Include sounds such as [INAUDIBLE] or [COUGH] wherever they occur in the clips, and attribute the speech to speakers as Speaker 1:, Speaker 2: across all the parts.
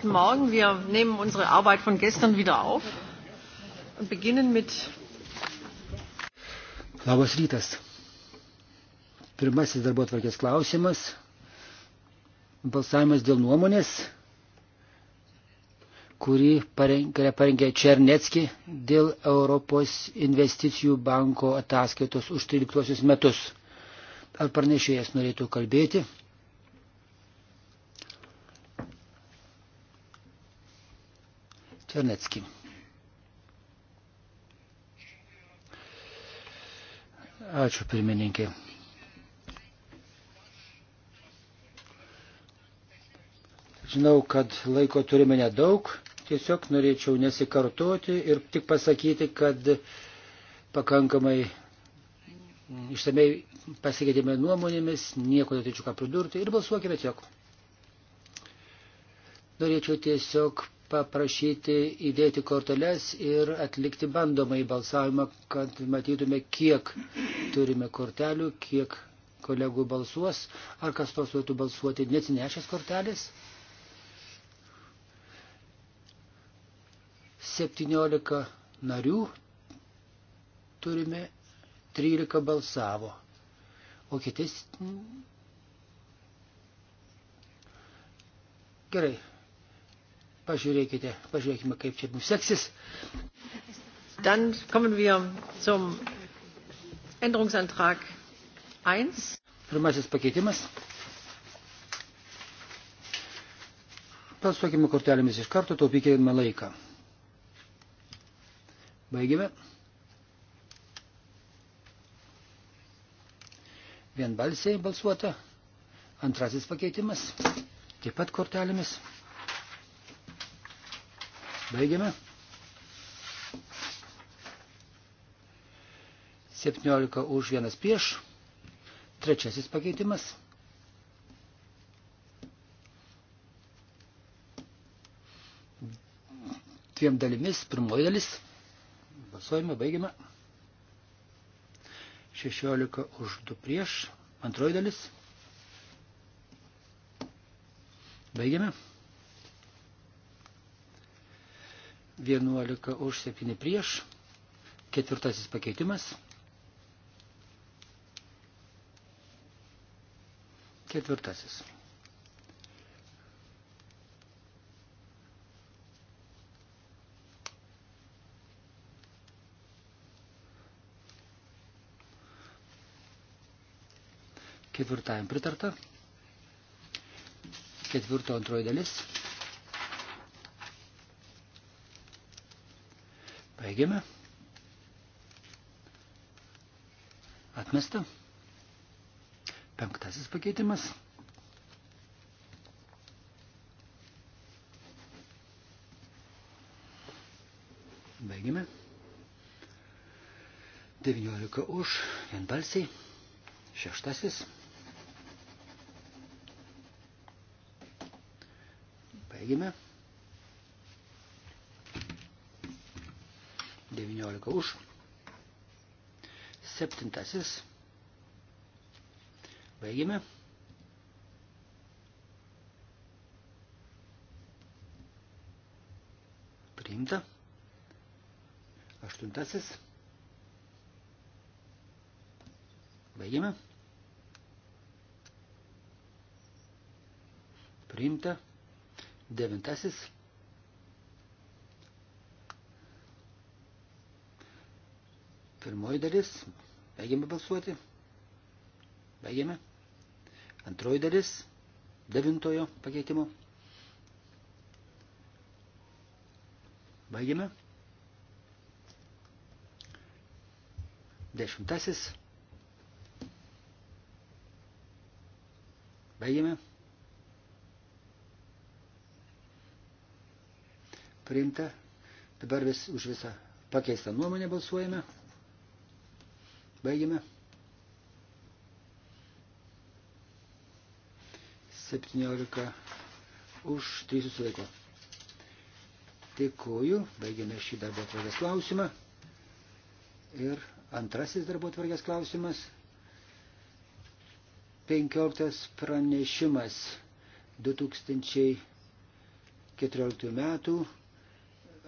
Speaker 1: Guten Morgen. Wir nehmen unsere Arbeit von gestern wieder auf
Speaker 2: und beginnen mit.
Speaker 3: Labas rytas. Pirmasis darbo atvarkės klausimas. Balsavimas dėl nuomonės, kuri parengė, parengė Černecki dėl Europos investicijų banko ataskaitos už 13 metus. Ar pranešėjas norėtų kalbėti? Černecki. Ačiū pirmininkė. Žinau, kad laiko turime nedaug, tiesiog norėčiau nesikartoti ir tik pasakyti, kad pakankamai išsamei pasikeitėme nuomonėmis, nieko neturėčiau ką pridurti ir balsuokime tiek. Norėčiau tiesiog paprašyti įdėti korteles ir atlikti bandomai balsavimą, kad matytume, kiek turime kortelių, kiek kolegų balsuos, ar kas balsuotų balsuoti nesinešęs kortelės. 17 narių turime, 13 balsavo, o kitais. Gerai, Pažiūrėkite, pažiūrėkime, kaip čia mums seksis. Dann kommen wir zum Änderungsantrag 1. Pirmasis pakeitimas. Balsuokime kortelėmis iš karto, taupykime laiką. Baigime. Vienbalsiai balsuota. Antrasis pakeitimas. Taip pat kortelėmis. Baigiame. 17 už vienas prieš. Trečiasis pakeitimas. Dviem dalimis. Pirmoji dalis. Balsuojame, baigiame. 16 už 2 prieš. Antroji dalis. Baigiame. 11 už 7 prieš. Ketvirtasis pakeitimas. Ketvirtasis. Ketvirtajam pritarta. Ketvirto antroji dalis. Baigėme. Atmesta. Penktasis pakeitimas. Baigėme. 19 už, vienbalsiai. Šeštasis. Baigėme. 15 už. Septintasis. Baigime. Priimta. Aštuntasis. Baigime. Priimta. Devintasis. Pirmoji dalis. Baigiame balsuoti. Baigiame. Antroji dalis. Devintojo pakeitimo. Baigiame. Dešimtasis. Baigiame. Priimta. Dabar vis už visą pakeistą nuomonę balsuojame. Baigime. 17 už 3 susilaiko. Dėkuoju, baigėme šį darbo atvarkės klausimą. Ir antrasis darbo atvarkės klausimas. 15 pranešimas 2014 metų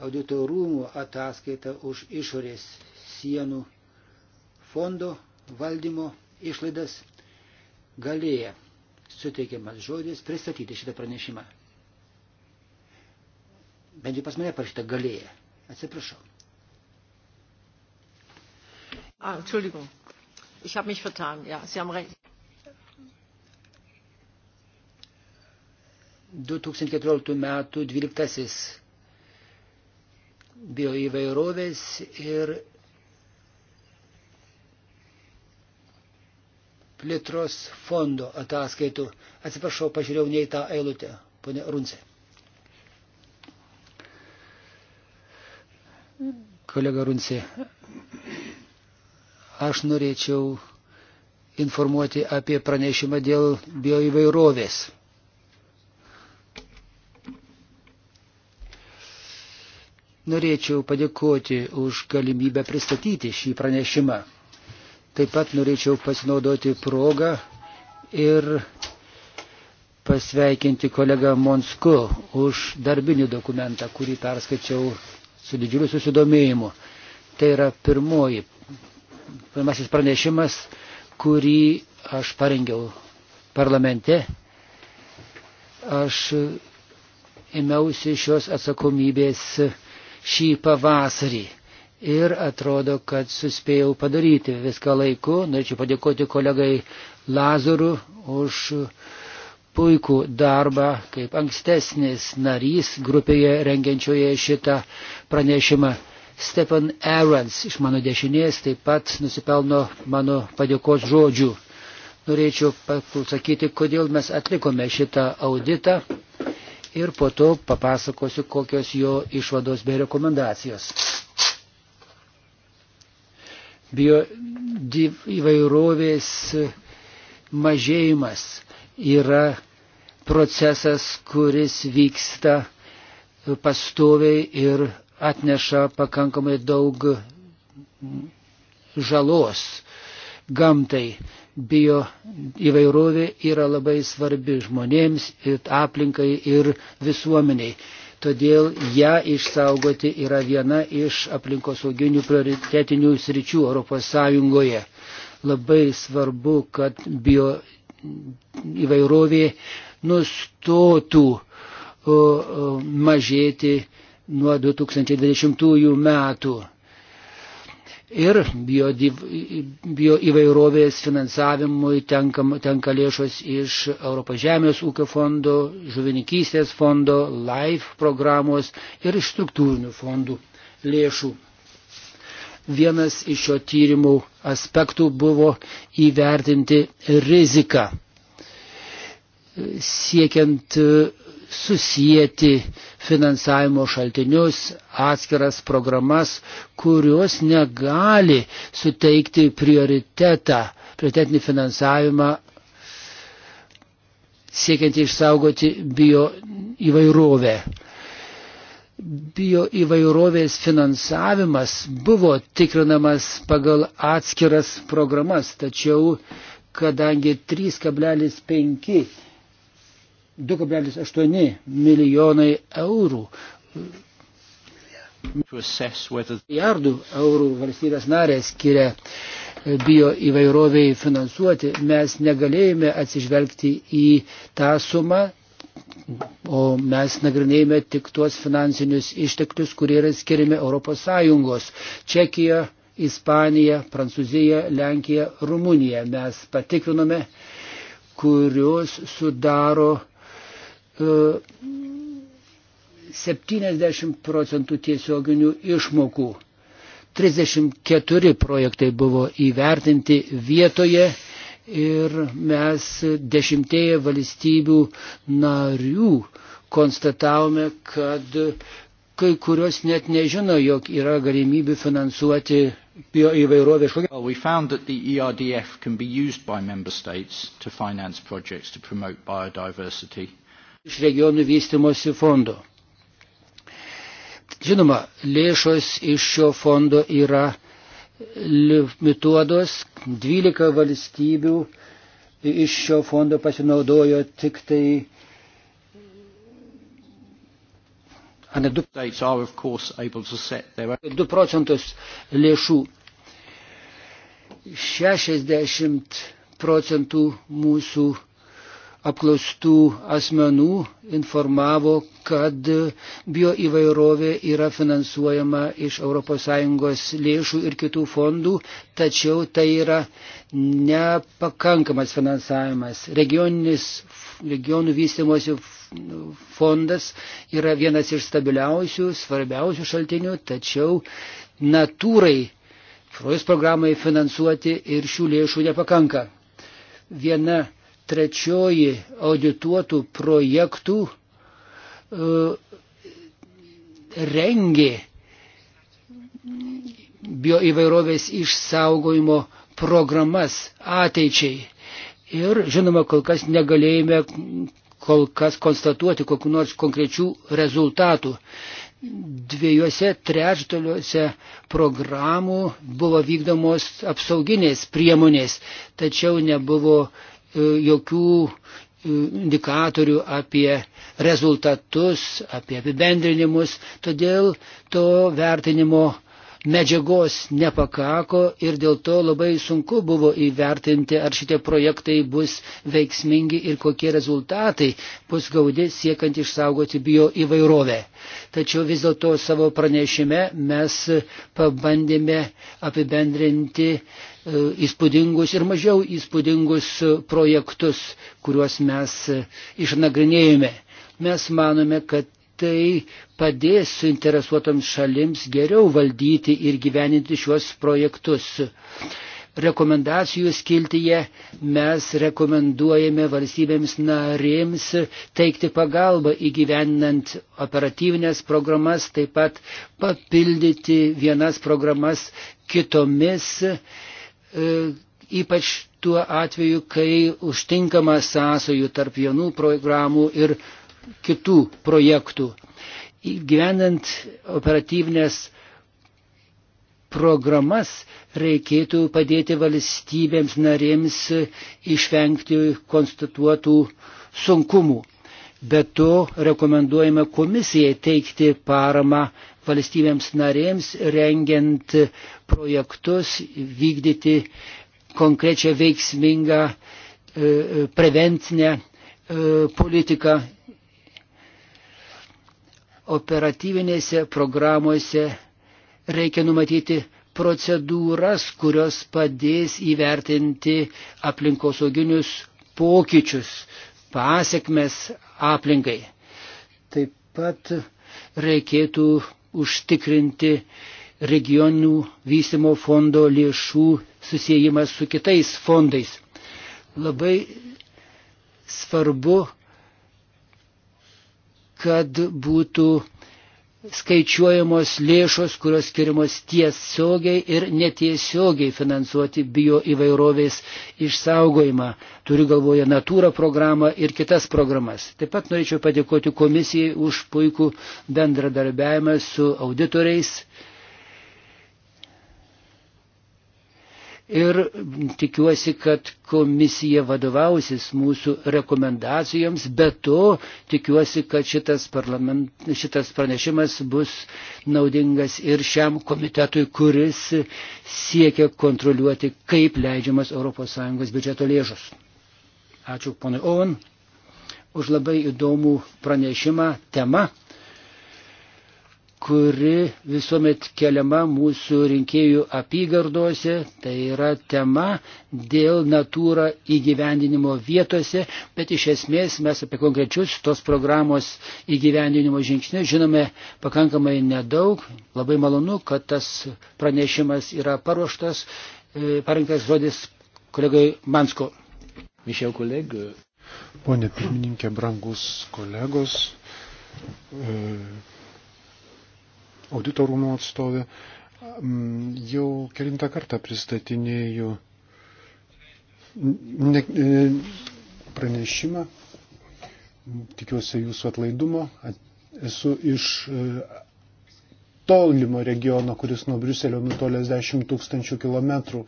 Speaker 3: auditorumų ataskaita už išorės sienų fondo valdymo išlaidas galėja suteikiamas žodis pristatyti šitą pranešimą. Bent jau pas mane parašyta galėja. Atsiprašau.
Speaker 1: Ah, Entschuldigung. Ich habe mich vertan. Ja, Sie haben recht.
Speaker 3: 2014 metų 12 bioįvairovės ir plėtros fondo ataskaitų. Atsiprašau, pažiūrėjau ne į tą eilutę, ponė Runce. Kolega Runce, aš norėčiau informuoti apie pranešimą dėl bioįvairovės. Norėčiau padėkoti už galimybę pristatyti šį pranešimą. Taip pat norėčiau pasinaudoti progą ir pasveikinti kolegą Monsku už darbinį dokumentą, kurį perskaičiau su didžiuliu susidomėjimu. Tai yra pirmoji, pirmasis pranešimas, kurį aš parengiau parlamente. Aš ėmiausi šios atsakomybės šį pavasarį ir atrodo, kad suspėjau padaryti viską laiku. Norėčiau padėkoti kolegai Lazaru už puikų darbą kaip ankstesnis narys grupėje rengiančioje šitą pranešimą. Stefan Arons iš mano dešinės taip pat nusipelno mano padėkos žodžių. Norėčiau pasakyti, kodėl mes atlikome šitą auditą ir po to papasakosiu, kokios jo išvados bei rekomendacijos bio įvairovės mažėjimas yra procesas, kuris vyksta pastoviai ir atneša pakankamai daug žalos gamtai. Bio įvairovė yra labai svarbi žmonėms, ir aplinkai ir visuomeniai todėl ją išsaugoti yra viena iš aplinkosauginių prioritetinių sričių ES. Labai svarbu, kad bio įvairovė nustotų mažėti nuo 2020 metų ir bio, bio įvairovės finansavimui tenkam, tenka lėšos iš Europos žemės ūkio fondo, žuvininkystės fondo, LIFE programos ir iš struktūrinių fondų lėšų. Vienas iš šio tyrimų aspektų buvo įvertinti riziką siekiant susijęti finansavimo šaltinius, atskiras programas, kurios negali suteikti prioritetą, prioritetinį finansavimą siekiant išsaugoti bio įvairovę. Bio įvairovės finansavimas buvo tikrinamas pagal atskiras programas, tačiau kadangi 3,5 2,8 milijonai eurų.
Speaker 1: Milijardų
Speaker 3: eurų valstybės narės skiria bio įvairoviai finansuoti. Mes negalėjome atsižvelgti į tą sumą, o mes nagrinėjame tik tuos finansinius išteklius, kurie yra skiriami ES. Čekija, Ispanija, Prancūzija, Lenkija, Rumunija. Mes patikrinome, kurios sudaro 70 e, procentų tiesioginių išmokų. 34 projektai buvo įvertinti vietoje ir mes dešimtėje valstybių narių konstatavome, kad kai kurios net nežino, jog yra galimybių finansuoti bioįvairovės. Well, we iš regionų vystimosi fondo. Žinoma, lėšos iš šio fondo yra limituodos, 12 valstybių iš šio fondo pasinaudojo tik tai. Du procentus lėšų. 60 procentų mūsų apklaustų asmenų informavo, kad bioįvairovė yra finansuojama iš ES lėšų ir kitų fondų, tačiau tai yra nepakankamas finansavimas. Regioninis, regionų vystimosi fondas yra vienas iš stabiliausių, svarbiausių šaltinių, tačiau natūrai Projus programai finansuoti ir šių lėšų nepakanka. Viena trečioji audituotų projektų e, rengė bioįvairovės išsaugojimo programas ateičiai. Ir, žinoma, kol kas negalėjome kol kas konstatuoti kokiu nors konkrečių rezultatų. Dviejose trečdaliuose programų buvo vykdomos apsauginės priemonės, tačiau nebuvo E, jokių e, indikatorių apie rezultatus, apie apibendrinimus, todėl to vertinimo medžiagos nepakako ir dėl to labai sunku buvo įvertinti, ar šitie projektai bus veiksmingi ir kokie rezultatai bus gaudi siekant išsaugoti bio įvairovę. Tačiau vis dėlto savo pranešime mes pabandėme apibendrinti e, įspūdingus ir mažiau įspūdingus projektus, kuriuos mes išnagrinėjome. Mes manome, kad tai padės suinteresuotams šalims geriau valdyti ir gyveninti šiuos projektus. Rekomendacijų skiltyje mes rekomenduojame valstybėms narėms teikti pagalbą įgyveninant operatyvinės programas, taip pat papildyti vienas programas kitomis, e, ypač tuo atveju, kai užtinkama sąsojų tarp vienų programų ir kitų projektų. Gyvenant operatyvinės programas reikėtų padėti valstybėms narėms išvengti konstatuotų sunkumų. Be to rekomenduojame komisijai teikti paramą valstybėms narėms, rengiant projektus, vykdyti konkrečią veiksmingą e, e, prevencinę e, politiką operatyvinėse programuose reikia numatyti procedūras, kurios padės įvertinti aplinkosauginius pokyčius, pasiekmes aplinkai. Taip pat reikėtų užtikrinti regionų vystimo fondo lėšų susijimas su kitais fondais. Labai svarbu kad būtų skaičiuojamos lėšos, kurios skiriamos tiesiogiai ir netiesiogiai finansuoti bio įvairovės išsaugojimą. Turiu galvoje natūrą programą ir kitas programas. Taip pat norėčiau padėkoti komisijai už puikų bendradarbiavimą su auditoriais, ir tikiuosi, kad komisija vadovausis mūsų rekomendacijoms, bet to tikiuosi, kad šitas, šitas pranešimas bus naudingas ir šiam komitetui, kuris siekia kontroliuoti, kaip leidžiamas ES biudžeto lėšus. Ačiū ponui Owen už labai įdomų pranešimą tema kuri visuomet keliama mūsų rinkėjų apygardose, tai yra tema dėl natūra įgyvendinimo vietose, bet iš esmės mes apie konkrečius tos programos įgyvendinimo žingsnius žinome pakankamai nedaug. Labai malonu, kad tas pranešimas yra paruoštas, e, parinktas žodis kolegai Mansko. Mišel kolegų.
Speaker 4: Pone pirmininkė, brangus
Speaker 3: kolegos.
Speaker 4: E auditorumo atstovė. Mm, jau kelintą kartą pristatinėjau ne, ne, pranešimą. Tikiuosi jūsų atlaidumo. Esu iš e, tolimo regiono, kuris nuo Briuselio nutolęs 10 tūkstančių kilometrų.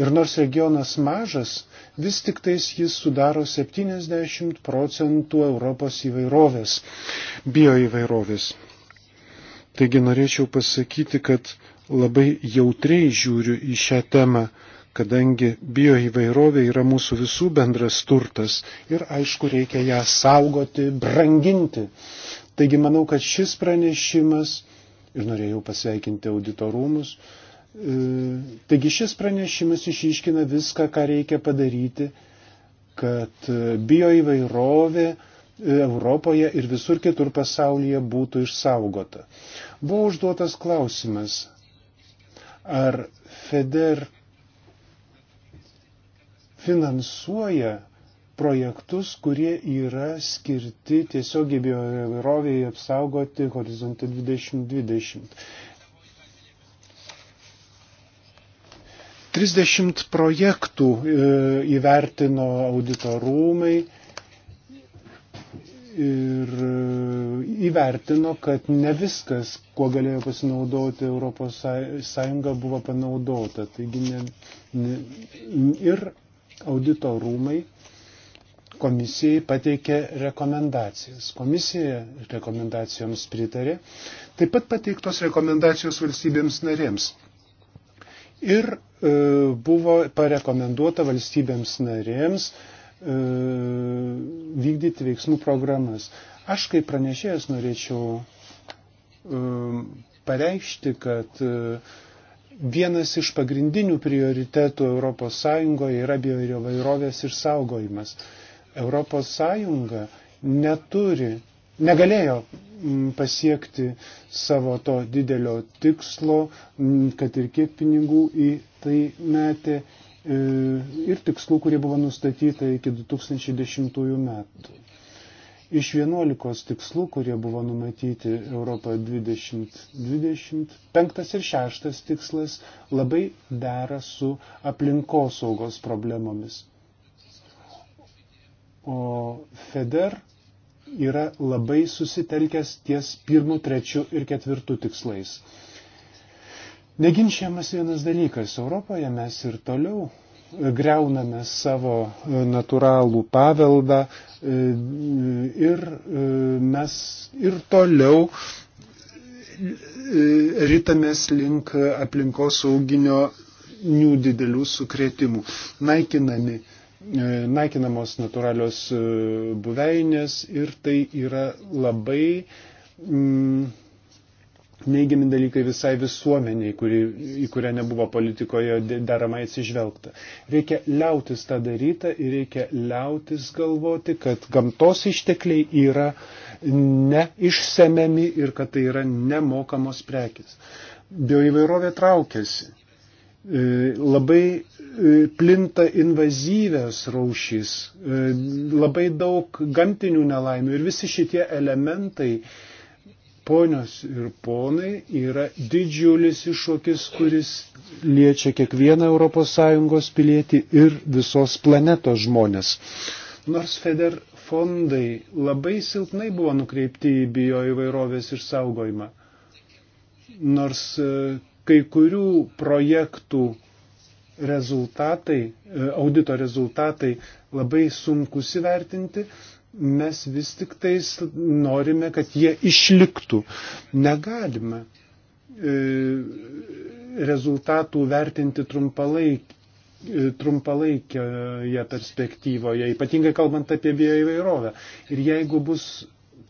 Speaker 4: Ir nors regionas mažas, vis tik tais jis sudaro 70 procentų Europos įvairovės, bioįvairovės. Taigi norėčiau pasakyti, kad labai jautriai žiūriu į šią temą, kadangi bioįvairovė yra mūsų visų bendras turtas ir aišku reikia ją saugoti, branginti. Taigi manau, kad šis pranešimas, ir norėjau pasveikinti auditorumus, e, taigi šis pranešimas išiškina viską, ką reikia padaryti, kad e, bioįvairovė, Europoje ir visur kitur pasaulyje būtų išsaugota. Buvo užduotas klausimas, ar FEDER finansuoja projektus, kurie yra skirti tiesiogiai bioįvairoviai apsaugoti horizontą 2020. 30 projektų e, įvertino auditorumai, ir e, įvertino, kad ne viskas, kuo galėjo pasinaudoti Europos Sąjunga, buvo panaudota. Taigi ne, ne, ir audito rūmai komisijai pateikė rekomendacijas. Komisija rekomendacijoms pritarė. Taip pat pateiktos rekomendacijos valstybėms narėms. Ir e, buvo parekomenduota valstybėms narėms e, E, vykdyti veiksmų programas. Aš kaip pranešėjas norėčiau e, pareikšti, kad e, vienas iš pagrindinių prioritetų ES yra bioįvairovės išsaugojimas. ES neturi, negalėjo pasiekti savo to didelio tikslo, kad ir kiek pinigų į tai metė, E, ir tikslų, kurie buvo nustatyti iki 2010 metų. Iš 11 tikslų, kurie buvo numatyti Europoje 2020, penktas ir šeštas tikslas labai dera su aplinkosaugos problemomis. O FEDER yra labai susitelkęs ties pirmu, trečiu ir ketvirtu tikslais. Neginčiamas vienas dalykas, Europoje mes ir toliau e, greuname savo e, natūralų paveldą e, ir mes ir toliau rytamės link aplinkos sauginio nių didelių sukretimų. Naikinami, naikinamos natūralios buveinės ir tai yra labai mm, neigiami dalykai visai visuomeniai, kuri, į kurią nebuvo politikoje deramai atsižvelgta. Reikia liautis tą daryti ir reikia liautis galvoti, kad gamtos ištekliai yra neišsemiami ir kad tai yra nemokamos prekis. Bioįvairovė traukiasi. E, labai e, plinta invazyvės raušys, e, labai daug gamtinių nelaimių ir visi šitie elementai Ponios ir ponai, yra didžiulis iššūkis, kuris liečia kiekvieną ES pilietį ir visos planetos žmonės. Nors Feder fondai labai silpnai buvo nukreipti į bio įvairovės išsaugojimą. Nors e, kai kurių projektų rezultatai, e, audito rezultatai labai sunkus įvertinti, mes vis tik tais norime, kad jie išliktų. Negalime e, rezultatų vertinti trumpalaikį e, trumpalaikėje perspektyvoje, ypatingai kalbant apie bioįvairovę. Ir jeigu bus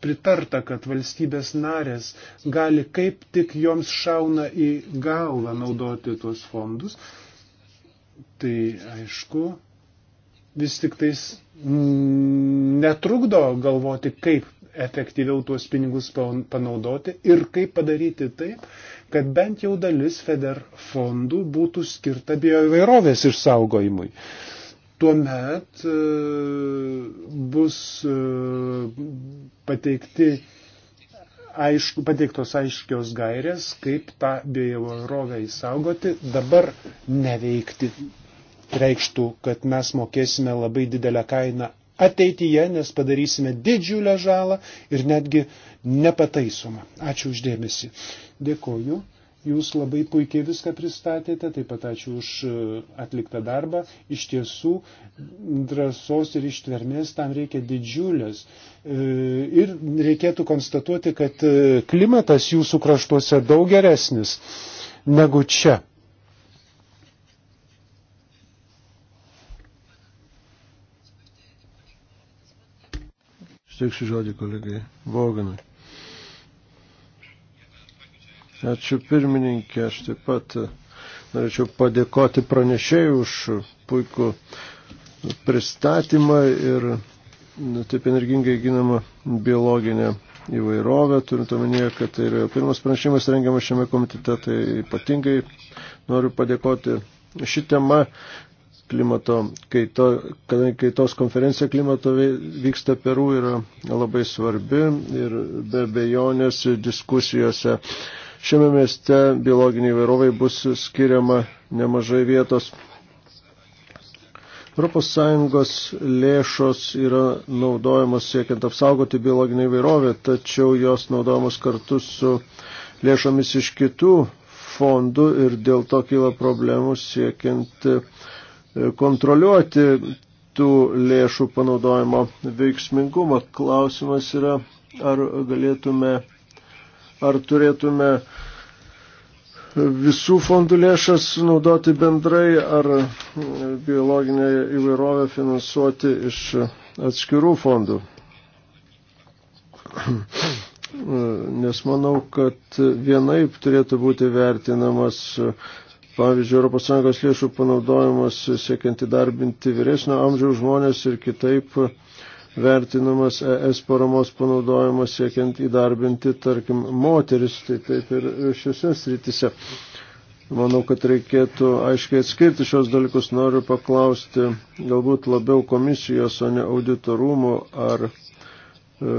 Speaker 4: pritarta, kad valstybės narės gali kaip tik joms šauna į galvą naudoti tuos fondus, tai aišku, vis tik tais Mm, netrukdo galvoti, kaip efektyviau tuos pinigus panaudoti ir kaip padaryti taip, kad bent jau dalis feder fondų būtų skirta bioįvairovės išsaugojimui. Tuomet e, bus e, pateikti, aišku, pateiktos aiškios gairės, kaip tą bioįvairovę įsaugoti, dabar neveikti reikštų, kad mes mokėsime labai didelę kainą ateityje, nes padarysime didžiulę žalą ir netgi nepataisomą. Ačiū uždėmesi. Dėkoju. Jūs labai puikiai viską pristatėte, taip pat ačiū už e, atliktą darbą. Iš tiesų, drąsos ir ištvermės tam reikia didžiulės. E, ir reikėtų konstatuoti, kad e, klimatas jūsų kraštuose daug geresnis negu čia.
Speaker 2: Steiksiu žodį kolegai Voganui. Ačiū pirmininkė, aš taip pat e, norėčiau padėkoti pranešėjai už puikų pristatymą ir taip energingai ginamą biologinę įvairovę, turint omenyje, kad tai yra pirmas pranešimas rengiamas šiame komitete, tai ypatingai noriu padėkoti. Ši tema klimato kaito, kadangi kaitos konferencija klimato vyksta Peru yra labai svarbi ir be bejonės diskusijose šiame mieste biologiniai vairovai bus skiriama nemažai vietos. ES lėšos yra naudojamos siekiant apsaugoti biologinį įvairovę, tačiau jos naudojamos kartu su lėšomis iš kitų fondų ir dėl to kyla problemų siekiant uh, kontroliuoti tų lėšų panaudojimo veiksmingumą. Klausimas yra, ar galėtume, ar turėtume visų fondų lėšas naudoti bendrai, ar biologinę įvairovę finansuoti iš atskirų fondų. Nes manau, kad vienaip turėtų būti vertinamas Pavyzdžiui, ES lėšų panaudojimas siekiant įdarbinti vyresnio amžiaus žmonės ir kitaip vertinamas ES paramos panaudojimas siekiant įdarbinti, tarkim, moteris, tai taip ir šiuose srityse. Manau, kad reikėtų aiškiai atskirti šios dalykus. Noriu paklausti galbūt labiau komisijos, o ne auditorumo ar e,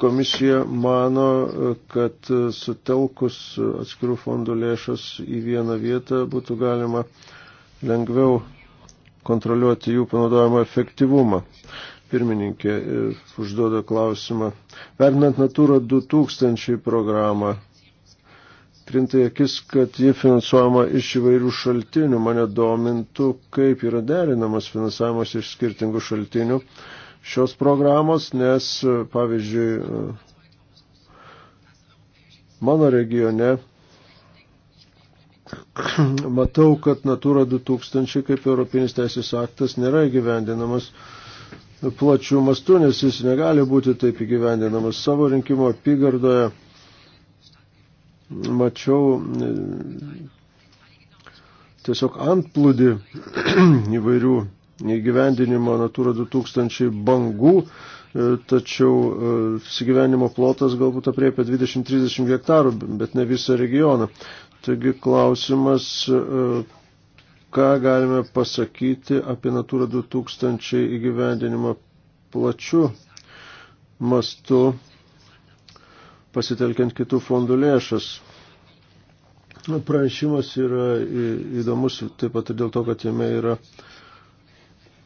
Speaker 2: Komisija mano, kad sutelkus atskirų fondų lėšas į vieną vietą būtų galima lengviau kontroliuoti jų panaudojimo efektyvumą. Pirmininkė užduoda klausimą. Vertinant Natūro 2000 programą, krinta į akis, kad ji finansuojama iš įvairių šaltinių. Mane domintų, kaip yra derinamas finansavimas iš skirtingų šaltinių šios programos, nes, pavyzdžiui, mano regione [CLEARS THROAT] matau, kad Natura 2000 kaip Europinis teisės aktas nėra įgyvendinamas plačių mastų, nes jis negali būti taip įgyvendinamas savo rinkimo apygardoje. Mačiau e, tiesiog antplūdį [CLEARS THROAT] įvairių įgyvendinimo Natura 2000 bangų, e, tačiau įsigyvenimo e, plotas galbūt apriepia 20-30 hektarų, bet ne visą regioną. Taigi klausimas, e, ką galime pasakyti apie Natura 2000 įgyvendinimą plačiu mastu, pasitelkiant kitų fondų lėšas. Pranešimas yra įdomus taip pat ir dėl to, kad jame yra uh,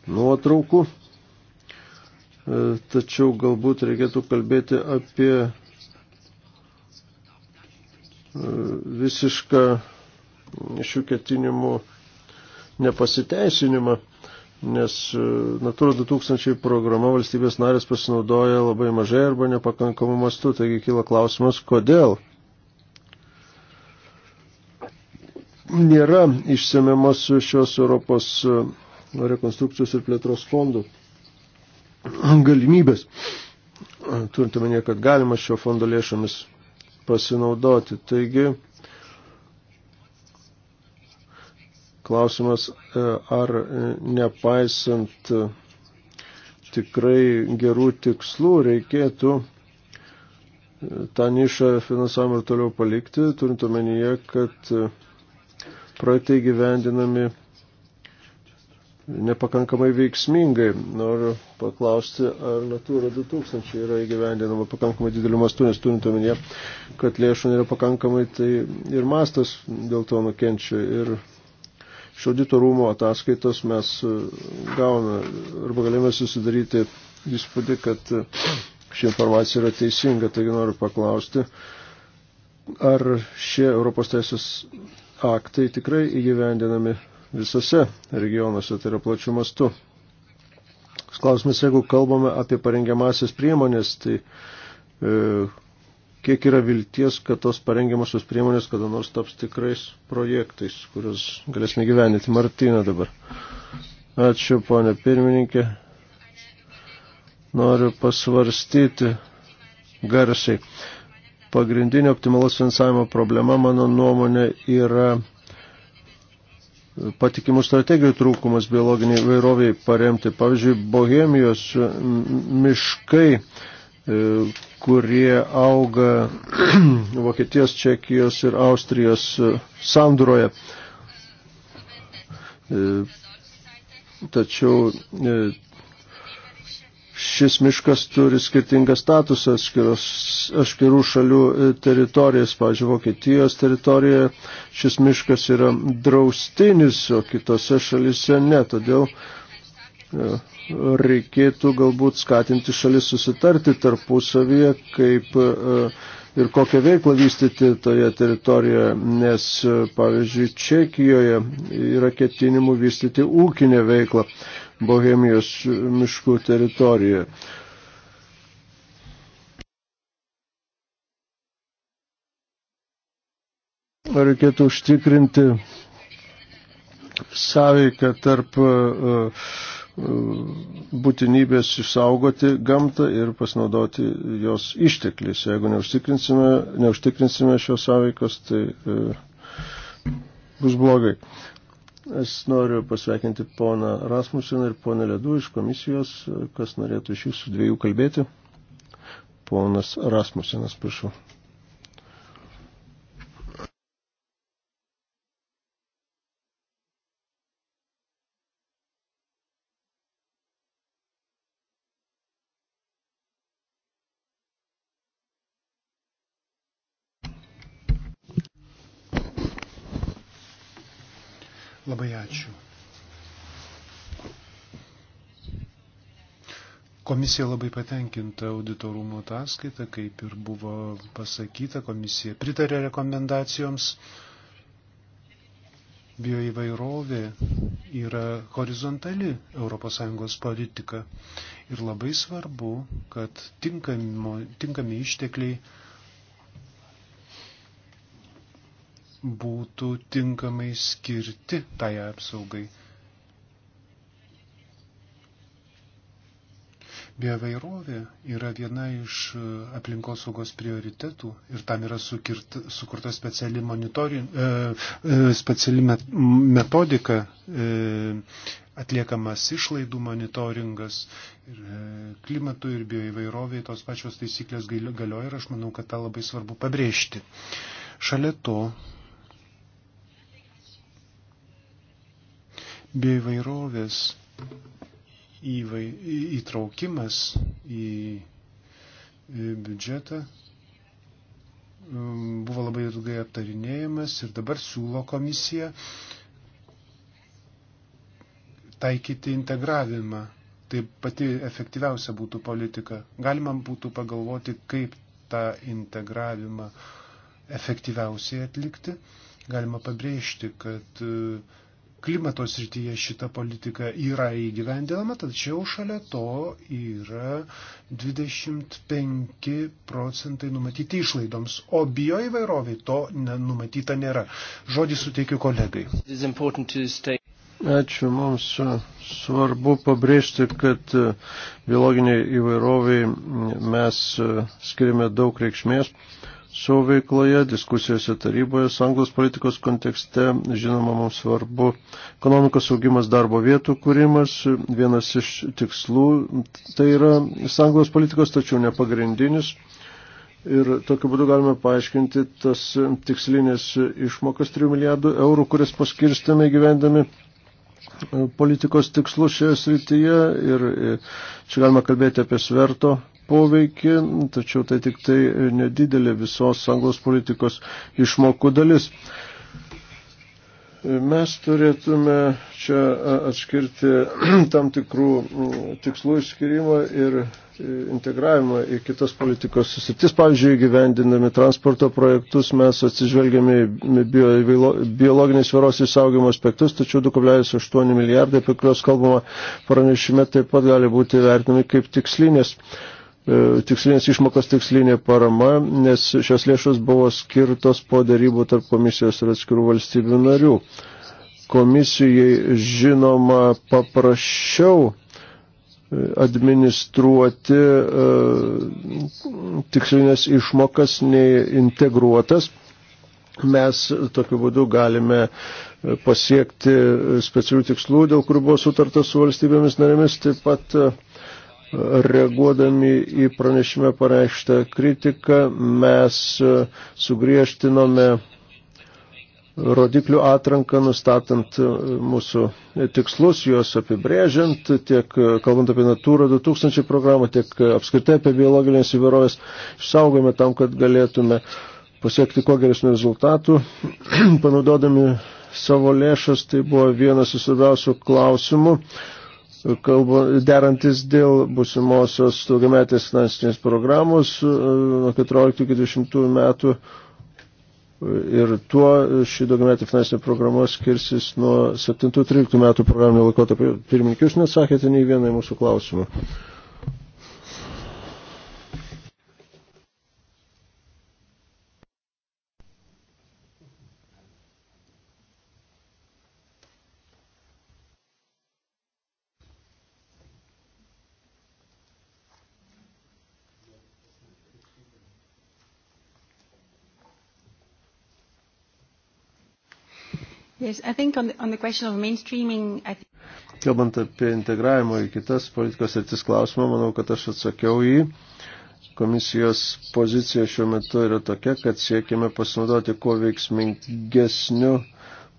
Speaker 2: nuotraukų, e, tačiau galbūt reikėtų kalbėti apie e, visišką šių ketinimų nepasiteisinimą, nes e, Natūros 2000 programa valstybės narės pasinaudoja labai mažai arba nepakankamų mastų, taigi kyla klausimas, kodėl nėra išsiamiamos šios Europos rekonstrukcijos ir plėtros fondų galimybės. Turint omenyje, kad galima šio fondo lėšomis pasinaudoti. Taigi, klausimas, e, ar e, nepaisant e, tikrai gerų tikslų reikėtų tą nišą finansavimą ir toliau palikti, turint omenyje, kad projektai gyvendinami nepakankamai veiksmingai. Noriu paklausti, ar Natūra 2000 yra įgyvendinama pakankamai dideliu mastu, nes turint omenyje, kad lėšų nėra pakankamai, tai ir mastas dėl to nukenčia. Ir iš audito rūmo ataskaitos mes e, gavome arba galėjome susidaryti įspūdį, kad e, ši informacija yra teisinga. Taigi noriu paklausti, ar šie Europos teisės aktai tikrai įgyvendinami visose regionuose, tai yra plačių mastų. Klausimas, jeigu kalbame apie parengiamasias priemonės, tai e, kiek yra vilties, kad tos parengiamasios priemonės kada nors taps tikrais projektais, kuriuos galėsime gyveninti. Martina dabar. Ačiū, ponė pirmininkė. Noriu pasvarstyti garsiai. Pagrindinė optimalus finansavimo problema, mano nuomonė, yra patikimų strategijų trūkumas biologiniai vairoviai paremti. Pavyzdžiui, Bohemijos miškai, e, kurie auga [CLEARS THROAT] Vokietijos, Čekijos ir Austrijos e, sandroje. E, tačiau šis miškas turi skirtingą statusą atskiros, atskirų šalių e, teritorijas. Pavyzdžiui, Vokietijos teritorijoje šis miškas yra draustinis, o kitose šalise ne. Todėl e, reikėtų galbūt skatinti šalis susitarti tarpusavyje, kaip e, ir kokią veiklą vystyti toje teritorijoje, nes, pavyzdžiui, Čekijoje yra ketinimų vystyti ūkinę veiklą. Bohemijos miškų teritorijoje. Reikėtų užtikrinti sąveiką tarp e, e, būtinybės išsaugoti gamtą ir pasinaudoti jos ištekliais. Jeigu neužtikrinsime, neužtikrinsime šios sąveikos, tai e, bus blogai. Aš noriu pasveikinti poną Rasmusiną ir poną Ledų iš komisijos, kas norėtų iš jūsų dviejų kalbėti. Ponas Rasmusinas, prašau.
Speaker 4: Labai ačiū. Komisija labai patenkinta auditorumo ataskaita, kaip ir buvo pasakyta, komisija pritarė rekomendacijoms. Bioįvairovė yra horizontali ES politika ir labai svarbu, kad tinkami, tinkami ištekliai būtų tinkamai skirti tai apsaugai. Biovairovė yra viena iš aplinkosaugos prioritetų ir tam yra sukirta, sukurta speciali, e, e, speciali metodika, e, atliekamas išlaidų monitoringas ir e, klimatui ir bioįvairoviai tos pačios taisyklės galioja ir aš manau, kad tą labai svarbu pabrėžti. Šalia to bei vairovės įvai, įtraukimas į biudžetą um, buvo labai ilgai aptarinėjamas ir dabar siūlo komisija taikyti integravimą. Tai pati efektyviausia būtų politika. Galima būtų pagalvoti, kaip tą integravimą efektyviausiai atlikti. Galima pabrėžti, kad uh, klimato srityje šita politika yra įgyvendinama, tačiau šalia to yra 25 procentai numatyti išlaidoms, o bioįvairoviai to numatyta nėra. Žodį suteikiu kolegai. Ačiū, mums
Speaker 2: svarbu pabrėžti, kad e, biologiniai įvairoviai mes e, skirime daug reikšmės savo veikloje, diskusijose taryboje, sanglos politikos kontekste. Žinoma, mums svarbu ekonomikos augimas darbo vietų kūrimas. Vienas iš tikslų tai yra sanglos politikos, tačiau ne pagrindinis. Ir tokiu būdu galime paaiškinti tas tikslinės išmokas 3 milijardų eurų, kurias paskirstame gyvendami politikos tikslus šioje srityje. Ir e, čia galima kalbėti apie sverto poveikį, tačiau tai tik tai nedidelė visos sanglos politikos išmokų dalis. Mes turėtume čia atskirti [CLEARS THROAT] tam tikrų tikslų išskirimą ir integravimą į kitas politikos susitis. Pavyzdžiui, gyvendinami transporto projektus mes atsižvelgiame į bio, biologinės vėros įsaugimo aspektus, tačiau 2,8 milijardai, apie kuriuos kalbama pranešime, taip pat gali būti vertinami kaip tikslinės E, tikslinės išmokos tikslinė parama, nes šios lėšos buvo skirtos po darybų tarp komisijos ir atskirų valstybių narių. Komisijai žinoma paprasčiau e, administruoti e, tikslinės išmokas nei integruotas. Mes tokiu būdu galime pasiekti specialių tikslų, dėl kurių buvo sutarta su valstybėmis narėmis, taip pat reaguodami į pranešimą pareikštą kritiką, mes e, sugriežtinome rodiklių atranką, nustatant e, mūsų tikslus, juos apibrėžiant, tiek e, kalbant apie Natūrą 2000 programą, tiek apskritai apie biologinės įvairovės išsaugojimą tam, kad galėtume pasiekti kuo geresnių rezultatų, [CLEARS THROAT] panaudodami savo lėšas, tai buvo vienas iš svarbiausių klausimų kalba, derantis dėl busimosios daugiametės finansinės programos e, nuo 14-20 metų ir tuo ši daugiametė finansinė programa skirsis nuo 7-13 metų programinio laikotarpio. Pirmininkai, jūs neatsakėte nei vieną į mūsų klausimą.
Speaker 4: Yes, on the, on the think...
Speaker 2: Kalbant apie integravimo į kitas politikos rytis klausimą, manau, kad aš atsakiau į jį. Komisijos pozicija šiuo metu yra tokia, kad siekime pasinaudoti kuo veiksmingesniu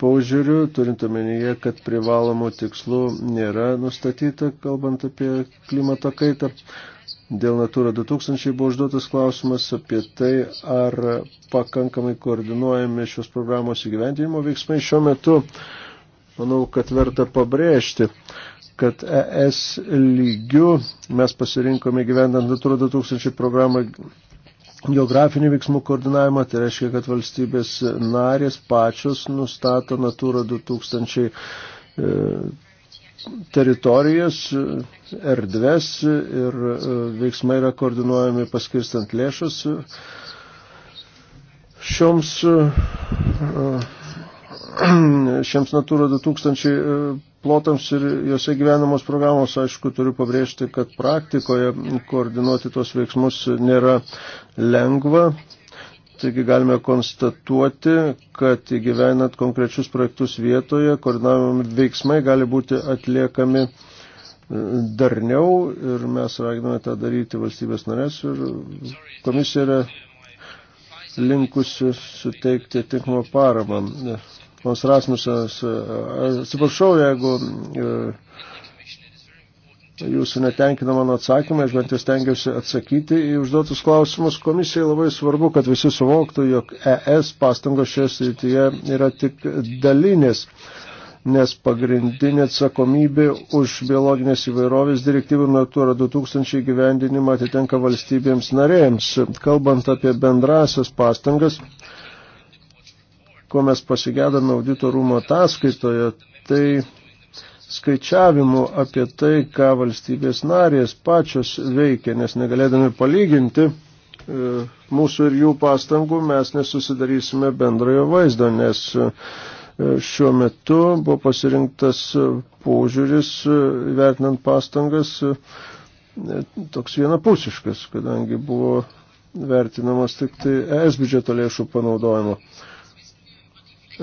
Speaker 2: paužiūriu, turint omenyje, kad privalomų tikslų nėra nustatyta, kalbant apie klimato kaitą. Dėl Natūra 2000 buvo užduotas klausimas apie tai, ar pakankamai koordinuojami šios programos įgyvendinimo veiksmai. Šiuo metu manau, kad verta pabrėžti, kad ES lygių mes pasirinkome gyvendant Natūra 2000 programą geografinį veiksmų koordinavimą, tai reiškia, kad valstybės narės pačios nustato Natūra 2000 teritorijas, erdves ir e, veiksmai yra koordinuojami paskirstant lėšas šioms, e, e, šiems Natūra 2000 plotams ir jose gyvenamos programos, aišku, turiu pabrėžti, kad praktikoje koordinuoti tos veiksmus nėra lengva, Taigi galime konstatuoti, kad įgyvenant konkrečius projektus vietoje, koordinavimo veiksmai gali būti atliekami e, darniau ir mes raginame tą daryti valstybės narės ir komisija yra linkusi suteikti tinkamą paramą. Pons Rasmusas, e, atsiprašau, jeigu e, jūsų netenkina mano atsakymai, aš bent jau stengiuosi atsakyti į užduotus klausimus. Komisijai labai svarbu, kad visi suvoktų, jog ES pastangos šioje srityje yra tik dalinės, nes pagrindinė atsakomybė už biologinės įvairovės direktyvų Natura 2000 gyvendinimą atitenka valstybėms narėms. Kalbant apie bendrasias pastangas, ko mes pasigėdame auditorumo ataskaitoje, tai skaičiavimų apie tai, ką valstybės narės pačios veikia, nes negalėdami palyginti e, mūsų ir jų pastangų mes nesusidarysime bendrojo vaizdo, nes e, šiuo metu buvo pasirinktas požiūris, e, vertinant pastangas, toks vienapusiškas, kadangi buvo vertinamas tik tai es biudžeto lėšų panaudojimo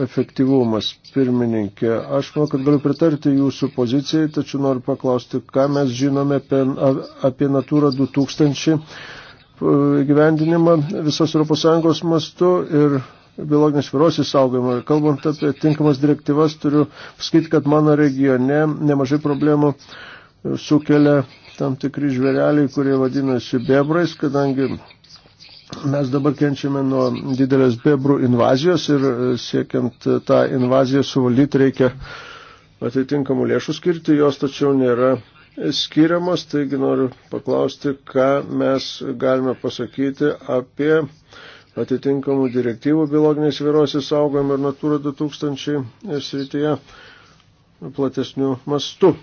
Speaker 2: efektyvumas, pirmininkė. Aš manau, kad galiu pritarti jūsų pozicijai, tačiau noriu paklausti, ką mes žinome apie, apie Natūrą 2000 e, gyvendinimą visos ES mastu ir biologinės viros įsaugojimo. Kalbant apie tinkamas direktyvas, turiu pasakyti, kad mano regione nemažai problemų sukelia tam tikri žvėreliai, kurie vadinasi bebrais, kadangi Mes dabar kenčiame nuo didelės bebrų invazijos ir e, siekiant e, tą invaziją suvaldyti reikia atitinkamų lėšų skirti, jos tačiau nėra skiriamos, taigi noriu paklausti, ką mes galime pasakyti apie atitinkamų direktyvų biologinės vyros įsaugojimą ir Natūra 2000 srityje platesnių mastų.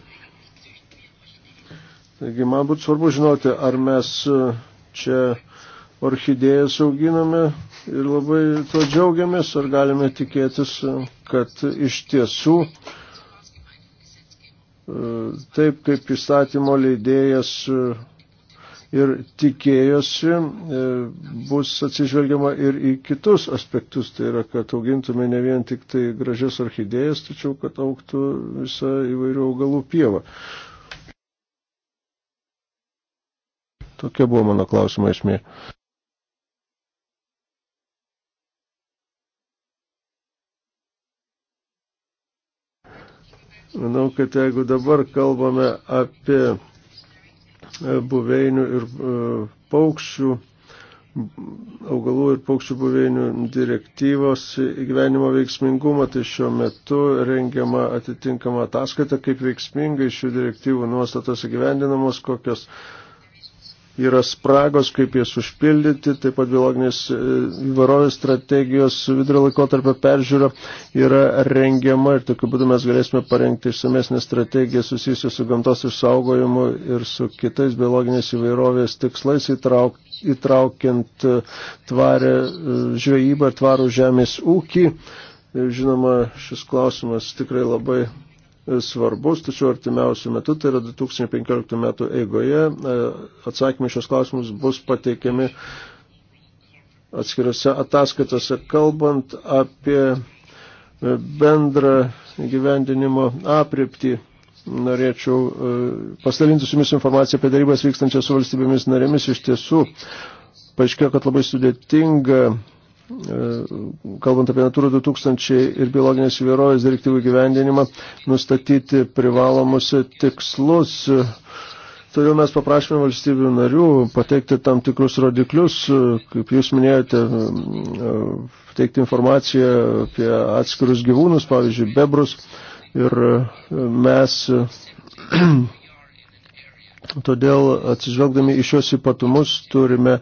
Speaker 2: Taigi man būtų svarbu žinoti, ar mes e, čia orchidėjas auginame ir labai tuo džiaugiamės, ar galime tikėtis, kad iš tiesų e, taip kaip įstatymo leidėjas e, ir tikėjosi, e, bus atsižvelgiama ir į kitus aspektus. Tai yra, kad augintume ne vien tik tai gražias orchidėjas, tačiau kad auktų visa įvairių augalų pieva. Tokia buvo mano klausimo esmė. Manau, kad jeigu dabar kalbame apie e, buveinių ir e, paukščių, augalų ir paukščių buveinių direktyvos gyvenimo veiksmingumą, tai šiuo metu rengiama atitinkama ataskaita, kaip veiksmingai šių direktyvų nuostatos įgyvendinamos, kokios yra spragos, kaip jas užpildyti, taip pat biologinės e, įvarovės strategijos vidurio laikotarpio peržiūra yra rengiama ir tokiu būdu mes galėsime parengti išsamesnę strategiją susijusią su gamtos išsaugojimu ir su kitais biologinės įvairovės tikslais įtrauk, įtraukiant e, tvarę e, žvejybą ir tvarų žemės ūkį. Ir žinoma, šis klausimas tikrai labai svarbus, tačiau artimiausių metų, tai yra 2015 metų eigoje, e, atsakymai šios klausimus bus pateikiami atskiriuose ataskaitose, kalbant apie e, bendrą gyvendinimo apriptį. Norėčiau e, pasidalinti su jumis informaciją apie darybas vykstančias su valstybėmis narėmis. Iš tiesų, paaiškėjo, kad labai sudėtinga E, kalbant apie Natūrą 2000 ir biologinės įvairovės direktyvų gyvendinimą, nustatyti privalomus tikslus. Todėl mes paprašėme valstybių narių pateikti tam tikrus rodiklius, kaip jūs minėjote, e, teikti informaciją apie atskirus gyvūnus, pavyzdžiui, bebrus. Ir e, mes [CLEARS THROAT] todėl atsižvelgdami į šios ypatumus turime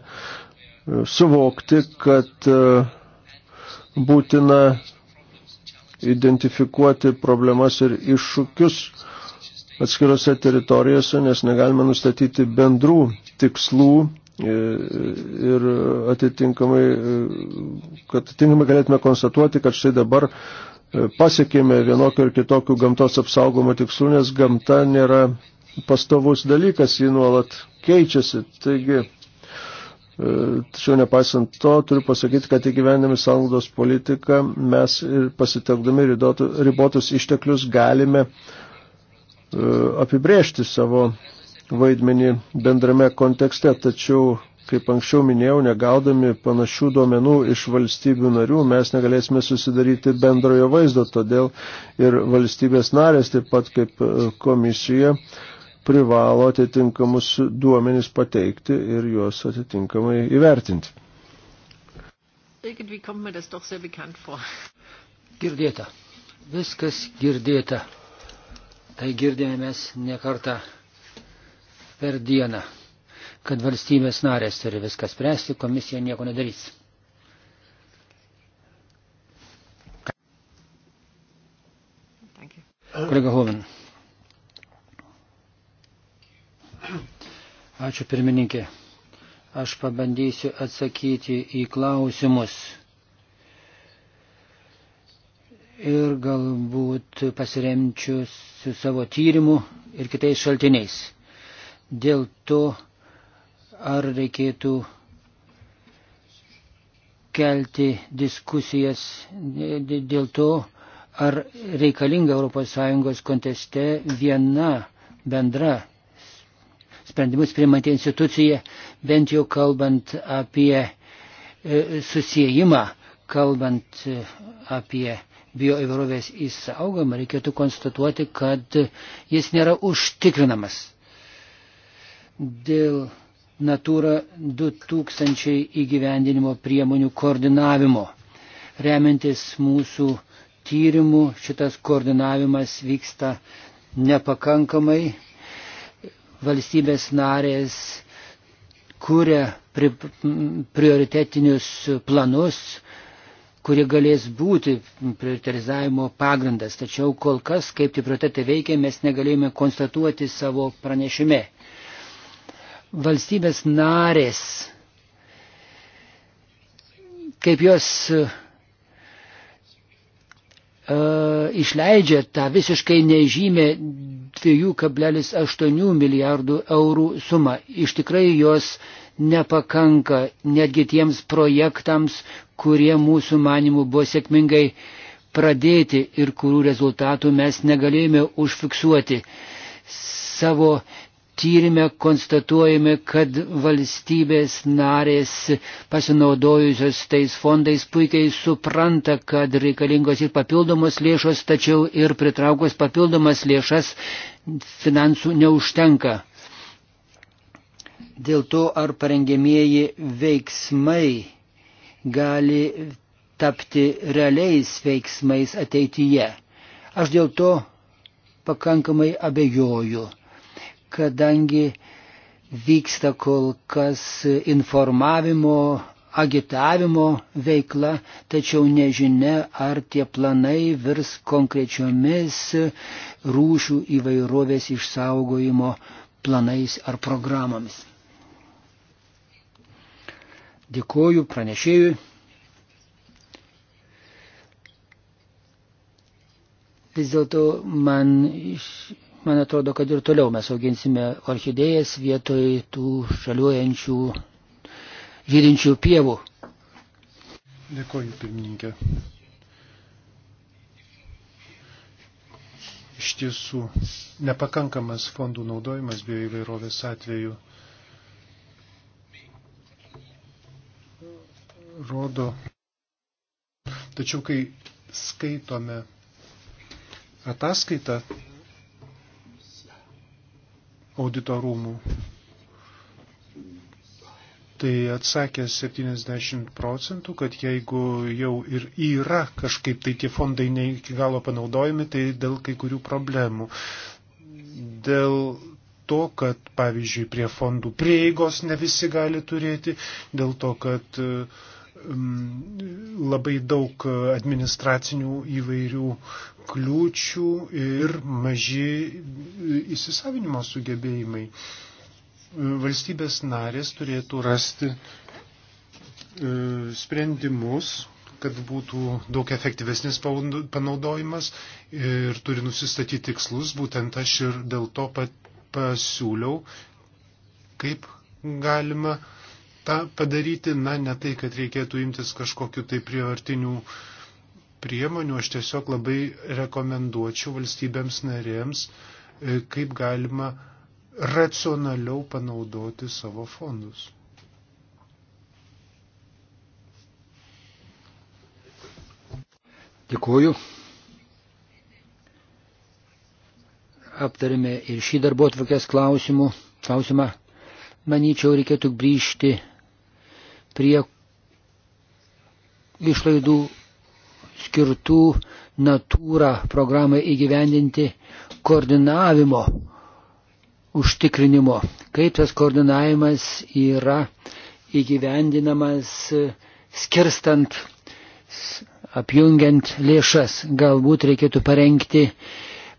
Speaker 2: suvokti, kad e, būtina identifikuoti problemas ir iššūkius atskirose teritorijose, nes negalime nustatyti bendrų tikslų e, ir atitinkamai, e, kad atitinkamai galėtume konstatuoti, kad štai dabar pasiekėme vienokių ir kitokių gamtos apsaugomo tikslų, nes gamta nėra pastovus dalykas, ji nuolat keičiasi. Taigi, Tačiau nepaisant to, turiu pasakyti, kad įgyvendami sąnaudos politiką mes ir pasitekdami ribotus išteklius galime e, apibrėžti savo vaidmenį bendrame kontekste. Tačiau, kaip anksčiau minėjau, negaudami panašių duomenų iš valstybių narių, mes negalėsime susidaryti bendrojo vaizdo. Todėl ir valstybės narės, taip pat kaip e, komisija, privalo atitinkamus duomenys pateikti ir juos atitinkamai įvertinti.
Speaker 3: Girdėta. Viskas girdėta. Tai girdėjome mes ne kartą per dieną, kad valstybės narės turi viską spręsti, komisija nieko nedarys. Kolega Hovinas. Ačiū pirmininkė. Aš pabandysiu atsakyti į klausimus. Ir galbūt pasiremčiu su savo tyrimu ir kitais šaltiniais. Dėl to, ar reikėtų kelti diskusijas, dėl to, ar reikalinga ES konteste viena bendra sprendimus priimanti institucija, bent jau kalbant apie e, susijimą, kalbant e, apie bioįvairovės įsaugomą, reikėtų konstatuoti, kad jis nėra užtikrinamas. Dėl Natūra 2000 įgyvendinimo priemonių koordinavimo. Remiantis mūsų tyrimų šitas koordinavimas vyksta nepakankamai valstybės narės kuria pri, prioritetinius planus, kurie galės būti prioritarizavimo pagrindas. Tačiau kol kas, kaip tie prioritetai veikia, mes negalėjome konstatuoti savo pranešime. Valstybės narės, kaip jos E, išleidžia tą visiškai nežymę 2,8 milijardų eurų sumą. Iš tikrai jos nepakanka netgi tiems projektams, kurie mūsų manimų buvo sėkmingai pradėti ir kurių rezultatų mes negalėjome užfiksuoti. Savo tyrimė konstatuojame, kad valstybės narės pasinaudojusios tais fondais puikiai supranta, kad reikalingos ir papildomos lėšos, tačiau ir pritraukus papildomas lėšas finansų neužtenka. Dėl to ar parengėmieji veiksmai gali tapti realiais veiksmais ateityje. Aš dėl to pakankamai abejoju kadangi vyksta kol kas informavimo, agitavimo veikla, tačiau nežinia, ar tie planai virs konkrečiomis rūšių įvairovės išsaugojimo planais ar programomis. Dėkoju pranešėjui. Vis dėlto man iš Man atrodo, kad ir toliau mes auginsime orchidėjas vietoj tų šaliuojančių žydinčių pievų. Dėkoju, pirmininkė.
Speaker 4: Iš tiesų, nepakankamas fondų naudojimas bioįvairovės atveju rodo. Tačiau, kai skaitome ataskaitą, auditorumų. Tai atsakė 70 procentų, kad jeigu jau ir yra kažkaip tai tie fondai ne iki galo panaudojami, tai dėl kai kurių problemų. Dėl to, kad, pavyzdžiui, prie fondų prieigos ne visi gali turėti, dėl to, kad uh, Mm, labai daug administracinių įvairių kliūčių ir maži įsisavinimo sugebėjimai. Valstybės narės turėtų rasti e, sprendimus, kad būtų daug efektyvesnis panaudojimas ir turi nusistatyti tikslus. Būtent aš ir dėl to pasiūliau, kaip galima uh, tą padaryti, na ne tai, kad reikėtų imtis kažkokiu tai prievartinių priemonių, aš tiesiog labai rekomenduočiau valstybėms narėms, e, kaip galima racionaliau panaudoti savo fondus.
Speaker 3: Dėkuoju. Aptarėme ir šį darbo atvakės klausimą. Manyčiau, reikėtų grįžti prie išlaidų skirtų natūrą programai įgyvendinti koordinavimo užtikrinimo, kaip tas koordinavimas yra įgyvendinamas skirstant, apjungiant lėšas. Galbūt reikėtų parengti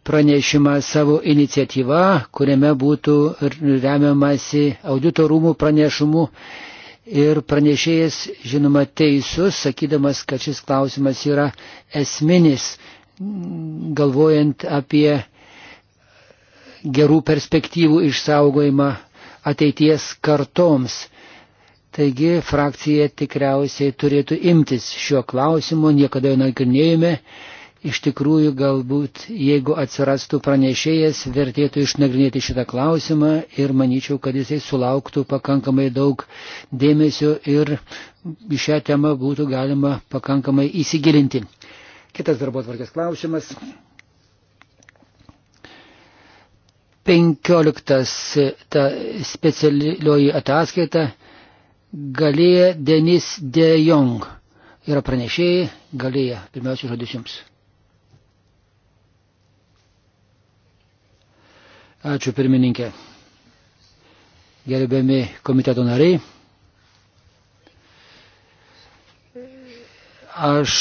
Speaker 3: pranešimą savo iniciatyvą, kuriame būtų remiamasi auditorumų pranešimu Ir pranešėjas, žinoma, teisus, sakydamas, kad šis klausimas yra esminis, galvojant apie gerų perspektyvų išsaugojimą ateities kartoms. Taigi frakcija tikriausiai turėtų imtis šio klausimo, niekada jo nagrinėjome. Iš tikrųjų, galbūt, jeigu atsirastų pranešėjas, vertėtų išnagrinėti šitą klausimą ir manyčiau, kad jisai sulauktų pakankamai daug dėmesio ir į šią temą būtų galima pakankamai įsigilinti. Kitas darbo tvarkės klausimas. 15. Ta specialioji ataskaita galėja Denis De Jong. Yra pranešėjai, galėja. Pirmiausia, žodis jums. Ačiū pirmininkė. Gerbiami komiteto nariai. Aš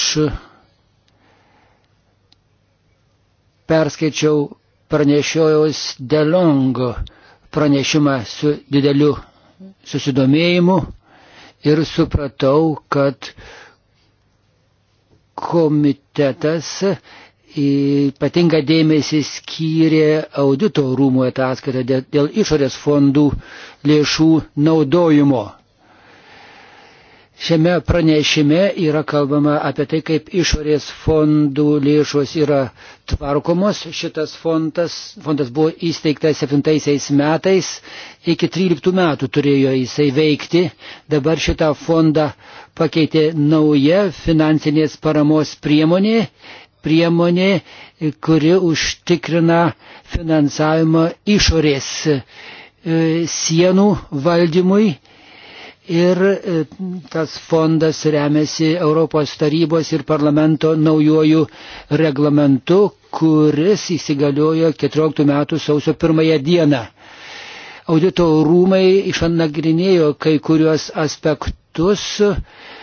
Speaker 3: perskaičiau pranešiojos Delongo pranešimą su dideliu susidomėjimu ir supratau, kad komitetas ypatinga dėmesį skyrė audito rūmų ataskaitą dėl išorės fondų lėšų naudojimo. Šiame pranešime yra kalbama apie tai, kaip išorės fondų lėšos yra tvarkomos. Šitas fondas, fondas buvo įsteigtas 7 metais, iki 13 metų turėjo jisai veikti. Dabar šitą fondą pakeitė nauja finansinės paramos priemonė priemonė, kuri užtikrina finansavimą išorės e, sienų valdymui. Ir e, tas fondas remiasi Europos tarybos ir parlamento naujojų reglamentu, kuris įsigaliojo 14 metų sausio 1 dieną. Audito rūmai išanagrinėjo kai kuriuos aspektus, aspektus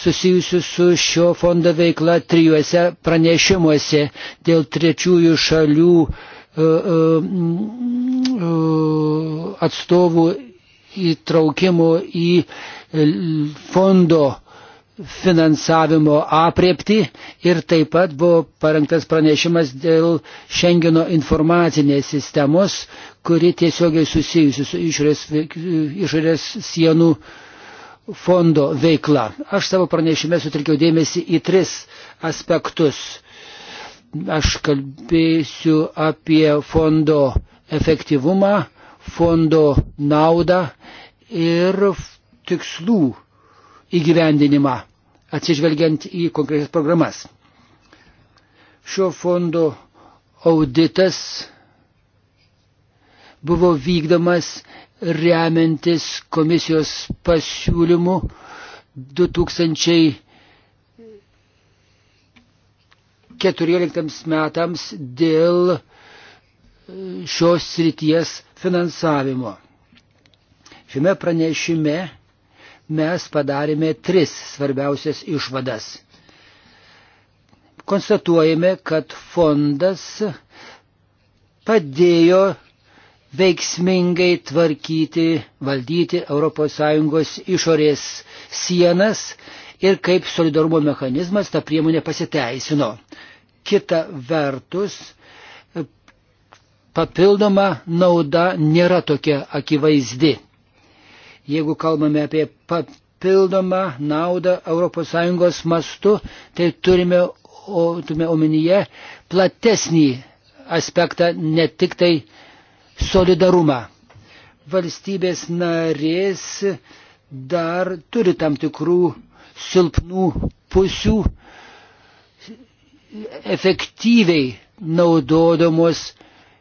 Speaker 3: susijusių su šio fondo veikla trijuose pranešimuose dėl trečiųjų šalių e, e, e, atstovų įtraukimo į fondo finansavimo apriepti ir taip pat buvo parengtas pranešimas dėl Šengeno informacinės sistemos, kuri tiesiogiai susijusi su išorės, išorės sienų uh, fondo veikla. Aš savo pranešime sutrikiau dėmesį į tris aspektus. Aš kalbėsiu apie fondo efektyvumą, fondo naudą ir tikslų įgyvendinimą, atsižvelgiant į konkrečias programas. Šio fondo auditas buvo vykdomas remiantis komisijos pasiūlymu 2014 metams dėl e, šios srities finansavimo. Šiame pranešime mes padarėme tris svarbiausias išvadas. Konstatuojame, kad fondas padėjo veiksmingai tvarkyti, valdyti ES išorės sienas ir kaip solidarumo mechanizmas ta priemonė pasiteisino. Kita vertus, papildoma nauda nėra tokia akivaizdi. Jeigu kalbame apie papildomą naudą ES mastu, tai turime, o, turime omenyje platesnį aspektą, ne tik tai uh, solidarumą. Valstybės narės dar turi tam tikrų silpnų pusių, efektyviai naudodamos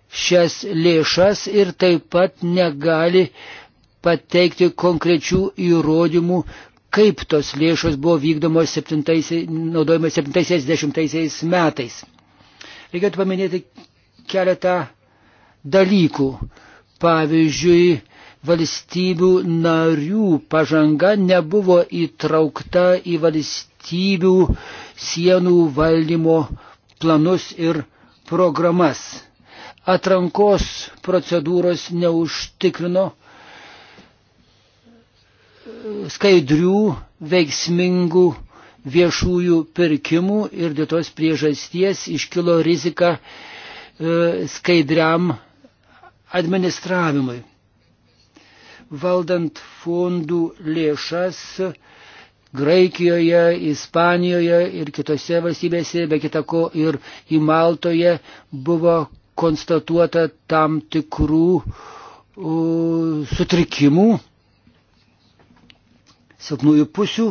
Speaker 3: šias lėšas ir taip pat negali pateikti konkrečių įrodymų, kaip tos lėšos buvo vykdomos naudojamos 70 metais. Reikėtų paminėti keletą dalykų. Pavyzdžiui, valstybių narių pažanga nebuvo įtraukta į valstybių sienų valdymo planus ir programas. Atrankos procedūros neužtikrino skaidrių, veiksmingų viešųjų pirkimų ir dėl tos priežasties iškilo rizika e, skaidriam administravimui. Valdant fondų lėšas Graikijoje, Ispanijoje ir kitose valstybėse, be kitako ir į Maltoje buvo konstatuota tam tikrų uh, sutrikimų, silpnųjų pusių.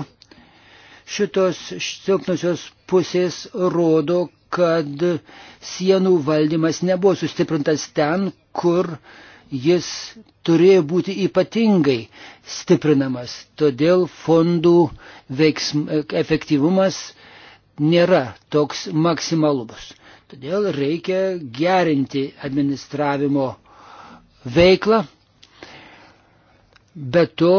Speaker 3: Šitos silpnosios pusės rodo, kad sienų valdymas nebuvo sustiprintas ten, kur jis turėjo būti ypatingai stiprinamas. Todėl fondų veiksm, efektyvumas nėra toks maksimalus. Todėl reikia gerinti administravimo veiklą. Be to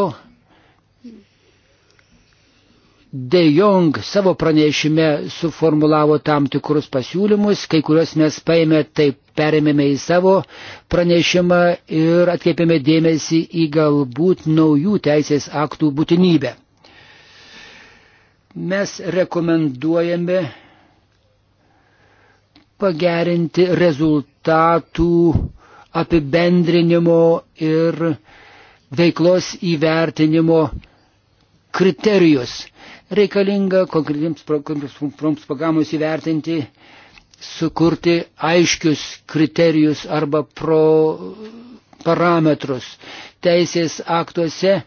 Speaker 3: De Jong savo pranešime suformulavo tam tikrus pasiūlymus, kai kuriuos mes paėmė, taip perėmėme į savo pranešimą ir atkreipėme dėmesį į galbūt naujų teisės aktų būtinybę. Mes rekomenduojame pagerinti rezultatų apibendrinimo ir veiklos įvertinimo kriterijus reikalinga konkretiems programoms įvertinti, sukurti aiškius kriterijus arba pro parametrus teisės aktuose,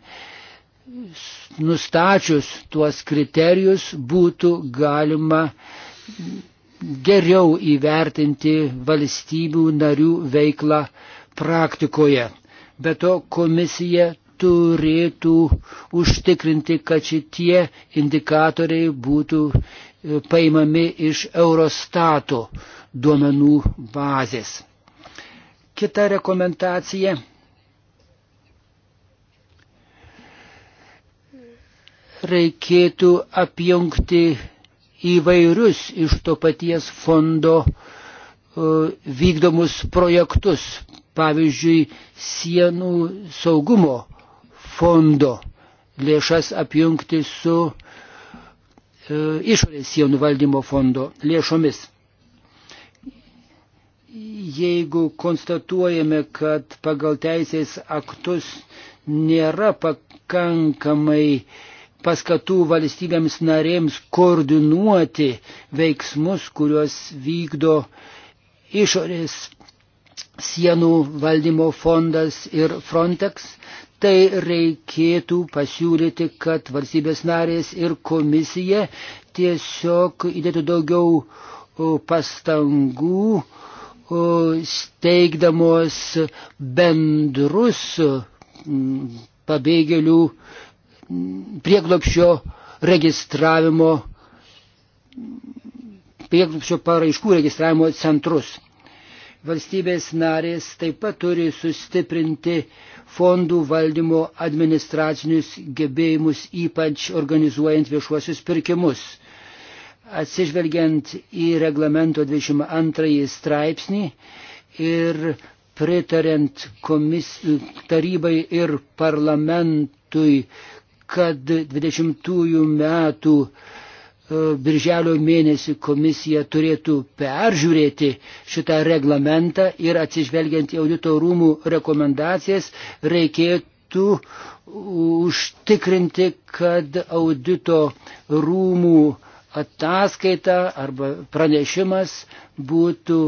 Speaker 3: nustačius tuos kriterijus būtų galima geriau įvertinti valstybių narių veiklą praktikoje. Be to komisija turėtų užtikrinti, kad šitie indikatoriai būtų e, paimami iš Eurostato duomenų bazės. Kita rekomendacija. Reikėtų apjungti įvairius iš to paties fondo e, vykdomus projektus, pavyzdžiui, sienų saugumo fondo lėšas apjungti su e, išorės sienų valdymo fondo lėšomis. Jeigu konstatuojame, kad pagal teisės aktus nėra pakankamai paskatų valstybėms narėms koordinuoti veiksmus, kuriuos vykdo išorės sienų valdymo fondas ir Frontex, tai reikėtų pasiūlyti, kad valstybės narės ir komisija tiesiog įdėtų daugiau pastangų steigdamos bendrus pabėgėlių prieglopščio registravimo, prieglopščio paraiškų registravimo centrus. Valstybės narės taip pat turi sustiprinti fondų valdymo administracinius gebėjimus, ypač organizuojant viešuosius pirkimus. Atsižvelgiant į reglamento 22 straipsnį ir pritariant komis, tarybai ir parlamentui, kad 20 metų E, birželio mėnesį komisija turėtų peržiūrėti šitą reglamentą ir atsižvelgiant į audito rūmų rekomendacijas reikėtų užtikrinti, kad audito rūmų ataskaita arba pranešimas būtų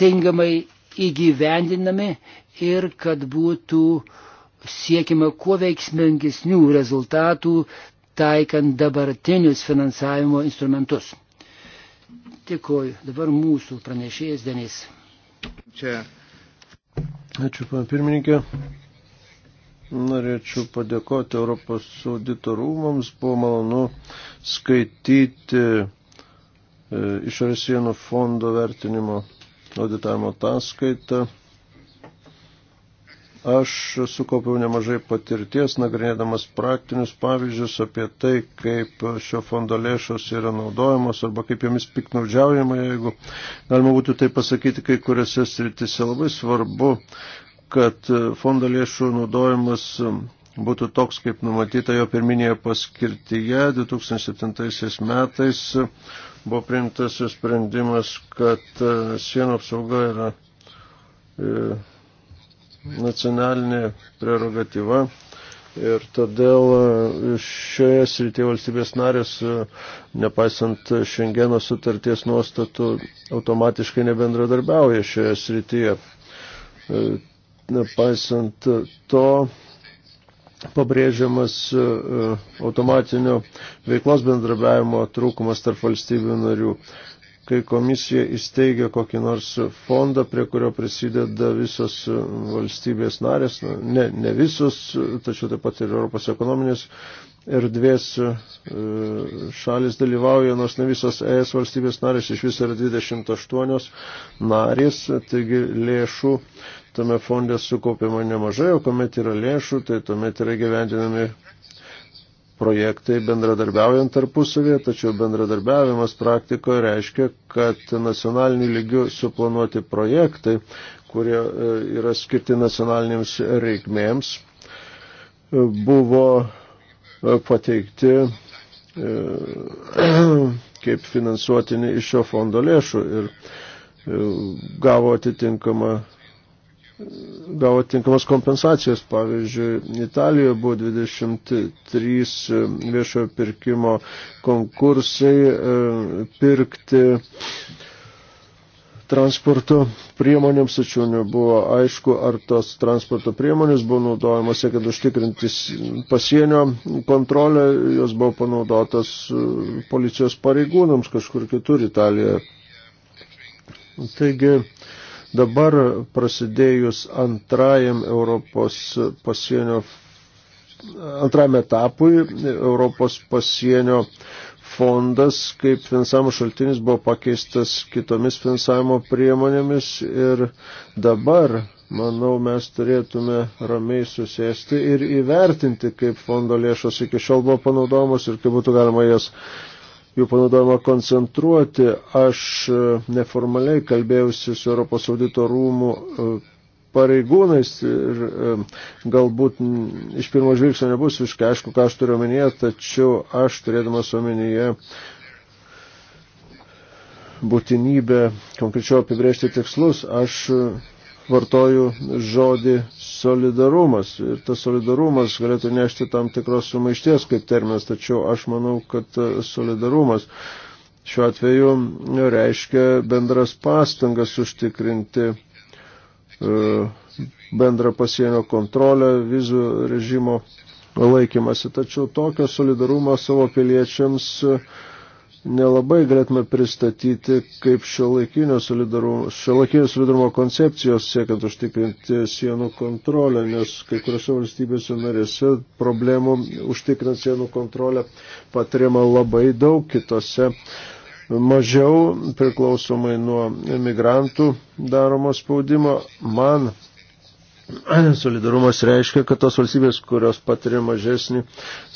Speaker 3: tingamai įgyvendinami ir kad būtų siekime kuo veiksmingesnių rezultatų taikant dabartinius finansavimo instrumentus. Dėkuoju. Dabar mūsų pranešėjas Denis. Čia. Ačiū, pana
Speaker 2: pirmininkė. Norėčiau padėkoti Europos audito rūmams. Buvo malonu skaityti e, išorės sienų fondo vertinimo auditavimo ataskaitą. Aš sukaupiau nemažai patirties, nagrinėdamas praktinius pavyzdžius apie tai, kaip šio fondo lėšos yra naudojamos arba kaip jomis piknaudžiaujama, jeigu galima būtų tai pasakyti kai kuriuose sritise. Labai svarbu, kad fondo lėšų naudojimas būtų toks, kaip numatyta jo pirminėje paskirtyje 2007 metais buvo priimtas sprendimas, kad sienų apsauga yra e, nacionalinė prerogatyva ir todėl e, šioje srityje valstybės narės, e, nepaisant Šengeno sutarties nuostatų, automatiškai nebendradarbiauja šioje srityje. E, nepaisant to, pabrėžiamas automatinio veiklos bendrabiavimo trūkumas tarp valstybių narių kai komisija įsteigia kokį nors fondą, prie kurio prisideda visos valstybės narės, nu, ne, ne visos, tačiau taip pat ir Europos ekonominės erdvės e, šalis dalyvauja, nors ne visos ES valstybės narės, iš viso yra 28 narės, taigi lėšų tame fonde sukaupiama nemažai, o kuomet yra lėšų, tai tuomet yra gyvendinami projektai bendradarbiaujant tarpusavėje, tačiau bendradarbiavimas praktikoje reiškia, kad nacionaliniu lygiu suplanuoti projektai, kurie e, yra skirti nacionalinėms reikmėms, e, buvo e, pateikti [CLEARS THROAT] kaip finansuotini iš šio fondo lėšų ir gavo atitinkamą gavo tinkamas kompensacijas. Pavyzdžiui, Italijoje buvo 23 e, viešojo pirkimo konkursai e, pirkti transporto priemonėms, tačiau nebuvo aišku, ar tos transporto priemonės buvo naudojamos, kad užtikrinti pasienio kontrolę, jos buvo panaudotas e, policijos pareigūnams kažkur kitur Italijoje. Taigi, Dabar prasidėjus antrajam Europos pasienio, antrajam etapui Europos pasienio fondas kaip finansavimo šaltinis buvo pakeistas kitomis finansavimo priemonėmis ir dabar, manau, mes turėtume ramiai susėsti ir įvertinti, kaip fondo lėšos iki šiol buvo panaudojamos ir kaip būtų galima jas jų panaudojimą koncentruoti. Aš e, neformaliai kalbėjausi su Europos audito rūmų e, pareigūnais ir e, galbūt iš pirmo žvilgsnio nebus viskai aišku, ką aš turiu omenyje, tačiau aš turėdamas omenyje būtinybę konkrečiau apibrėžti tikslus, aš vartoju žodį solidarumas. Ir tas solidarumas galėtų nešti tam tikros sumaišties kaip terminas, tačiau aš manau, kad e, solidarumas šiuo atveju e, reiškia bendras pastangas užtikrinti e, bendrą pasienio kontrolę, vizų režimo laikymasi. Tačiau tokio solidarumo savo piliečiams uh, nelabai galėtume pristatyti kaip šio laikinio solidarumo, solidarumo koncepcijos siekiant užtikrinti sienų kontrolę, nes kai kuriuose valstybėse narėse problemų užtikrinant sienų kontrolę patiriama labai daug, kitose mažiau priklausomai nuo migrantų daromo spaudimo. Man [CLEARS THROAT] Solidarumas reiškia, kad tos valstybės, kurios patiria mažesnį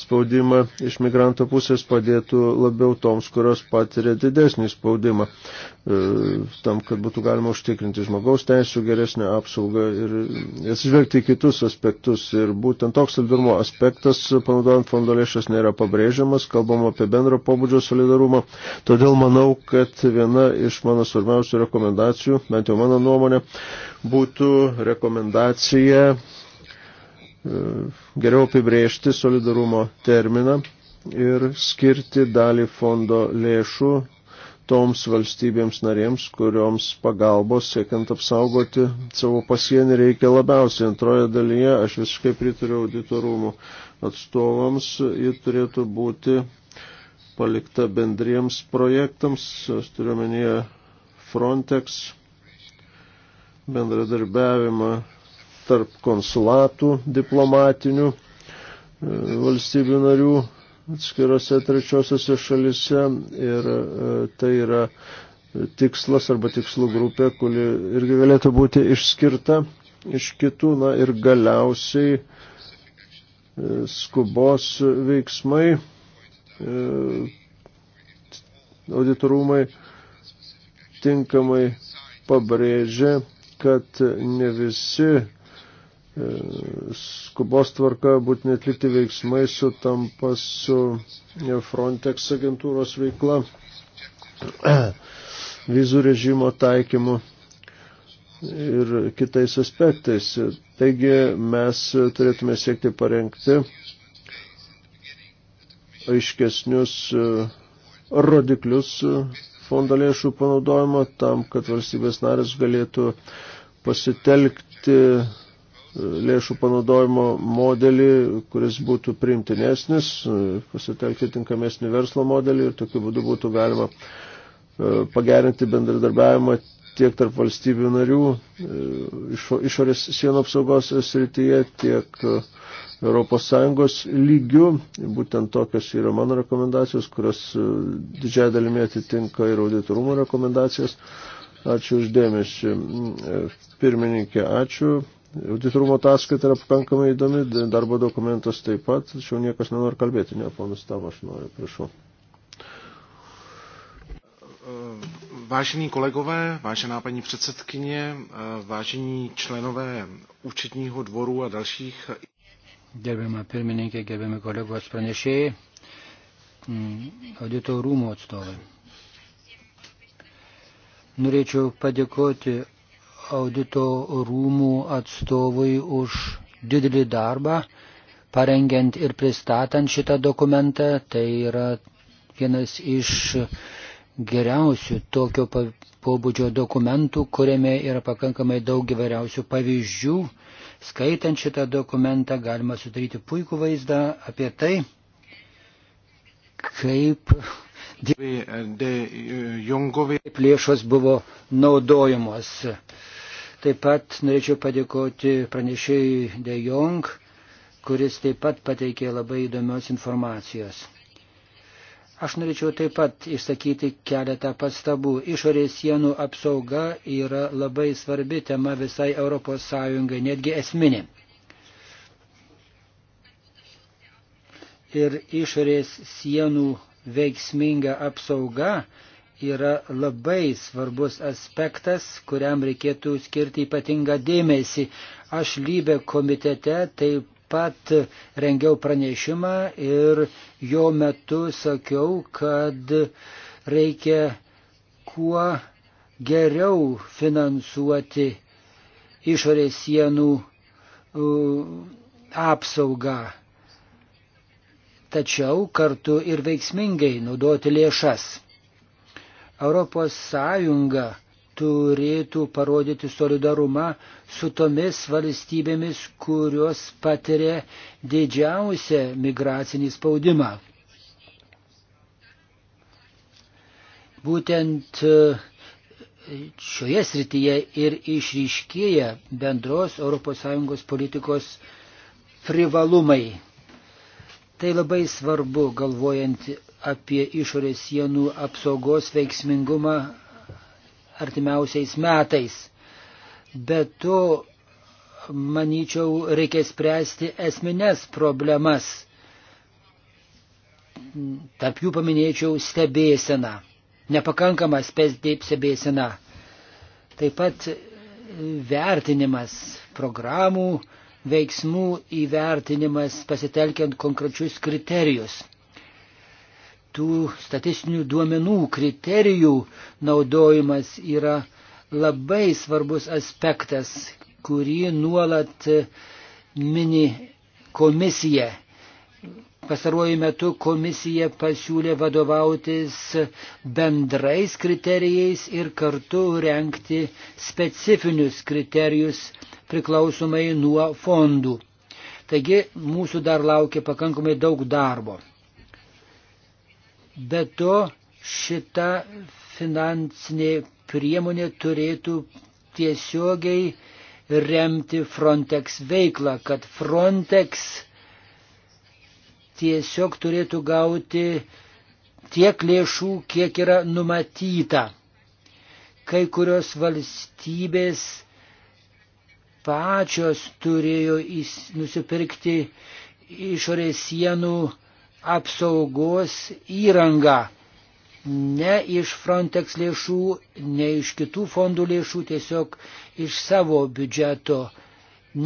Speaker 2: spaudimą iš migrantų pusės, padėtų labiau toms, kurios patiria didesnį spaudimą, e, tam, kad būtų galima užtikrinti žmogaus teisų geresnę apsaugą ir atsižvelgti į kitus aspektus. Ir būtent toks solidarumo aspektas, panaudojant fondo lėšas, nėra pabrėžiamas, kalbam apie bendro pobūdžio solidarumą. Todėl manau, kad viena iš mano svarbiausių rekomendacijų, bent jau mano nuomonė, būtų rekomendacija frakcija e, geriau apibrėžti solidarumo terminą ir skirti dalį fondo lėšų toms valstybėms narėms, kurioms pagalbos siekiant apsaugoti savo pasienį reikia labiausiai. Antroje dalyje aš visiškai pritariu auditorumų atstovams, ji turėtų būti palikta bendriems projektams, aš turiu menyje Frontex bendradarbiavimą tarp konsulatų diplomatinių e, valstybių narių atskirose trečiosiose šalise ir e, tai yra tikslas arba tikslų grupė, kuri irgi galėtų būti išskirta iš kitų, na ir galiausiai e, skubos veiksmai auditorumai tinkamai pabrėžė, kad ne visi E, skubos tvarka būtinai atlikti veiksmai sutampa su e, Frontex agentūros veikla, [CLEARS THROAT] vizų režimo taikymu ir kitais aspektais. Taigi mes turėtume siekti parengti aiškesnius e, rodiklius fondo lėšų panaudojimo tam, kad valstybės narės galėtų pasitelkti lėšų panaudojimo modelį, kuris būtų priimtinesnis, pasitelkti tinkamesnį verslo modelį ir tokiu būdu būtų galima e, pagerinti bendradarbiavimą tiek tarp valstybių narių e, išorės sienų apsaugos srityje, tiek ES lygių. Būtent tokios yra mano rekomendacijos, kurios e, didžiai dalimi atitinka ir auditorumo rekomendacijos. Ačiū uždėmesi. Pirmininkė, ačiū. Auditorumo ataskaita yra pakankamai įdomi, darbo dokumentas taip pat, tačiau niekas nenori kalbėti, ne, ponas Tavo, aš noriu, prašau.
Speaker 4: Vážení kolegové, vážená paní předsedkyně, vážení členové účetního
Speaker 3: dvoru a dalších. Gerbiama pirmininkė, gerbiami kolegos pranešėjai, mm, audito rūmų atstovai. Norėčiau padėkoti audito rūmų atstovui už didelį darbą, parengiant ir pristatant šitą dokumentą. Tai yra vienas iš geriausių tokio pobūdžio dokumentų, kuriame yra pakankamai daug įvairiausių pavyzdžių. Skaitant šitą dokumentą galima sudaryti puikų vaizdą apie tai, kaip, kaip lėšos buvo naudojamos. Taip pat norėčiau padėkoti pranešėjui De Jong, kuris taip pat pateikė labai įdomios informacijos. Aš norėčiau taip pat išsakyti keletą pastabų. Išorės sienų apsauga yra labai svarbi tema visai ES, netgi esminė. Ir išorės sienų veiksminga apsauga yra labai svarbus aspektas, kuriam reikėtų skirti ypatingą dėmesį. Aš lybė komitete taip pat rengiau pranešimą ir jo metu sakiau, kad reikia kuo geriau finansuoti išorės sienų apsaugą, tačiau kartu ir veiksmingai naudoti lėšas. Europos Sąjunga turėtų parodyti solidarumą su tomis valstybėmis, kurios patiria didžiausią migracinį spaudimą. Būtent e, šioje srityje ir išryškėja bendros ES politikos privalumai. Tai labai svarbu, galvojant apie išorės sienų apsaugos veiksmingumą artimiausiais metais. Bet to, manyčiau, reikia spręsti esminės problemas. Tarp jų paminėčiau stebėseną, nepakankamą stebėseną. Taip pat vertinimas programų, veiksmų įvertinimas pasitelkiant konkrečius kriterijus. Tų statistinių duomenų kriterijų naudojimas yra labai svarbus aspektas, kurį nuolat mini komisija. Pastaruoju metu komisija pasiūlė vadovautis bendrais kriterijais ir kartu renkti specifinius kriterijus priklausomai nuo fondų. Taigi mūsų dar laukia pakankamai daug darbo. Be to, šita finansinė priemonė turėtų tiesiogiai remti Frontex veiklą, kad Frontex tiesiog turėtų gauti tiek lėšų, kiek yra numatyta. Kai kurios valstybės pačios turėjo įs, nusipirkti išorės sienų apsaugos įrangą. Ne iš Frontex lėšų, ne iš kitų fondų lėšų, tiesiog iš savo biudžeto,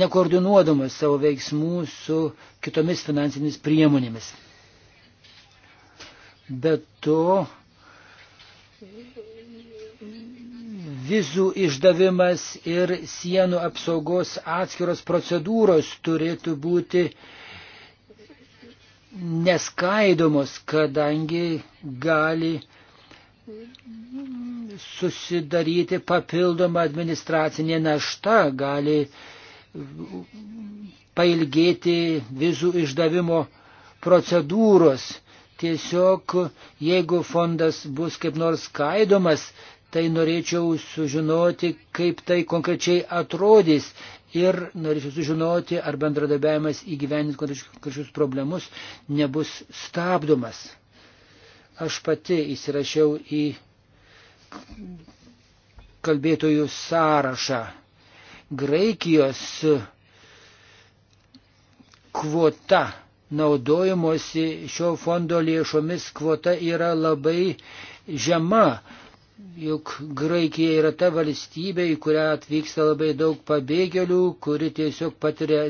Speaker 3: nekoordinuodamas savo veiksmų su kitomis finansinėmis priemonėmis. Bet to vizų išdavimas ir sienų apsaugos atskiros procedūros turėtų būti neskaidomos, kadangi gali susidaryti papildoma administracinė našta, gali pailgėti vizų išdavimo procedūros. Tiesiog, jeigu fondas bus kaip nors skaidomas, tai norėčiau sužinoti, kaip tai konkrečiai atrodys ir norėčiau sužinoti, ar bendradarbiavimas įgyveninti konkrečius problemus nebus stabdomas. Aš pati įsirašiau į kalbėtojų sąrašą. Graikijos kvota naudojimuosi šio fondo lėšomis kvota yra labai žema Juk Graikija yra ta valstybė, į kurią atvyksta labai daug pabėgėlių, kuri tiesiog patiria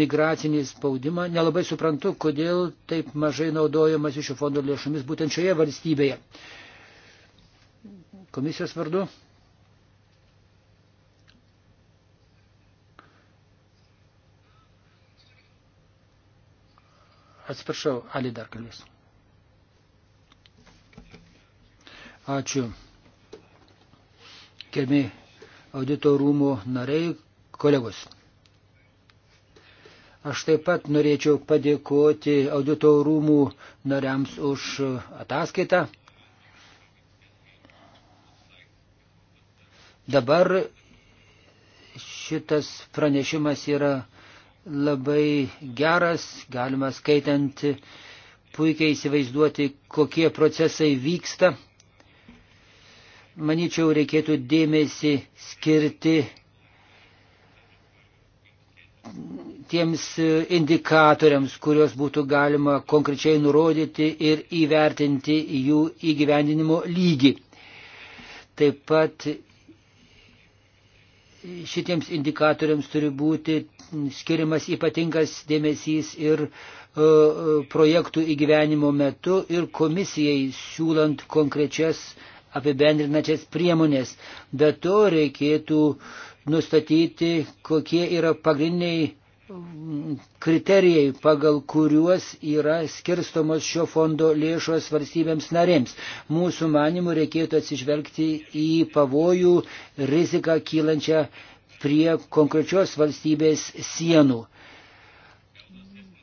Speaker 3: migracinį spaudimą. Nelabai suprantu, kodėl taip mažai naudojamas iš šio fondo lėšomis būtent šioje valstybėje. Komisijos vardu. Atsiprašau, Ali dar kalbės. Ačiū. Kemi auditorumo nariai, kolegos. Aš taip pat norėčiau padėkoti audito rūmų nariams už ataskaitą. Dabar šitas pranešimas yra labai geras, galima skaitant puikiai įsivaizduoti, kokie procesai vyksta manyčiau, reikėtų dėmesį skirti tiems indikatoriams, kuriuos būtų galima konkrečiai nurodyti ir įvertinti jų įgyvendinimo lygį. Taip pat šitiems indikatoriams turi būti skiriamas ypatingas dėmesys ir e, e, projektų įgyvenimo metu ir komisijai siūlant konkrečias apibendrinačias priemonės. Be to reikėtų nustatyti, kokie yra pagrindiniai mm, kriterijai, pagal kuriuos yra skirstomos šio fondo lėšos valstybėms narėms. Mūsų manimų reikėtų atsižvelgti į pavojų riziką kylančią prie konkrečios valstybės sienų.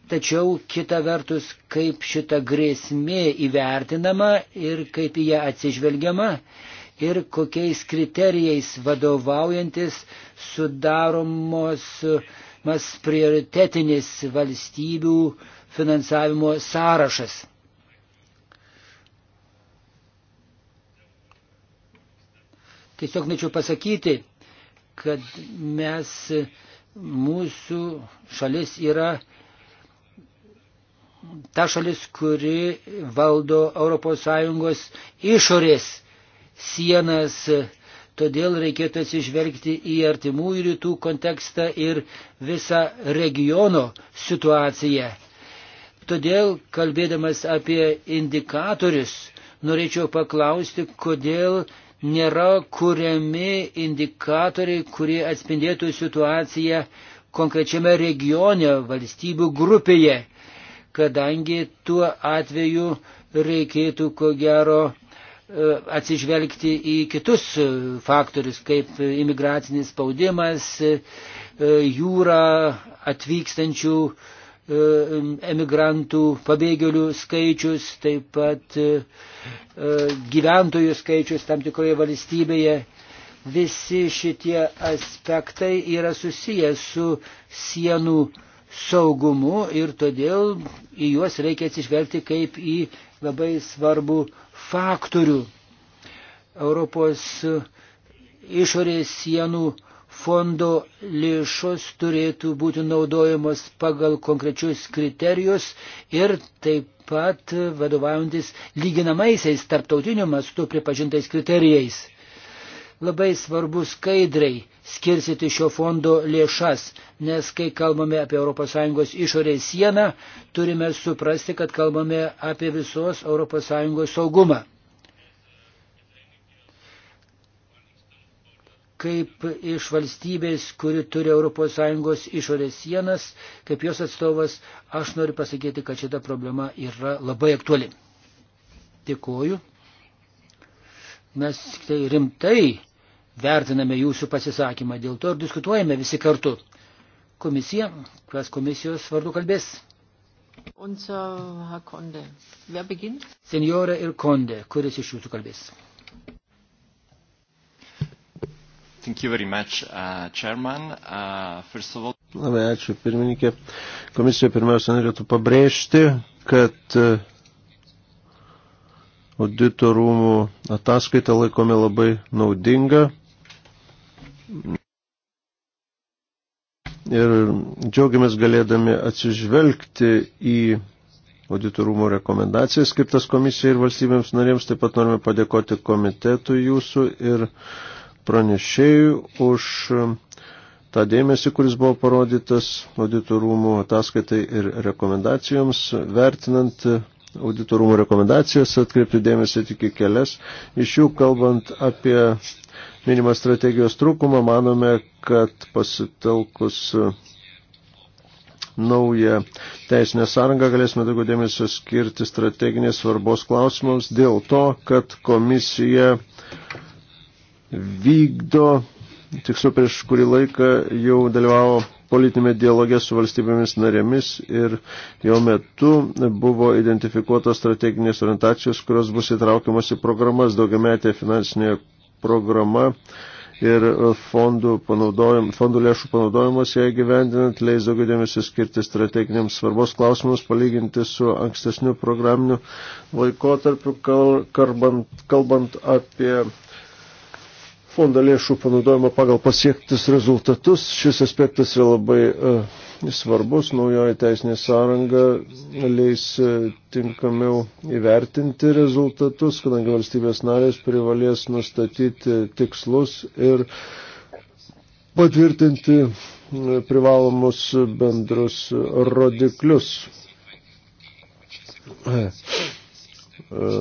Speaker 3: Tačiau kita vertus, kaip šita grėsmė įvertinama ir kaip į ją atsižvelgiama ir kokiais kriterijais vadovaujantis sudaromos mas prioritetinis valstybių finansavimo sąrašas. Tiesiog norėčiau pasakyti, kad mes, mūsų šalis yra ta šalis, kuri valdo ES išorės sienas. Todėl reikėtų atsižvelgti į artimųjų rytų kontekstą ir visą regiono situaciją. Todėl, kalbėdamas apie indikatorius, norėčiau paklausti, kodėl nėra kuriami indikatoriai, kurie atspindėtų situaciją konkrečiame regione valstybių grupėje kadangi tuo atveju reikėtų ko gero e, atsižvelgti į kitus e, faktorius, kaip imigracinis spaudimas, e, jūra atvykstančių emigrantų, pabėgėlių skaičius, taip pat gyventojų skaičius tam tikroje valstybėje. Visi šitie aspektai yra susiję su sienų saugumu ir todėl į juos reikia atsižvelgti kaip į labai svarbų faktorių. Europos išorės sienų fondo lėšos turėtų būti naudojamos pagal konkrečius kriterijus ir taip pat vadovaujantis lyginamaisiais tarptautiniu mastu pripažintais kriterijais. Labai svarbu skaidriai skirsyti šio fondo lėšas, nes kai kalbame apie ES išorės sieną, turime suprasti, kad kalbame apie visos ES saugumą. kaip iš valstybės, kuri turi ES išorės sienas, kaip jos atstovas, aš noriu pasakyti, kad šita problema yra labai aktuali. Dėkuoju. Mes tai rimtai vertiname jūsų pasisakymą, dėl to ir diskutuojame visi kartu. Komisija, kas komisijos vardu kalbės?
Speaker 1: Unser Konde. Wer beginnt?
Speaker 3: Senjore ir Konde, kuris iš jūsų kalbės?
Speaker 2: Thank you very much, uh, Chairman. Uh, first of all... Labai ačiū, pirmininkė. Komisija pirmiausia norėtų pabrėžti, kad uh, audito rūmų ataskaitą laikome labai naudinga. Ir džiaugiamės galėdami atsižvelgti į audito rūmų rekomendacijas skirtas komisijai ir valstybėms narėms. Taip pat norime padėkoti komitetui jūsų ir pranešėjų už tą dėmesį, kuris buvo parodytas auditorumų ataskaitai ir rekomendacijoms, vertinant auditorumo rekomendacijas, atkreipti dėmesį tik į kelias. Iš jų, kalbant apie minimą strategijos trūkumą, manome, kad pasitelkus naują teisinę sąrangą galėsime daugiau dėmesio skirti strateginės svarbos klausimams dėl to, kad komisija vykdo, tiksliau prieš kurį laiką jau dalyvavo politinėme dialoge su valstybėmis narėmis ir jo metu buvo identifikuotos strateginės orientacijos, kurios bus įtraukiamas į programas daugiametė finansinė programa ir fondų, fondų lėšų panaudojimas ją gyvendinant leis daugiau dėmesio skirti strateginiams svarbos klausimus, palyginti su ankstesniu programiniu laikotarpiu, kalbant, kalbant apie fondo lėšų panaudojimo pagal pasiektus rezultatus. Šis aspektas yra labai uh, svarbus. Naujoji teisinė sąranga leis uh, tinkamiau įvertinti rezultatus, kadangi valstybės narės privalės nustatyti tikslus ir patvirtinti e, privalomus bendrus rodiklius. E,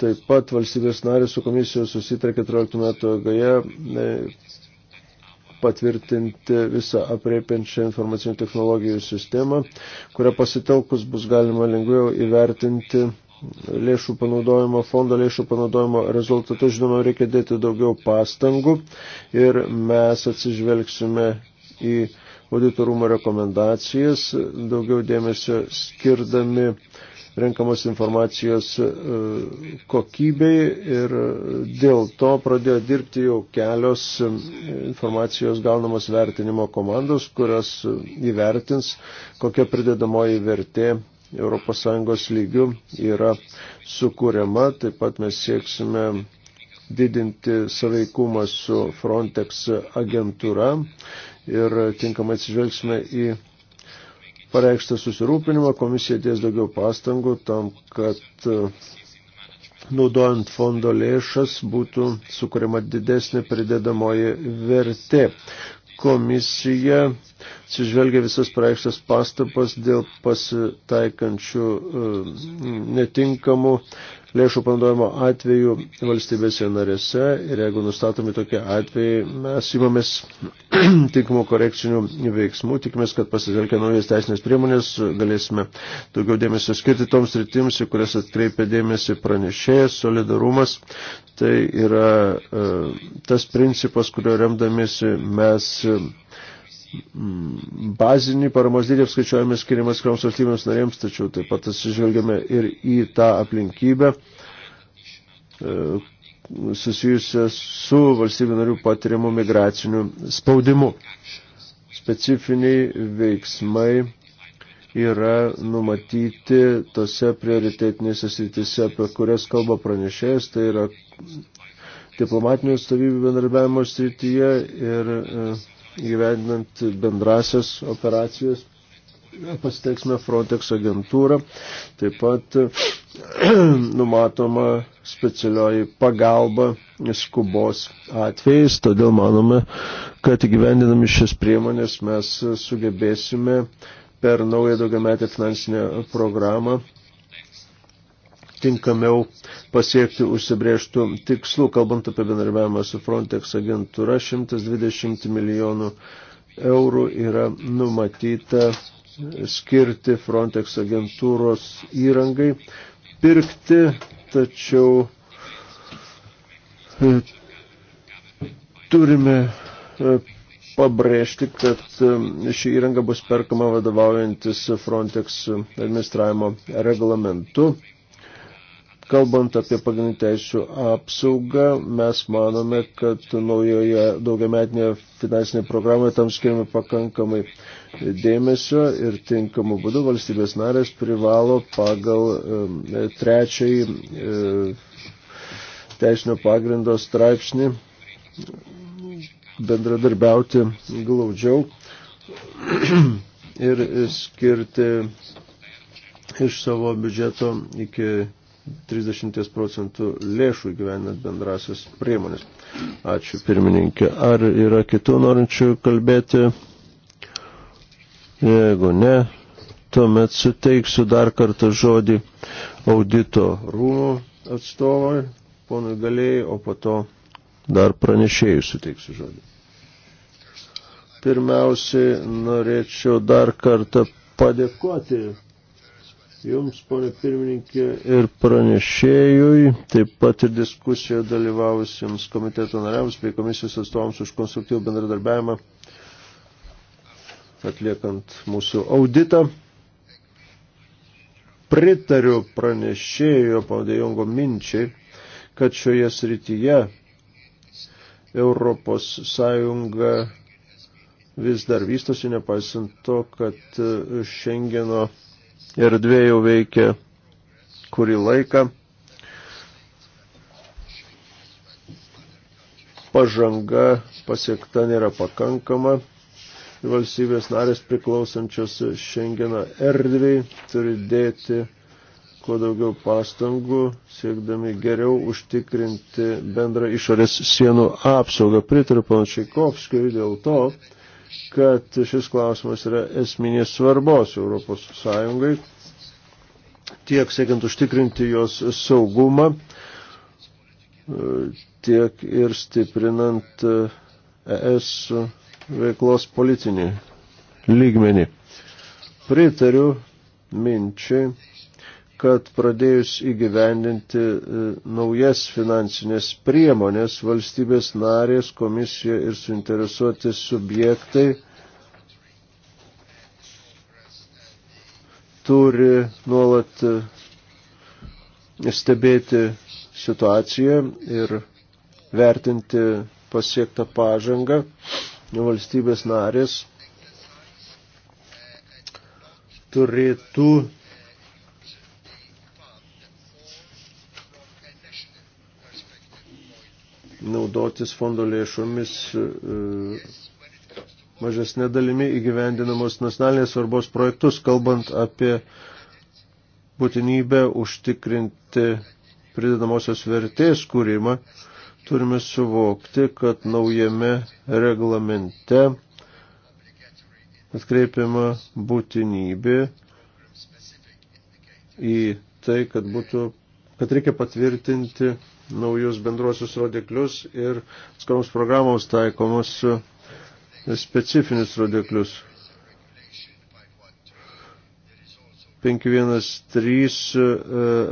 Speaker 2: taip pat valstybės narės su komisijos susitarė 14 metų gaje e, patvirtinti visą apriepiančią informacinių technologijų sistemą, kurią pasitelkus bus galima lengviau įvertinti lėšų panaudojimo, fondo lėšų panaudojimo rezultatus. Žinoma, reikia dėti daugiau pastangų ir mes atsižvelgsime į auditorumo rekomendacijas, daugiau dėmesio skirdami uh, renkamos informacijos e, kokybei ir dėl to pradėjo dirbti jau kelios e, informacijos gaunamos vertinimo komandos, kurios įvertins, kokia pridedamoji vertė ES lygių yra sukūriama. Taip pat mes sieksime didinti saveikumą su Frontex agentūra ir tinkamai atsižvelgsime į pareikštą susirūpinimą, komisija dės daugiau pastangų tam, kad e, naudojant fondo lėšas būtų sukuriama didesnė pridedamoji vertė. Komisija atsižvelgia visas praeikštas pastabas dėl pasitaikančių e, netinkamų lėšų panaudojimo atvejų valstybėse narėse ir jeigu nustatomi tokie atvejai, mes imamės [CLEARS THROAT] tinkamų korekcinių veiksmų, tikimės, kad pasidelkę naujas teisinės priemonės galėsime daugiau dėmesio skirti toms rytims, į kurias atkreipia dėmesį pranešėjas, solidarumas. Tai yra e, tas principas, kurio remdamėsi mes Mm, bazinį paramos dydį apskaičiuojame skiriamas skirioms valstybėms narėms, tačiau taip pat atsižvelgiame ir į tą aplinkybę e, susijusią su valstybių narių patiriamu migraciniu spaudimu. Specifiniai veiksmai yra numatyti tose prioritetinėse srityse, apie kurias kalba pranešėjas, tai yra diplomatinių atstovybių bendarbiavimo srityje ir e, gyvendinant bendrasias operacijas. Pasiteiksime Frontex agentūrą, taip pat [CLEARS THROAT] numatoma specialioji pagalba skubos atvejais, todėl manome, kad įgyvendinami šias priemonės mes sugebėsime per naują daugiametę finansinę programą tinkamiau pasiekti užsibrėžtų tikslų. Kalbant apie bendarbiavimą su Frontex agentūra, 120 milijonų eurų yra numatyta skirti Frontex agentūros įrangai, pirkti, tačiau e, turime e, pabrėžti, kad e, ši įranga bus perkama vadovaujantis Frontex administravimo reglamentu. Kalbant apie pagrindinį teisų apsaugą, mes manome, kad naujoje daugiametinėje finansinėje programoje tam skiriame pakankamai dėmesio ir tinkamų būdų valstybės narės privalo pagal trečiai e, teisinio pagrindo straipsnį bendradarbiauti glaudžiau [CLEARS THROAT] ir skirti iš savo biudžeto iki 30 procentų lėšų gyvenant bendrasios priemonės. Ačiū pirmininkė. Ar yra kitų norinčių kalbėti? Jeigu ne, tuomet suteiksiu dar kartą žodį audito rūmų atstovai, ponui galėjai, o po to dar pranešėjai suteiksiu žodį. Pirmiausiai norėčiau dar kartą padėkoti Jums, ponė pirmininkė, ir pranešėjui, taip pat ir diskusijoje dalyvavusiems komiteto nariams bei komisijos atstovams už konstruktyvų bendradarbiavimą, atliekant mūsų auditą. Pritariu pranešėjo pavadėjongo minčiai, kad šioje srityje Europos Sąjunga vis dar vystosi, nepaisant to, kad Šengeno erdvė jau veikia kurį laiką. Pažanga pasiekta nėra pakankama. Valstybės narės priklausančios Schengeno erdviai turi dėti kuo daugiau pastangų, siekdami geriau užtikrinti bendrą išorės sienų apsaugą. Pritariu panašiai Kovskiui dėl to, kad šis klausimas yra esminės svarbos Europos Sąjungai, tiek siekiant užtikrinti jos saugumą, tiek ir stiprinant e, ES veiklos politinį lygmenį. Pritariu minčiai, kad pradėjus įgyvendinti e, naujas finansinės priemonės, valstybės narės, komisija ir suinteresuoti subjektai turi nuolat e, stebėti situaciją ir vertinti pasiektą pažangą valstybės narės turėtų naudotis fondo lėšomis e, mažesnė dalimi įgyvendinamos nacionalinės svarbos projektus, kalbant apie būtinybę užtikrinti pridedamosios vertės kūrimą, turime suvokti, kad naujame reglamente atkreipiama būtinybė į tai, kad, būtų, kad reikia patvirtinti naujus bendruosius rodiklius ir atskiroms programoms taikomus specifinius rodiklius. 513 e,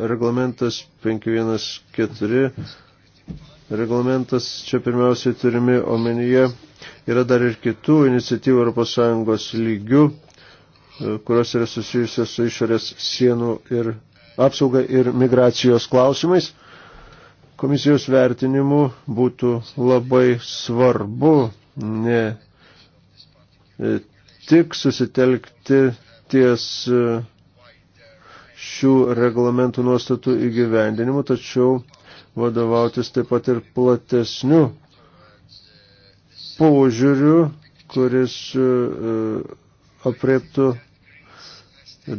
Speaker 2: reglamentas, 514 reglamentas, čia pirmiausiai turimi omenyje, yra dar ir kitų iniciatyvų ES lygių, e, kurios yra susijusios su išorės sienų ir apsauga ir migracijos klausimais. Komisijos vertinimu būtų labai svarbu ne e, tik susitelkti ties e, šių reglamentų nuostatų įgyvendinimu, tačiau vadovautis taip pat ir platesniu požiūriu, kuris e, apriektų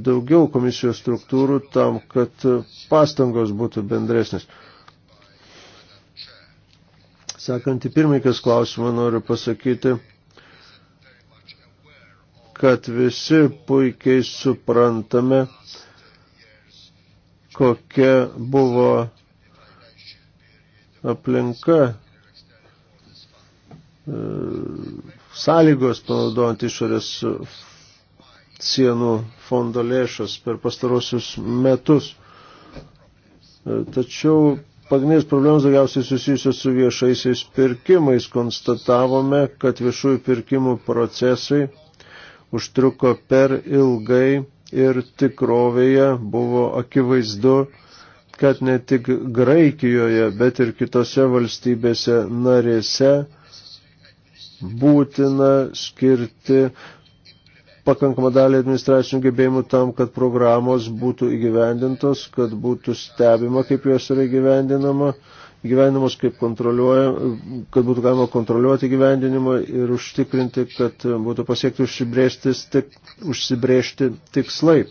Speaker 2: daugiau komisijos struktūrų tam, kad pastangos būtų bendresnės. Sakant į pirmininkės klausimą noriu pasakyti, kad visi puikiai suprantame, kokia buvo aplinka e, sąlygos panaudojant išorės sienų fondo lėšas per pastarosius metus. E, tačiau Pagrindinės problemos daugiausiai susijusios su viešaisiais pirkimais. Konstatavome, kad viešųjų pirkimų procesai užtruko per ilgai ir tikrovėje buvo akivaizdu, kad ne tik Graikijoje, bet ir kitose valstybėse narėse būtina skirti pakankamą dalį administracinių gebėjimų tam, kad programos būtų įgyvendintos, kad būtų stebima, kaip jos yra įgyvendinama, įgyvendinamos, kaip kontroliuoja, kad būtų galima kontroliuoti įgyvendinimą ir užtikrinti, kad būtų pasiekti užsibrėžti, tik, užsibrėžti tikslai.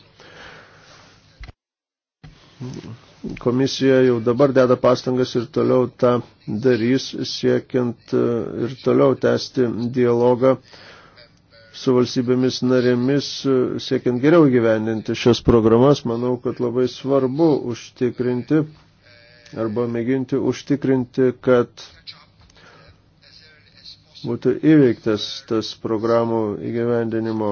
Speaker 2: Komisija jau dabar deda pastangas ir toliau tą darys, siekiant ir toliau tęsti dialogą su valstybėmis narėmis, e, siekiant geriau gyveninti šias programas, manau, kad labai svarbu užtikrinti arba mėginti užtikrinti, kad būtų įveiktas tas programų įgyvendinimo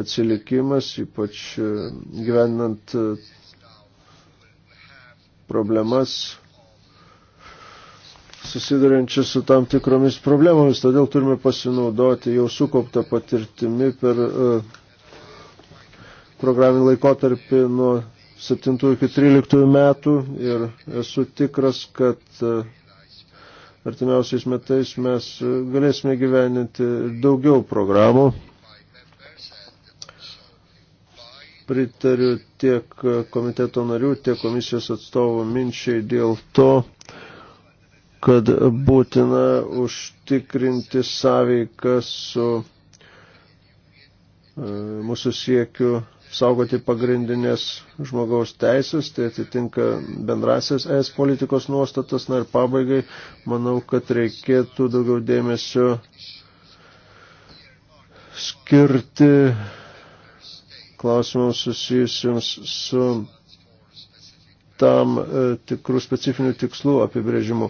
Speaker 2: atsilikimas, ypač e, gyvenant e, problemas susidurinčias su tam tikromis problemomis, todėl turime pasinaudoti jau sukauptą patirtimi per e, programinį laikotarpį nuo 7 iki 13 metų ir esu tikras, kad e, artimiausiais metais mes galėsime gyveninti daugiau programų. Pritariu tiek komiteto narių, tiek komisijos atstovų minčiai dėl to, kad būtina užtikrinti sąveiką su e, mūsų siekiu saugoti pagrindinės žmogaus teisės, tai atitinka bendrasias es politikos nuostatas. Na ir pabaigai, manau, kad reikėtų daugiau dėmesio skirti klausimams susijusiams su tam e, tikrų specifinių tikslų apibrėžimu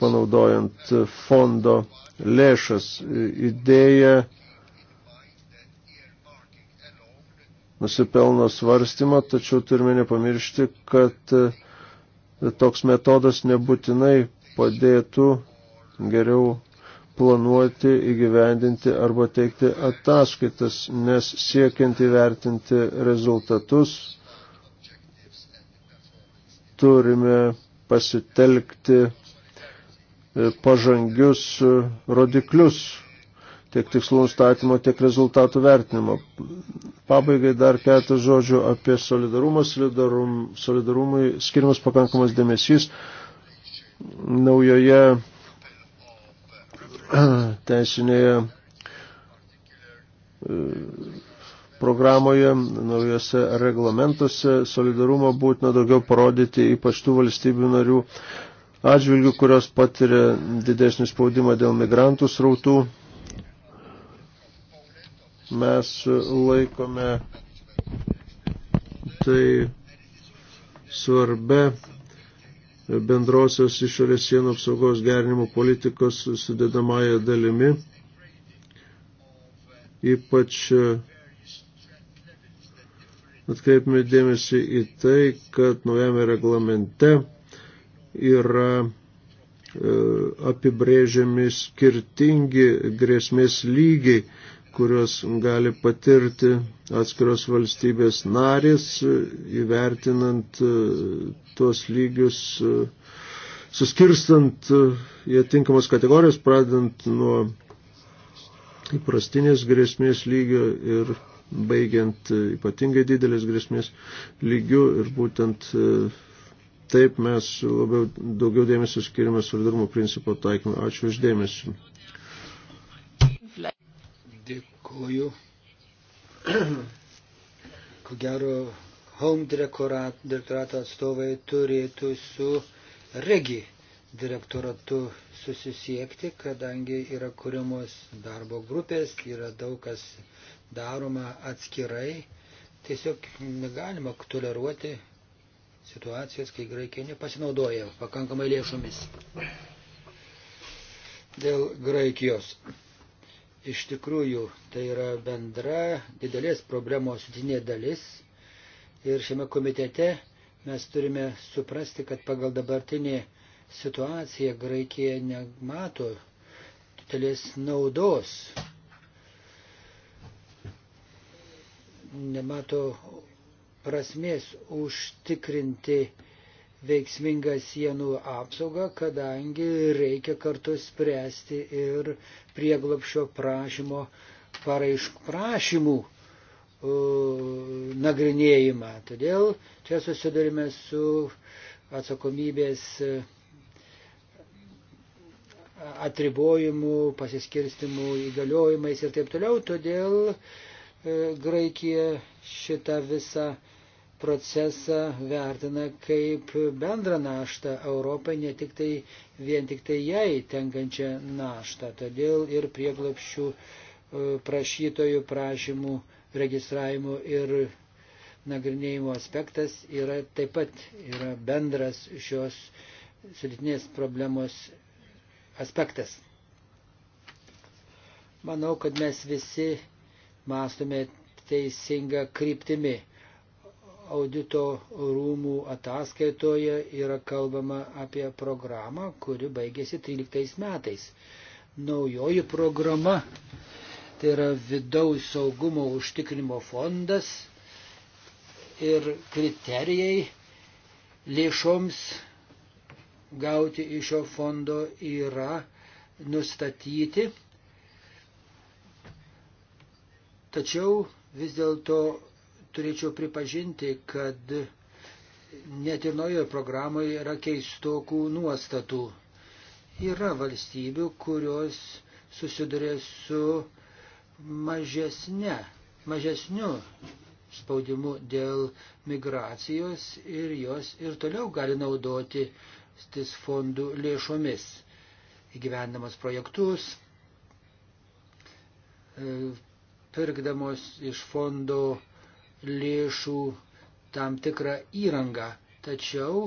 Speaker 2: panaudojant fondo lėšas. Idėja nusipelno svarstymą, tačiau turime nepamiršti, kad toks metodas nebūtinai padėtų geriau planuoti, įgyvendinti arba teikti ataskaitas, nes siekiant įvertinti rezultatus turime pasitelkti E, pažangius e, rodiklius tiek tikslų nustatymo, tiek rezultatų vertinimo. Pabaigai dar keletą žodžių apie solidarumą. Solidarum, solidarumui skirimas pakankamas dėmesys naujoje [CLEARS THROAT] teisinėje e, programoje, naujose reglamentuose solidarumo būtina daugiau parodyti ypač tų valstybių narių atžvilgių, kurios patiria didesnį spaudimą dėl migrantų srautų. Mes laikome tai svarbia bendrosios išorės sienų apsaugos gerinimo politikos sudėdamąją dalimi, ypač atkreipime dėmesį į tai, kad naujame reglamente yra e, apibrėžiami skirtingi grėsmės lygiai, kurios gali patirti atskiros valstybės narės, e, įvertinant e, tuos lygius, suskirstant į atinkamas kategorijas, pradant nuo įprastinės grėsmės lygio ir baigiant ypatingai didelės grėsmės lygių ir būtent Taip mes labiau daugiau dėmesio skiriame solidarumo principo taikymui. Ačiū už dėmesį.
Speaker 3: Dėkuoju. Ko gero, Home direktorato atstovai turėtų su Regi direktoratu susisiekti, kadangi yra kuriamos darbo grupės, yra daug kas daroma atskirai. Tiesiog negalima toleruoti situacijas, kai Graikija nepasinaudoja pakankamai lėšomis. Dėl Graikijos. Iš tikrųjų, tai yra bendra didelės problemos sudinė dalis. Ir šiame komitete mes turime suprasti, kad pagal dabartinį situaciją Graikija nemato didelės naudos, nemato prasmės užtikrinti veiksmingą sienų apsaugą, kadangi reikia kartu spręsti ir prieglapšio prašymo paraišk prašymų nagrinėjimą. Todėl čia susidurime su atsakomybės atribojimu, pasiskirstimu įgaliojimais ir taip toliau. Todėl e, Graikija šitą visą procesą vertina kaip bendrą naštą Europai, ne tik tai vien tik tai jai tenkančią naštą. Todėl ir prieglopščių e, prašytojų prašymų registravimo ir nagrinėjimo aspektas yra taip pat yra bendras šios sudėtinės problemos aspektas. Manau, kad mes visi mąstome teisinga kryptimi. Audito rūmų ataskaitoje yra kalbama apie programą, kuri baigėsi 13 metais. Naujoji programa, tai yra vidaus saugumo užtikrinimo fondas ir kriterijai lėšoms gauti iš šio fondo yra nustatyti. Tačiau vis dėlto turėčiau pripažinti, kad net ir naujoje programoje yra keistokų nuostatų. Yra valstybių, kurios susiduria su mažesne, mažesniu spaudimu dėl migracijos ir jos ir toliau gali naudoti stis fondų lėšomis, įgyvendamas projektus, pirkdamos iš fondo lėšų tam tikrą įrangą. Tačiau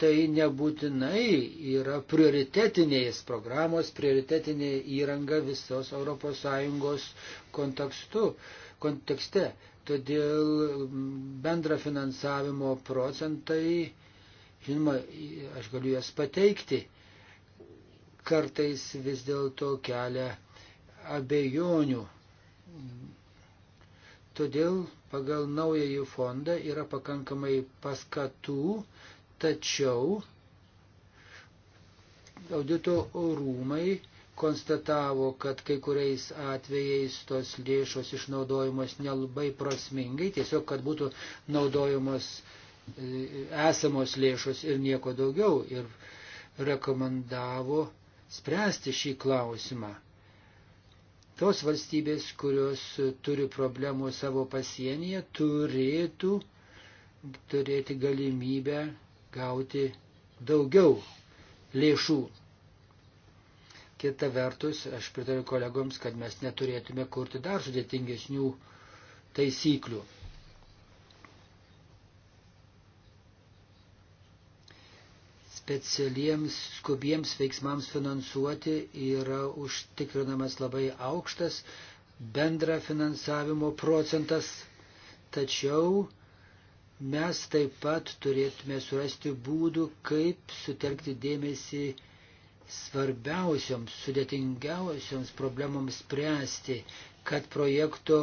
Speaker 3: tai nebūtinai yra prioritetinės programos, prioritetinė įranga visos ES kontekstu, kontekste. Todėl bendra finansavimo procentai, žinoma, aš galiu jas pateikti, kartais vis dėlto kelia abejonių Todėl pagal naująjį fondą yra pakankamai paskatų, tačiau audito rūmai konstatavo, kad kai kuriais atvejais tos lėšos išnaudojamos nelabai prasmingai, tiesiog kad būtų naudojamos e, esamos lėšos ir nieko daugiau. Ir rekomendavo spręsti šį klausimą tos valstybės, kurios turi problemų savo pasienyje, turėtų turėti galimybę gauti daugiau lėšų. Kita vertus, aš pritariu kolegoms, kad mes neturėtume kurti dar sudėtingesnių taisyklių. specialiems skubiems veiksmams finansuoti yra užtikrinamas labai aukštas bendra finansavimo procentas, tačiau mes taip pat turėtume surasti būdų, kaip sutelkti dėmesį svarbiausioms, sudėtingiausioms problemoms spręsti, kad projekto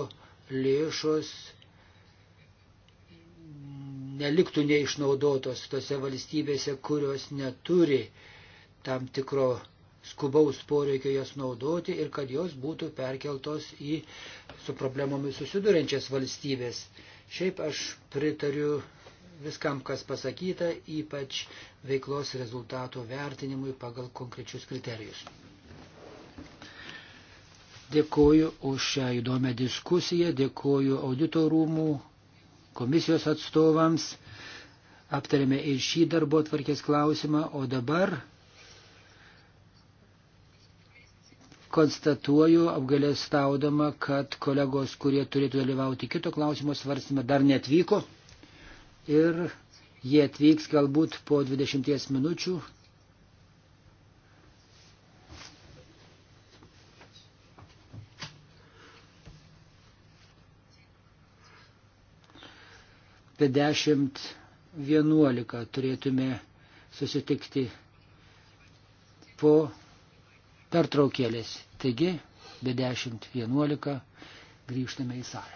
Speaker 3: lėšos neliktų neišnaudotos tose valstybėse, kurios neturi tam tikro skubaus poreikio jas naudoti ir kad jos būtų perkeltos į su problemomis susidurinčias valstybės. Šiaip aš pritariu viskam, kas pasakyta, ypač veiklos rezultatų vertinimui pagal konkrečius kriterijus. Dėkoju už šią įdomią diskusiją, dėkoju auditorumų komisijos atstovams, aptarėme ir šį darbo tvarkės klausimą, o dabar konstatuoju apgalėstaudama, kad kolegos, kurie turėtų dalyvauti kito klausimo svarstymą, dar netvyko ir jie atvyks galbūt po 20 minučių, apie 10.11 turėtume susitikti po pertraukėlės. Taigi, be 10.11 grįžtame į salę.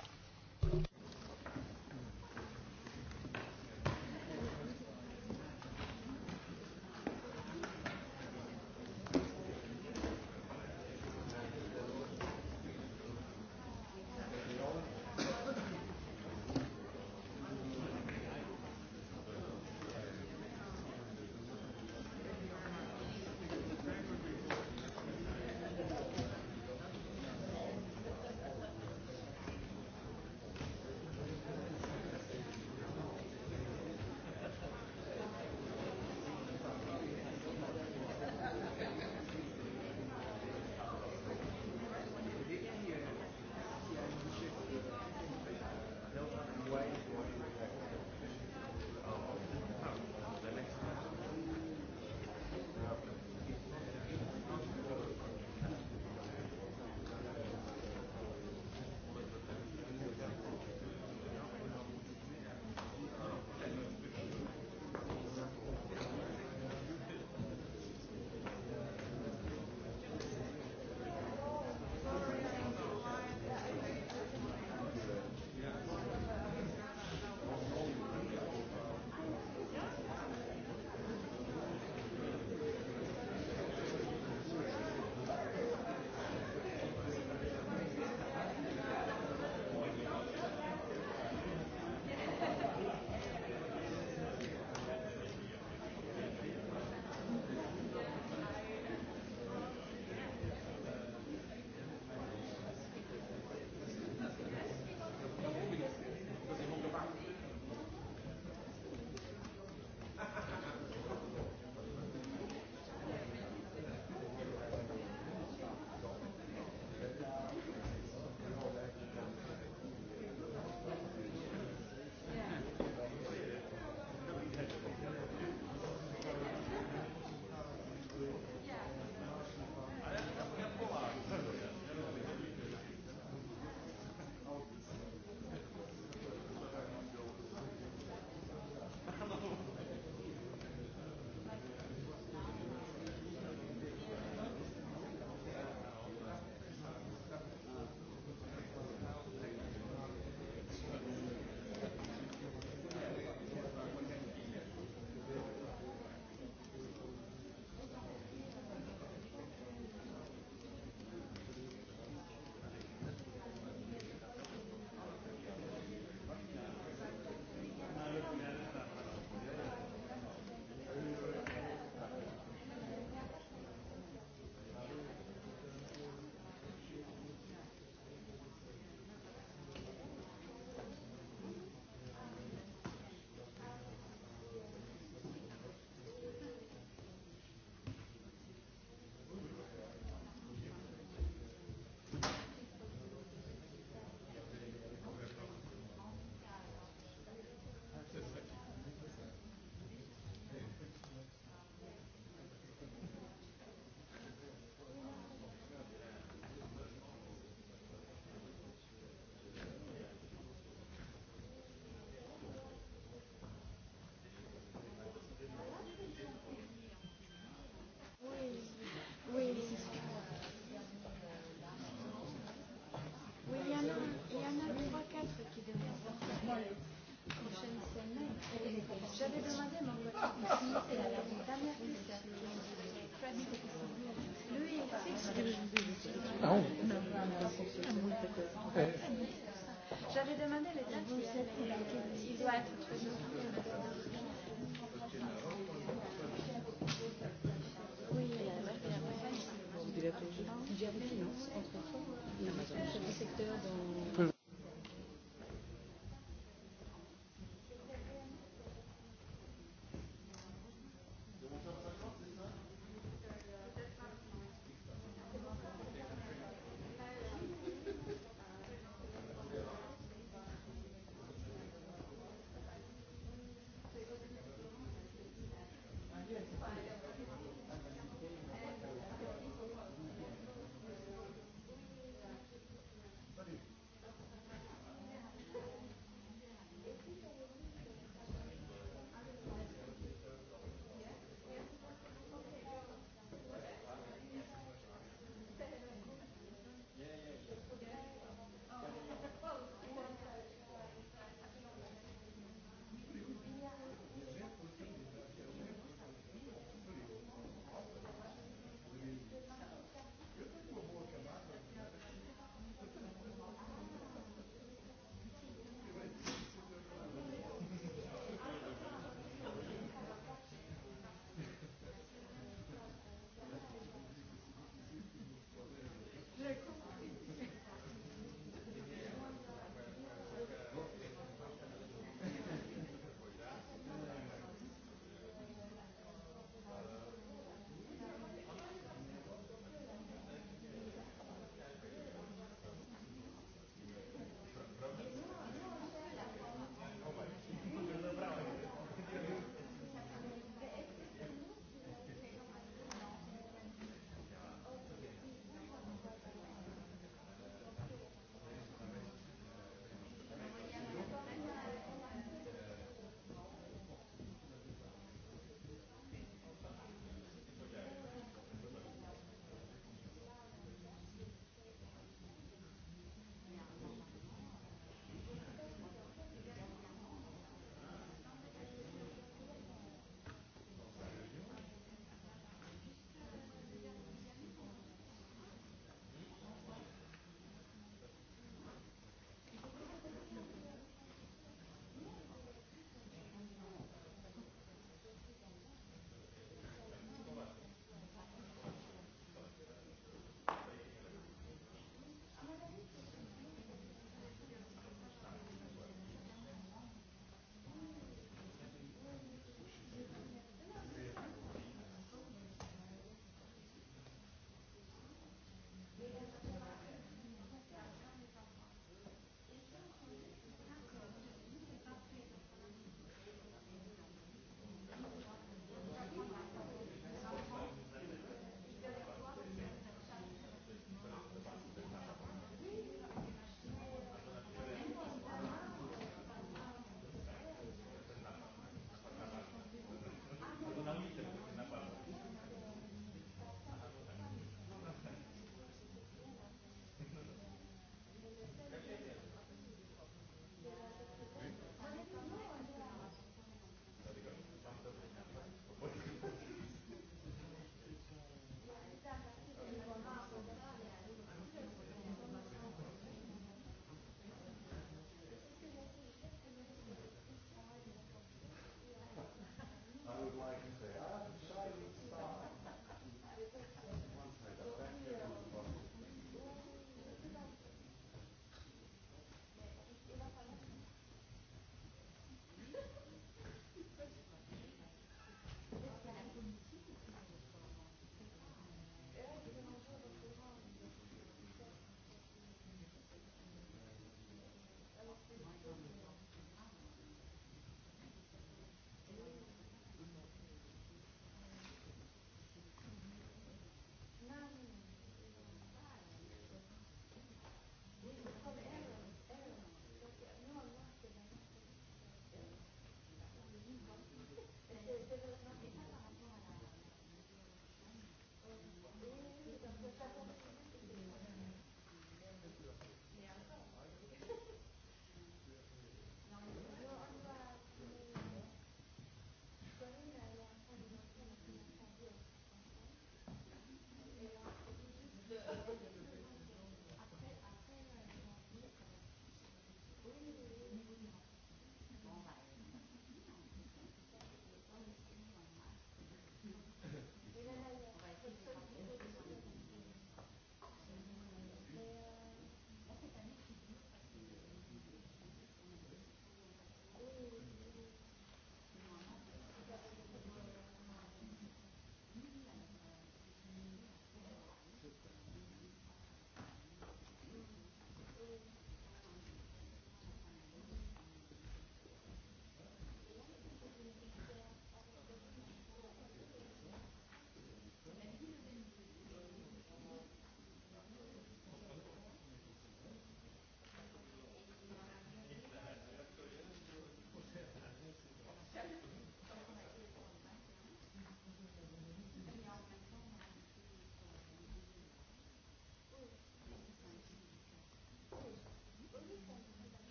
Speaker 3: Ah oui eh. J'avais demandé les dates,
Speaker 1: il doit être très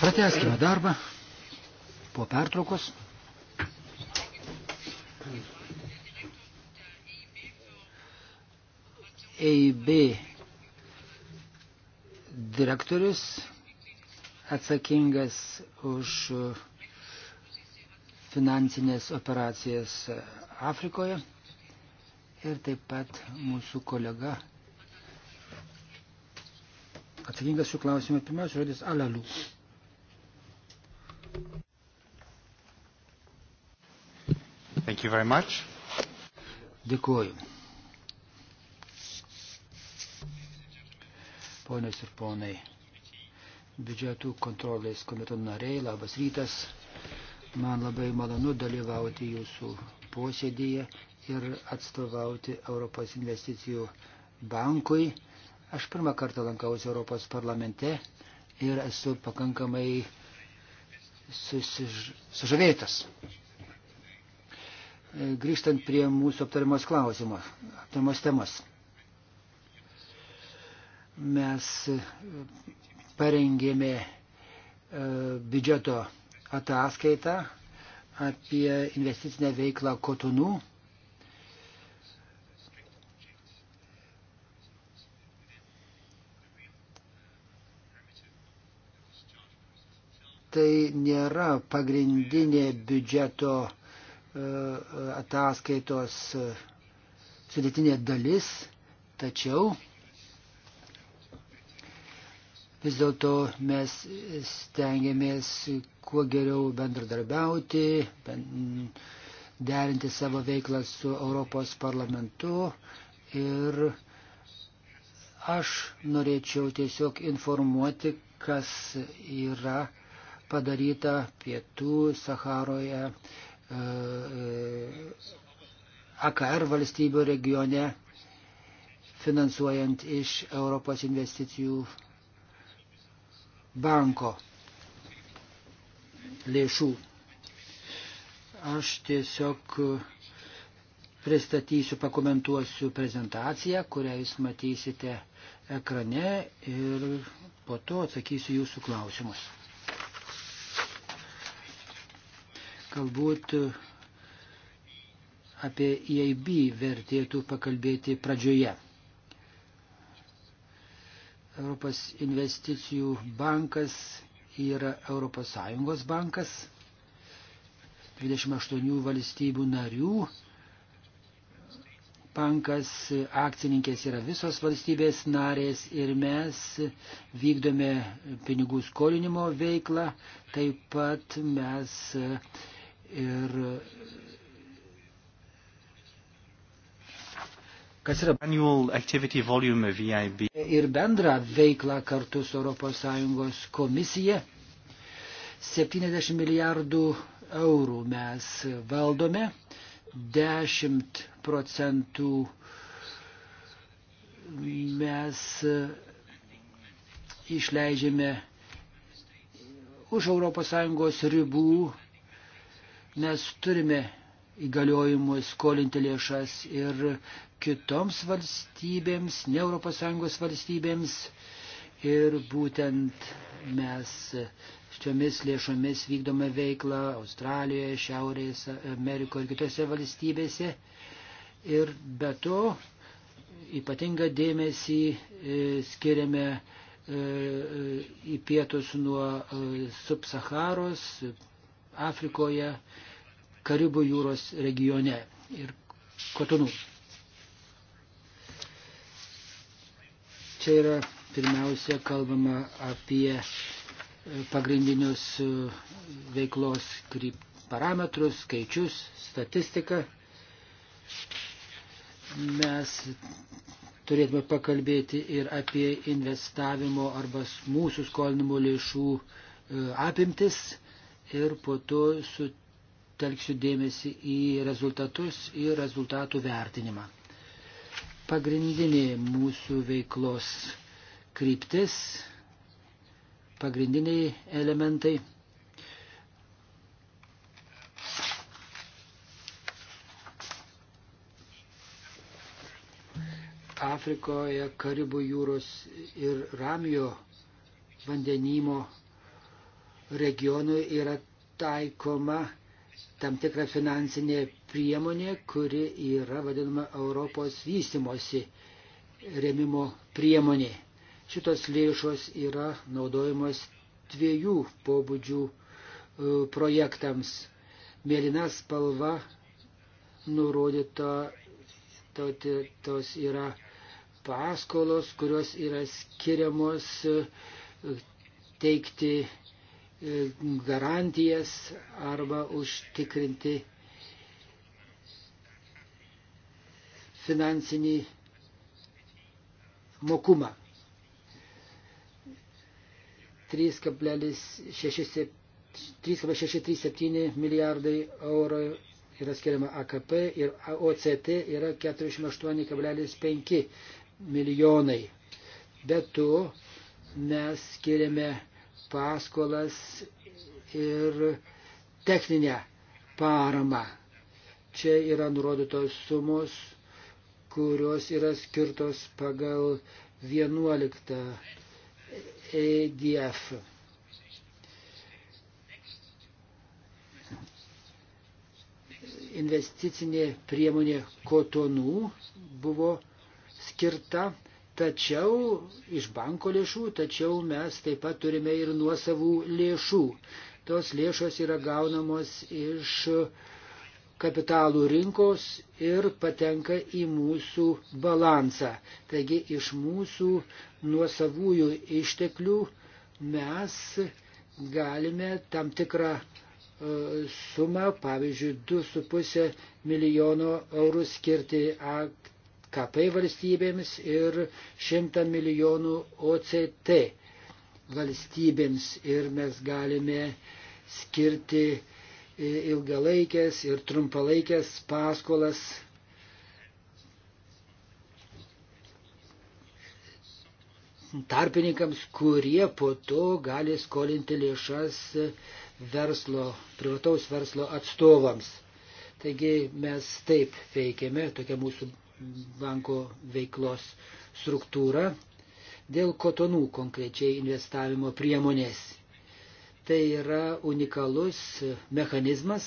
Speaker 3: Prateskime darbą po pertraukos. EIB direktorius atsakingas už finansinės operacijas Afrikoje ir taip pat mūsų kolega atsakingas šių klausimų. Pirmiausia, žodis Alaliu. Thank you very much. Dėkuoju. Ponios ir ponai, biudžetų kontrolės komiteto nariai, labas rytas. Man labai malonu dalyvauti jūsų posėdėje ir atstovauti Europos investicijų bankui Aš pirmą kartą lankausi Europos parlamente ir esu pakankamai susiž... sužavėtas. E, grįžtant prie mūsų aptariamos klausimo, aptariamos temos. Mes e, parengėme e, biudžeto ataskaitą apie investicinę veiklą Kotonų tai nėra pagrindinė biudžeto e, ataskaitos e, sudėtinė dalis, tačiau vis dėlto mes stengiamės kuo geriau bendradarbiauti, derinti savo veiklą su Europos parlamentu ir aš norėčiau tiesiog informuoti, kas yra padaryta pietų Saharoje, e, e, AKR valstybių regione, finansuojant iš Europos investicijų banko lėšų. Aš tiesiog pristatysiu, pakomentuosiu prezentaciją, kurią jūs matysite ekrane ir po to atsakysiu jūsų klausimus. Galbūt apie EIB vertėtų pakalbėti pradžioje. Europos investicijų bankas yra ES bankas, 28 valstybių narių. Bankas akcininkės yra visos valstybės narės ir mes vykdome pinigų skolinimo veiklą, taip pat mes uh, Ir kas yra
Speaker 1: annual activity volume of EIB.
Speaker 3: Ir bendrą veiklą kartu su ES komisija. 70 milijardų eurų mes valdome, 10 procentų mes išleidžiame už ES ribų Mes turime įgaliojimus skolinti lėšas ir kitoms valstybėms, ne ES valstybėms. Ir būtent mes šiomis lėšomis vykdome veiklą Australijoje, Šiaurės Amerikoje ir kitose valstybėse. Ir be to ypatingą dėmesį e, skiriame e, e, į pietus nuo subsaharos, Afrikoje, Karibų jūros regione ir Kotonų. Čia yra pirmiausia kalbama apie e, pagrindinius e, veiklos parametrus, skaičius, statistiką. Mes turėtume pakalbėti ir apie investavimo arba mūsų skolinimo lėšų e, apimtis ir po to sutelksiu dėmesį į rezultatus ir rezultatų vertinimą. Pagrindinė mūsų veiklos kryptis, pagrindiniai elementai. Afrikoje, Karibų jūros ir Ramijo vandenymo regionui yra taikoma tam tikra finansinė priemonė, kuri yra vadinama Europos vystimosi remimo priemonė. Šitos lėšos yra naudojamos dviejų pobūdžių e, projektams. Mėlyna spalva nurodyta, to, tos yra paskolos, kurios yra skiriamos e, teikti E, garantijas arba užtikrinti finansinį mokumą. 3,637 milijardai eurų yra skiriama AKP ir OCT yra 48,5 milijonai. Be to mes skiriame paskolas ir techninę paramą. Čia yra nurodytos sumos, kurios yra skirtos pagal 11 EDF. Investicinė priemonė kotonų buvo skirta tačiau iš banko lėšų, tačiau mes taip pat turime ir nuosavų lėšų. Tos lėšos yra gaunamos iš kapitalų rinkos ir patenka į mūsų balansą. Taigi iš mūsų nuosavųjų išteklių mes galime tam tikrą e, sumą, pavyzdžiui, 2,5 milijono eurų skirti akt AKP valstybėms ir 100 milijonų OCT valstybėms. Ir mes galime skirti ilgalaikės ir trumpalaikės paskolas. Tarpininkams, kurie po to gali skolinti lėšas verslo, privataus verslo atstovams. Taigi mes taip veikiame, tokia mūsų banko veiklos struktūrą dėl kotonų konkrečiai investavimo priemonės. Tai yra unikalus mechanizmas,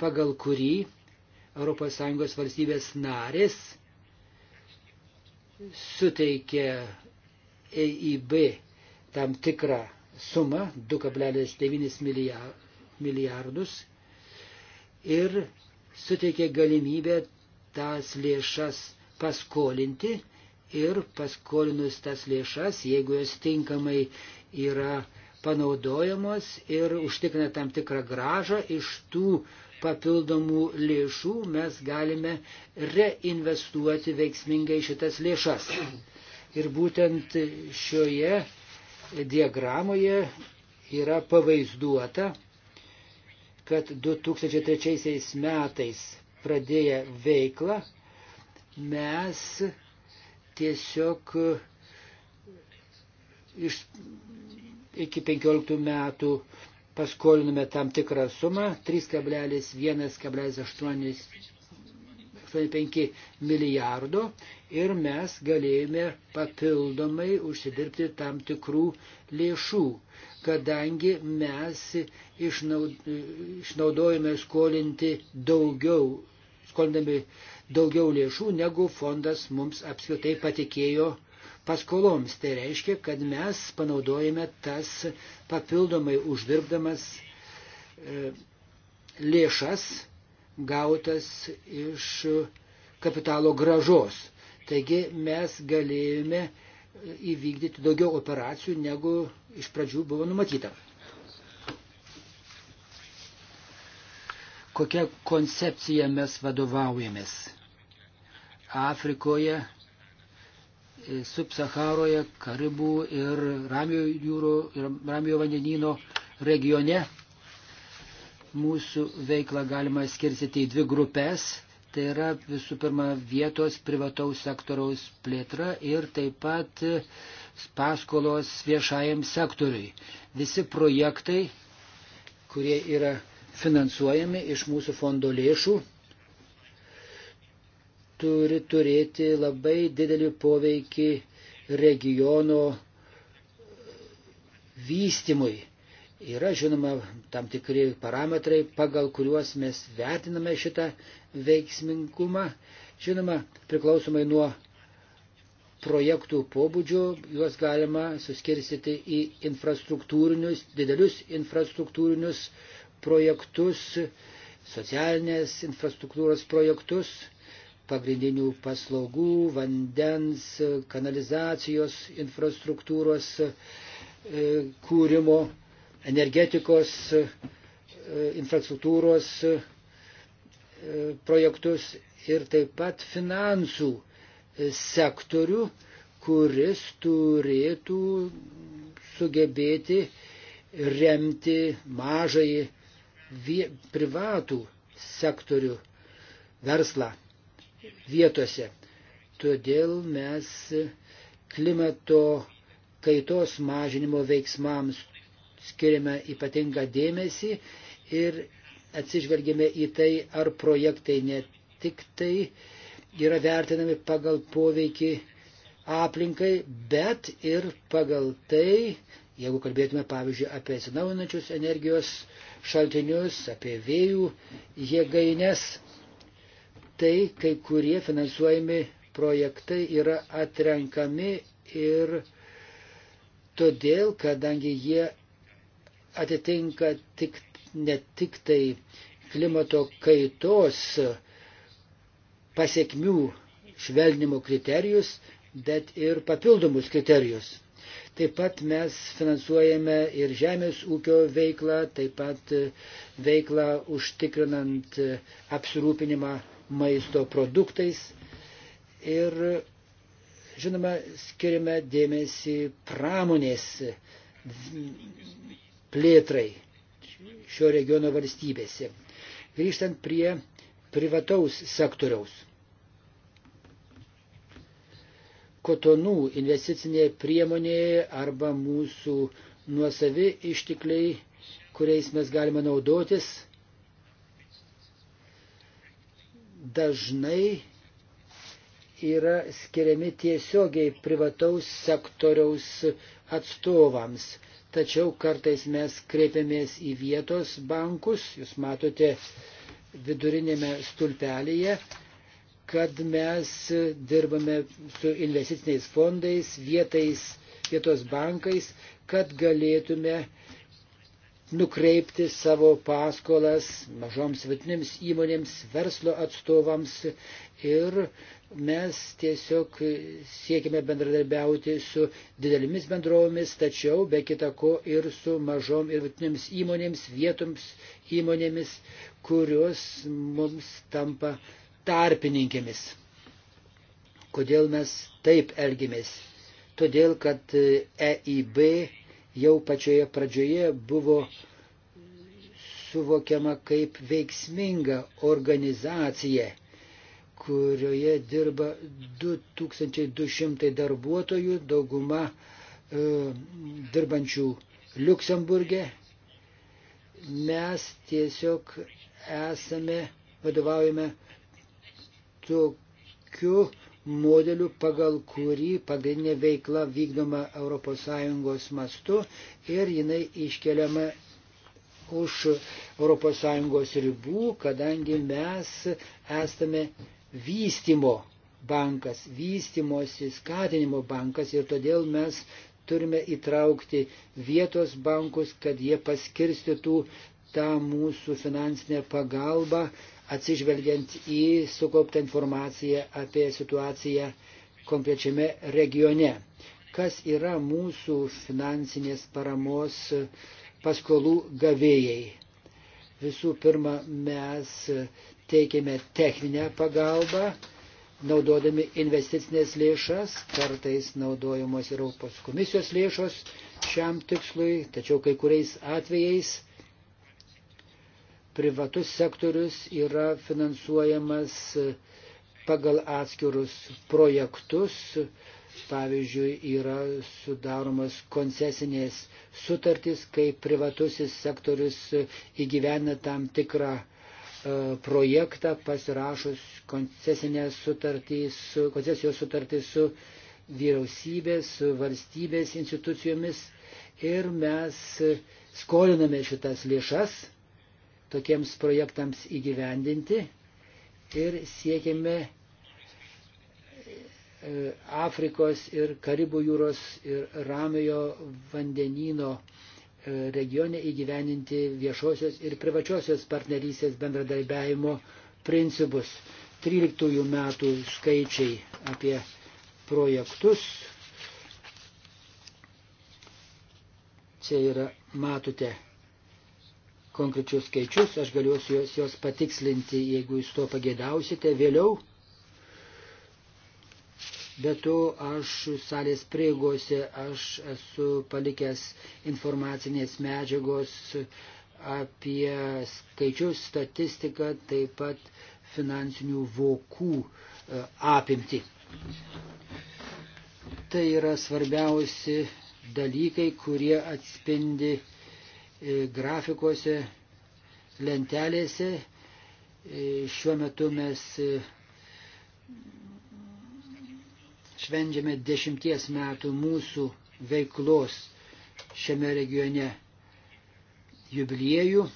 Speaker 3: pagal kurį ES valstybės narės suteikė EIB tam tikrą sumą 2,9 milijardus ir suteikė galimybę tas lėšas paskolinti ir paskolinus tas lėšas, jeigu jos tinkamai yra panaudojamos ir užtikrina tam tikrą gražą iš tų papildomų lėšų, mes galime reinvestuoti veiksmingai šitas lėšas. Ir būtent šioje diagramoje yra pavaizduota, kad 2003 metais pradėję veiklą, mes tiesiog iš, iki 15 metų paskolinome tam tikrą sumą 3,1,85 milijardo ir mes galėjome papildomai užsidirbti tam tikrų lėšų, kadangi mes išnaudojame skolinti daugiau skolindami daugiau lėšų, negu fondas mums apskritai patikėjo paskoloms. Tai reiškia, kad mes panaudojame tas papildomai uždirbdamas e, lėšas gautas iš kapitalo gražos. Taigi mes galėjome įvykdyti daugiau operacijų, negu iš pradžių buvo numatyta. kokią koncepciją mes vadovaujamės. Afrikoje, e, Subsaharoje, Karibų ir Ramiojo jūrų ir Ramiojo vandenino regione mūsų veiklą galima skirstyti į dvi grupės. Tai yra visų pirma vietos privataus sektoriaus plėtra ir taip pat paskolos viešajam sektoriui. Visi projektai, kurie yra finansuojami iš mūsų fondo lėšų, turi turėti labai didelį poveikį regiono vystimui. Yra, žinoma, tam tikri parametrai, pagal kuriuos mes vertiname šitą veiksmingumą. Žinoma, priklausomai nuo projektų pobūdžių, juos galima suskirstyti į infrastruktūrinius, didelius infrastruktūrinius projektus, socialinės infrastruktūros projektus, pagrindinių paslaugų, vandens, kanalizacijos infrastruktūros e, kūrimo, energetikos e, infrastruktūros e, projektus ir taip pat finansų sektorių, kuris turėtų sugebėti remti mažai privatų sektorių verslą vietose. Todėl mes klimato kaitos mažinimo veiksmams skiriame ypatingą dėmesį ir atsižvelgėme į tai, ar projektai ne tik tai yra vertinami pagal poveikį aplinkai, bet ir pagal tai, jeigu kalbėtume pavyzdžiui apie atsinaujinančius energijos šaltinius, apie vėjų jėgainės, tai kai kurie finansuojami projektai yra atrenkami ir todėl, kadangi jie atitinka tik, ne tik tai klimato kaitos pasiekmių švelnimo kriterijus, bet ir papildomus kriterijus. Taip pat mes finansuojame ir žemės ūkio veiklą, taip pat e, veiklą užtikrinant e, apsirūpinimą maisto produktais. Ir žinoma, skiriame dėmesį pramonės plėtrai šio regiono valstybėse. Grįžtant prie privataus sektoriaus. kotonų investicinė priemonė arba mūsų nuosavi ištikliai, kuriais mes galime naudotis, dažnai yra skiriami tiesiogiai privataus sektoriaus atstovams. Tačiau kartais mes kreipiamės į vietos bankus, jūs matote vidurinėme stulpelėje kad mes dirbame su investiciniais fondais, vietais, vietos bankais, kad galėtume nukreipti savo paskolas mažoms vidinėms įmonėms, verslo atstovams ir mes tiesiog siekime bendradarbiauti su didelėmis bendrovėmis, tačiau be kita ko ir su mažom ir vidutinėms įmonėms, vietoms įmonėmis, kurios mums tampa tarpininkėmis. Kodėl mes taip elgėmės? Todėl, kad EIB jau pačioje pradžioje buvo suvokiama kaip veiksminga organizacija, kurioje dirba 2200 darbuotojų, dauguma e, dirbančių Luksemburgė. Mes tiesiog esame, vadovaujame tokiu modeliu, pagal kurį pagrindinė veikla vykdoma ES mastu ir jinai iškeliama už ES ribų, kadangi mes esame vystimo bankas, vystimosi skatinimo bankas ir todėl mes turime įtraukti vietos bankus, kad jie paskirstytų tą mūsų finansinę pagalbą atsižvelgiant į sukauptą informaciją apie situaciją konkrečiame regione. Kas yra mūsų finansinės paramos paskolų gavėjai? Visų pirma, mes teikiame techninę pagalbą, naudodami investicinės lėšas, kartais naudojamos Europos komisijos lėšos šiam tikslui, tačiau kai kuriais atvejais privatus sektorius yra finansuojamas pagal atskirus projektus. Pavyzdžiui, yra sudaromas koncesinės sutartys, kai privatusis sektorius įgyvena tam tikrą e, projektą pasirašus koncesinės sutartys, koncesijos sutartys su vyriausybės, su valstybės institucijomis ir mes skoliname šitas lėšas tokiems projektams įgyvendinti ir siekėme e, Afrikos ir Karibų jūros ir Ramiojo vandenyno e, regione įgyveninti viešosios ir privačiosios partnerysės bendradarbiavimo principus. 13 metų skaičiai apie projektus. Čia yra, matote, konkrečius skaičius, aš galiu juos, juos patikslinti, jeigu jūs to pagėdausite vėliau. Bet to aš salės prieigose aš esu palikęs informacinės medžiagos apie skaičius, statistiką, taip pat finansinių vokų e, apimti. Tai yra svarbiausi dalykai, kurie atspindi E, grafikuose, lentelėse. E, šiuo metu mes e, švenčiame dešimties metų mūsų veiklos šiame regione jubiliejų.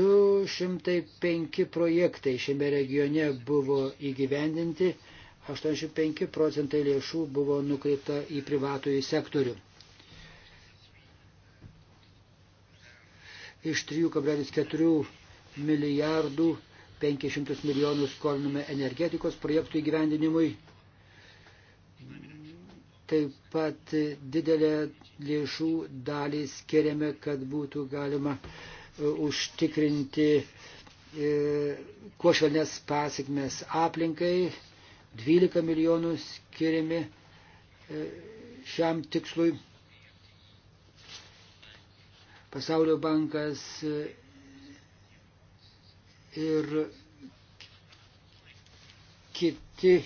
Speaker 3: 205 projektai šiame regione buvo įgyvendinti, 85 procentai lėšų buvo nukreipta į privatojų sektorių. iš 3,4 milijardų 500 milijonų skoliname energetikos projektų įgyvendinimui. Taip pat didelę lėšų dalį skiriame, kad būtų galima e, užtikrinti e, kuo švelnes pasiekmes aplinkai. 12 milijonų skiriame e, šiam tikslui. Pasaulio bankas e, ir kiti e,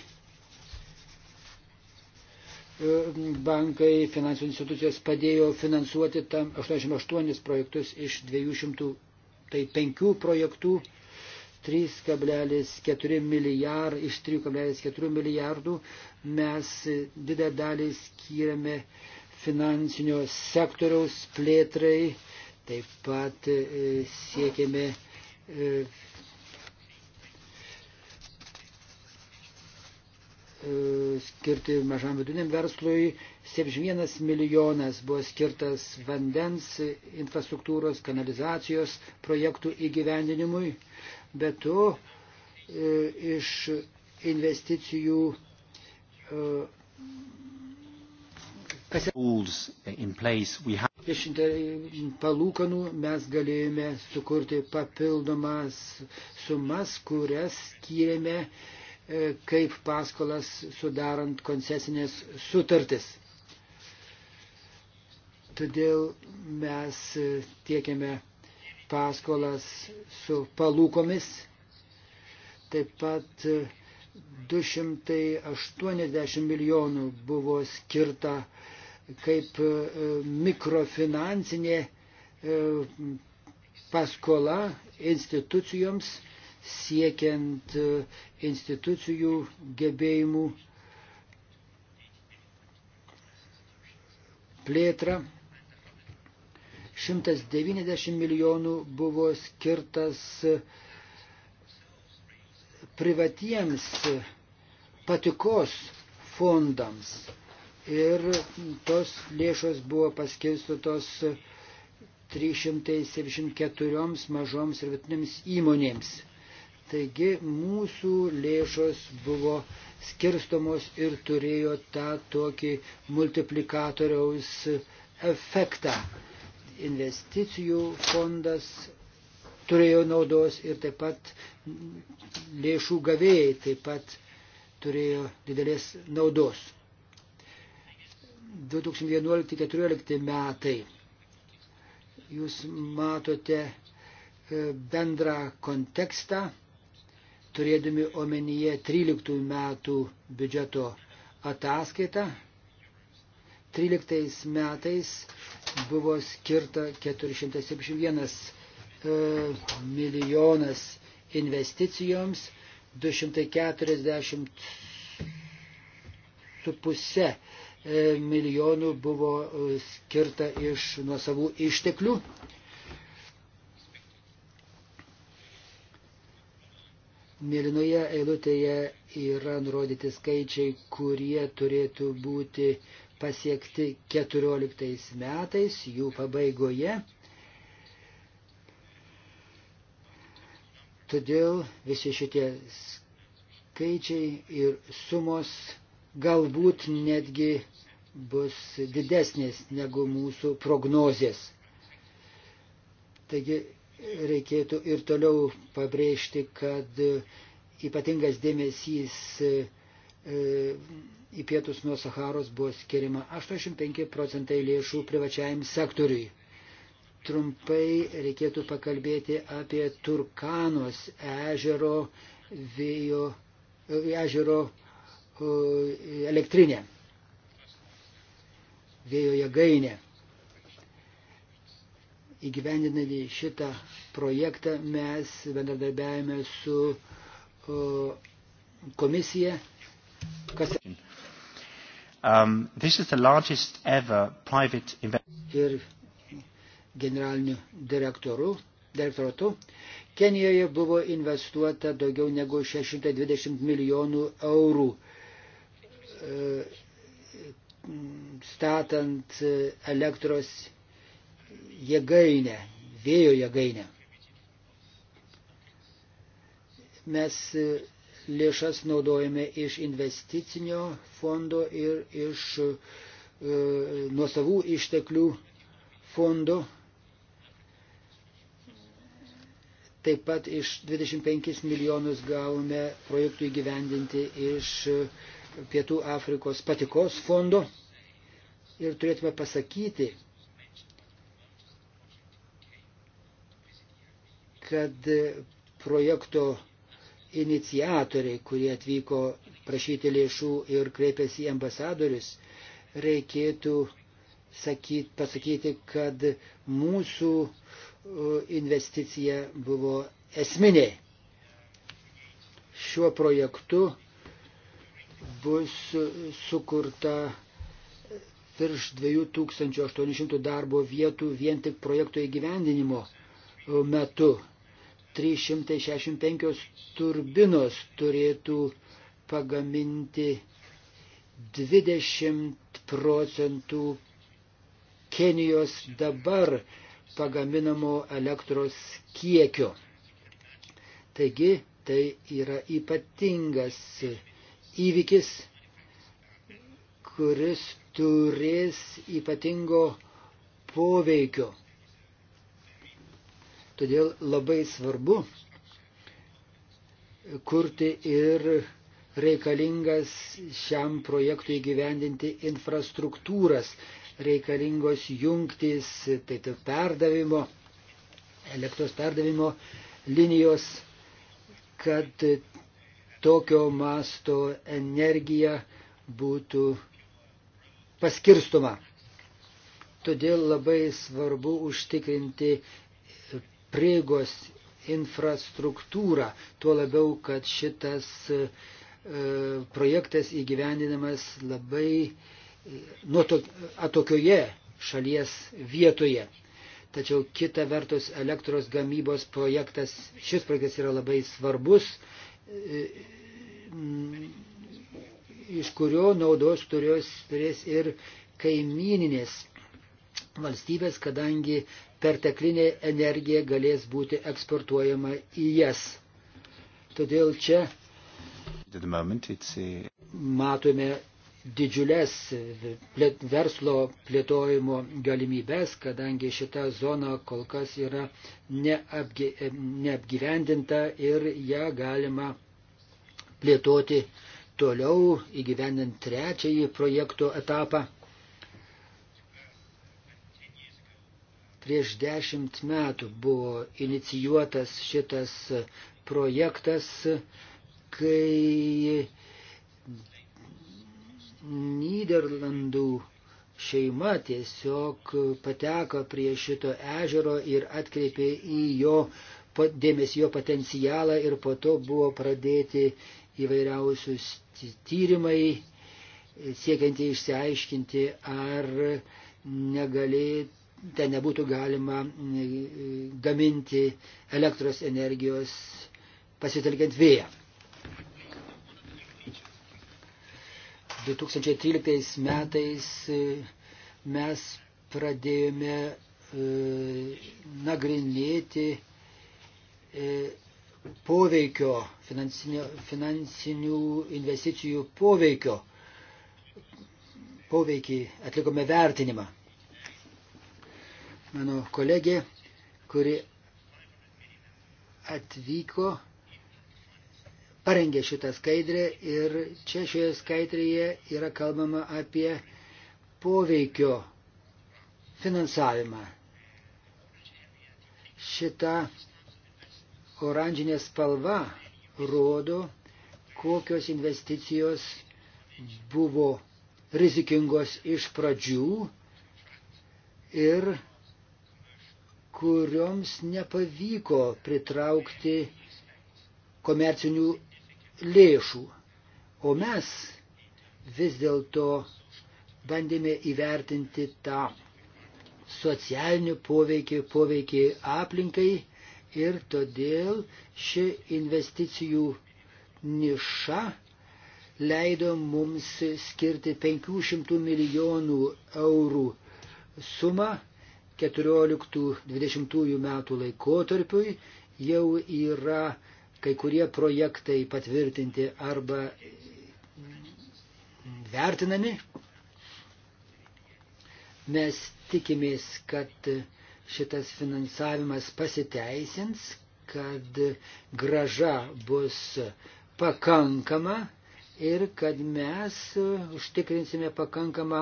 Speaker 3: bankai, finansų institucijos padėjo finansuoti tam 88 projektus iš 200, tai 5 projektų 3,4 milijardų, iš 3,4 milijardų mes didelę dalį skiriame finansinio sektoriaus plėtrai, Taip pat e, siekėme e, e, skirti mažam vidutiniam verslui 71 milijonas buvo skirtas vandens infrastruktūros, kanalizacijos projektų įgyvendinimui, bet to iš investicijų Kas... Iš palūkanų mes galėjome sukurti papildomas sumas, kurias skiriame e, kaip paskolas sudarant koncesinės sutartis. Todėl mes e, tiekiame paskolas su palūkomis. Taip pat 280 e, milijonų buvo skirta uh, kaip e, mikrofinansinė e, paskola institucijoms siekiant e, institucijų gebėjimų plėtrą. 190 milijonų buvo skirtas privatiems patikos fondams ir tos lėšos buvo paskirstotos 374 mažoms ir vidutinėms įmonėms. Taigi mūsų lėšos buvo skirstomos ir turėjo tą tokį multiplikatoriaus efektą. Investicijų fondas turėjo naudos ir taip pat lėšų gavėjai taip pat turėjo didelės naudos. 2011-2014 metai. Jūs matote e, bendrą kontekstą, turėdami omenyje 13 metų biudžeto ataskaitą. 13 metais buvo skirta 471 e, milijonas investicijoms, 240 su pusė milijonų buvo e, skirta iš nuosavų išteklių. Mėlynoje eilutėje yra nurodyti skaičiai, kurie turėtų būti pasiekti 14 metais, jų pabaigoje. Todėl visi šitie skaičiai ir sumos galbūt netgi bus didesnės negu mūsų prognozės. Taigi reikėtų ir toliau pabrėžti, kad ypatingas dėmesys e, į pietus nuo Saharos buvo skiriama 85 procentai lėšų privačiajam sektoriui. Trumpai reikėtų pakalbėti apie Turkanos ežero vėjo, e, ežero E, elektrinė, vėjo jėgainė. Įgyvendinami šitą projektą mes bendradarbiavame su e, komisija. Kas... Um, this is the largest ever private ir generaliniu direktoru, direktoratu. Kenijoje buvo investuota daugiau negu 620 milijonų eurų E, statant elektros jėgainę, vėjo jėgainę. Mes lėšas naudojame iš investicinio fondo ir iš e, nuosavų išteklių fondo. Taip pat iš 25 milijonus gavome projektų įgyvendinti iš e, Pietų Afrikos patikos fondo ir turėtume pasakyti, kad projekto iniciatoriai, kurie atvyko prašyti lėšų ir kreipėsi į ambasadorius, reikėtų sakyt, pasakyti, kad mūsų investicija buvo esminė. Šiuo projektu bus sukurta virš 2800 darbo vietų vien tik projekto įgyvendinimo metu. 365 turbinos turėtų pagaminti 20 procentų Kenijos dabar pagaminamo elektros kiekio. Taigi tai yra ypatingas įvykis, kuris turės ypatingo poveikio. Todėl labai svarbu kurti ir reikalingas šiam projektui gyvendinti infrastruktūras, reikalingos jungtys, tai tai perdavimo, elektros perdavimo linijos, kad tokio masto energija būtų paskirstoma. Todėl labai svarbu užtikrinti prieigos infrastruktūrą, tuo labiau, kad šitas e, projektas įgyvendinamas labai e, to, atokioje šalies vietoje. Tačiau kita vertus elektros gamybos projektas, šis projektas yra labai svarbus E, e, iš kurio naudos turės, turės ir kaimininės valstybės, kadangi perteklinė energija galės būti eksportuojama į jas. Todėl čia
Speaker 4: uh,
Speaker 3: matome didžiulės verslo plėtojimo galimybės, kadangi šita zona kol kas yra neapgi, neapgyvendinta ir ją galima plėtoti toliau įgyvendint trečiąjį projekto etapą. Prieš dešimt metų buvo inicijuotas šitas projektas, kai Niderlandų šeima tiesiog pateko prie šito ežero ir atkreipė į jo dėmesį jo potencialą ir po to buvo pradėti įvairiausius tyrimai, siekianti išsiaiškinti, ar negalė, ten nebūtų galima mm, gaminti elektros energijos pasitelkiant vėją. 2013 metais e, mes pradėjome e, nagrinėti e, poveikio, finansinių investicijų poveikio, poveikį atlikome vertinimą. Mano kolegė, kuri atvyko parengė šitą skaidrę ir čia šioje skaidrėje yra kalbama apie poveikio finansavimą. Šita oranžinė spalva rodo, kokios investicijos buvo rizikingos iš pradžių ir kurioms nepavyko pritraukti komercinių lėšų. O mes vis dėlto bandėme įvertinti tą socialinį poveikį, poveikį aplinkai ir todėl ši investicijų niša leido mums skirti 500 milijonų eurų sumą 14-20 metų laikotarpiui jau yra kai kurie projektai patvirtinti arba vertinami. Mes tikimės, kad šitas finansavimas pasiteisins, kad graža bus pakankama ir kad mes užtikrinsime pakankamą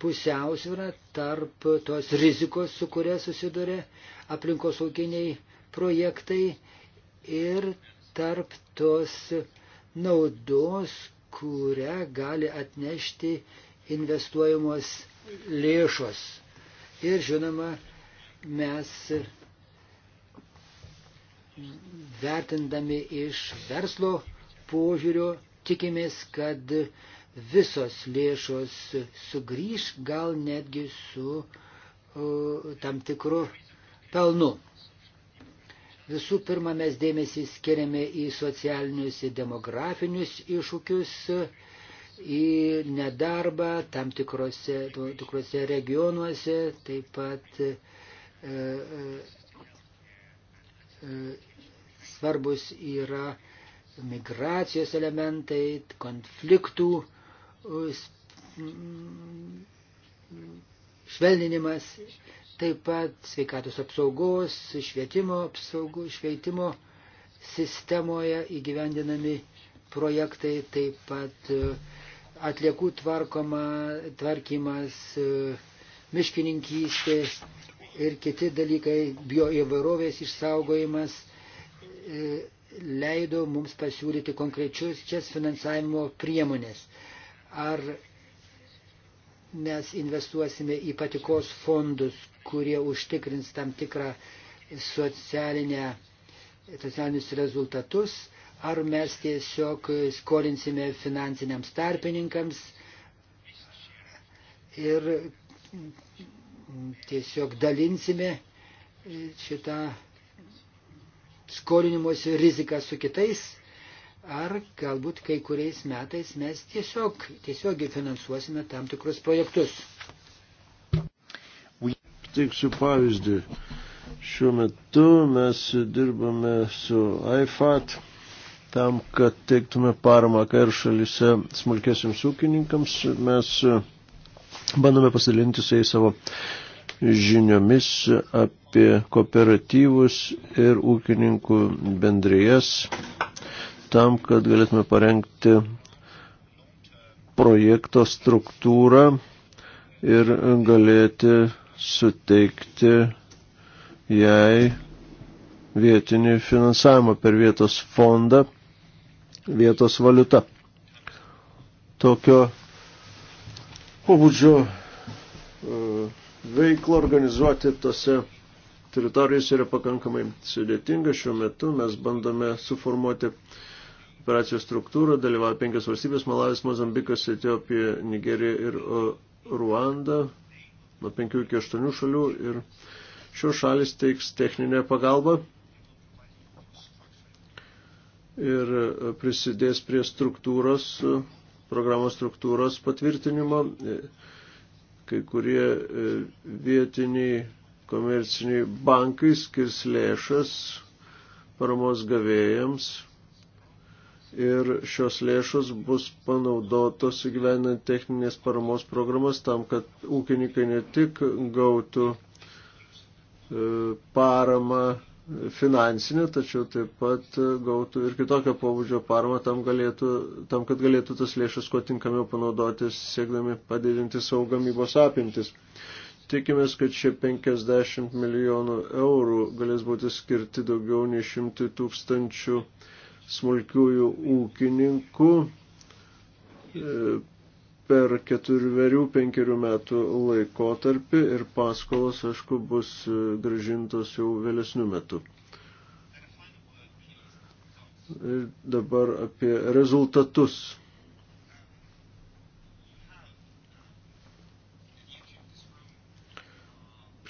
Speaker 3: pusiausvyrą tarp tos rizikos, su kuria susiduria aplinkosauginiai projektai ir tarp tos naudos, kurią gali atnešti investuojamos lėšos. Ir žinoma, mes vertindami iš verslo požiūrio tikimės, kad visos lėšos sugrįž gal netgi su o, uh, tam tikru pelnu. Visų pirma, mes dėmesį skiriame į socialinius, į demografinius iššūkius, į nedarbą tam tikrose, tikrose regionuose, taip pat e, e, e, svarbus yra migracijos elementai, konfliktų e, švelninimas taip pat sveikatos apsaugos, švietimo apsaugų, švietimo sistemoje įgyvendinami projektai, taip pat e, atliekų tvarkoma, tvarkymas, e, miškininkystė ir kiti dalykai, bioįvairovės išsaugojimas e, leido mums pasiūlyti konkrečius šias finansavimo priemonės. Ar mes investuosime į patikos fondus, kurie užtikrins tam tikrą socialinę, socialinius rezultatus, ar mes tiesiog skolinsime finansiniams tarpininkams ir tiesiog dalinsime šitą skolinimuose riziką su kitais ar galbūt kai kuriais metais mes tiesiog, tiesiogiai finansuosime tam tikrus projektus.
Speaker 2: Teiksiu pavyzdį. Šiuo metu mes dirbame su IFAT tam, kad teiktume paramą KR šalyse smulkėsiams ūkininkams. Mes e, bandome pasidalinti su jais savo žiniomis apie kooperatyvus ir ūkininkų bendrijas tam, kad galėtume parengti projekto struktūrą ir galėti suteikti jai vietinį finansavimą per vietos fondą, vietos valiutą. Tokio pobūdžio e, veiklą organizuoti tose teritorijose yra pakankamai sudėtinga. Šiuo metu mes bandome suformuoti uh, operacijos struktūrą dalyvauja penkios valstybės – Malavis, Mozambikas, Etiopija, Nigerija ir Ruanda, nuo penkių iki aštuonių šalių ir šios šalis teiks techninę pagalbą ir e, prisidės prie struktūros, e, programos struktūros patvirtinimo. E, kai kurie vietiniai komerciniai bankai skirs lėšas paramos gavėjams – ir šios lėšos bus panaudotos įgyvenant techninės paramos programas tam, kad ūkininkai ne tik gautų e, paramą finansinę, tačiau taip pat gautų ir kitokio pobūdžio paramą tam, galėtų, tam kad galėtų tas lėšas kuo tinkamiau panaudoti, siekdami padidinti savo gamybos apimtis. Tikimės, kad šie 50 milijonų eurų galės būti skirti daugiau nei 100 tūkstančių eurų smulkiųjų ūkininkų e, per keturių, penkerių metų laikotarpį ir paskolos, aišku, bus e, gražintos jau vėlesnių metų. Ir e, dabar apie rezultatus.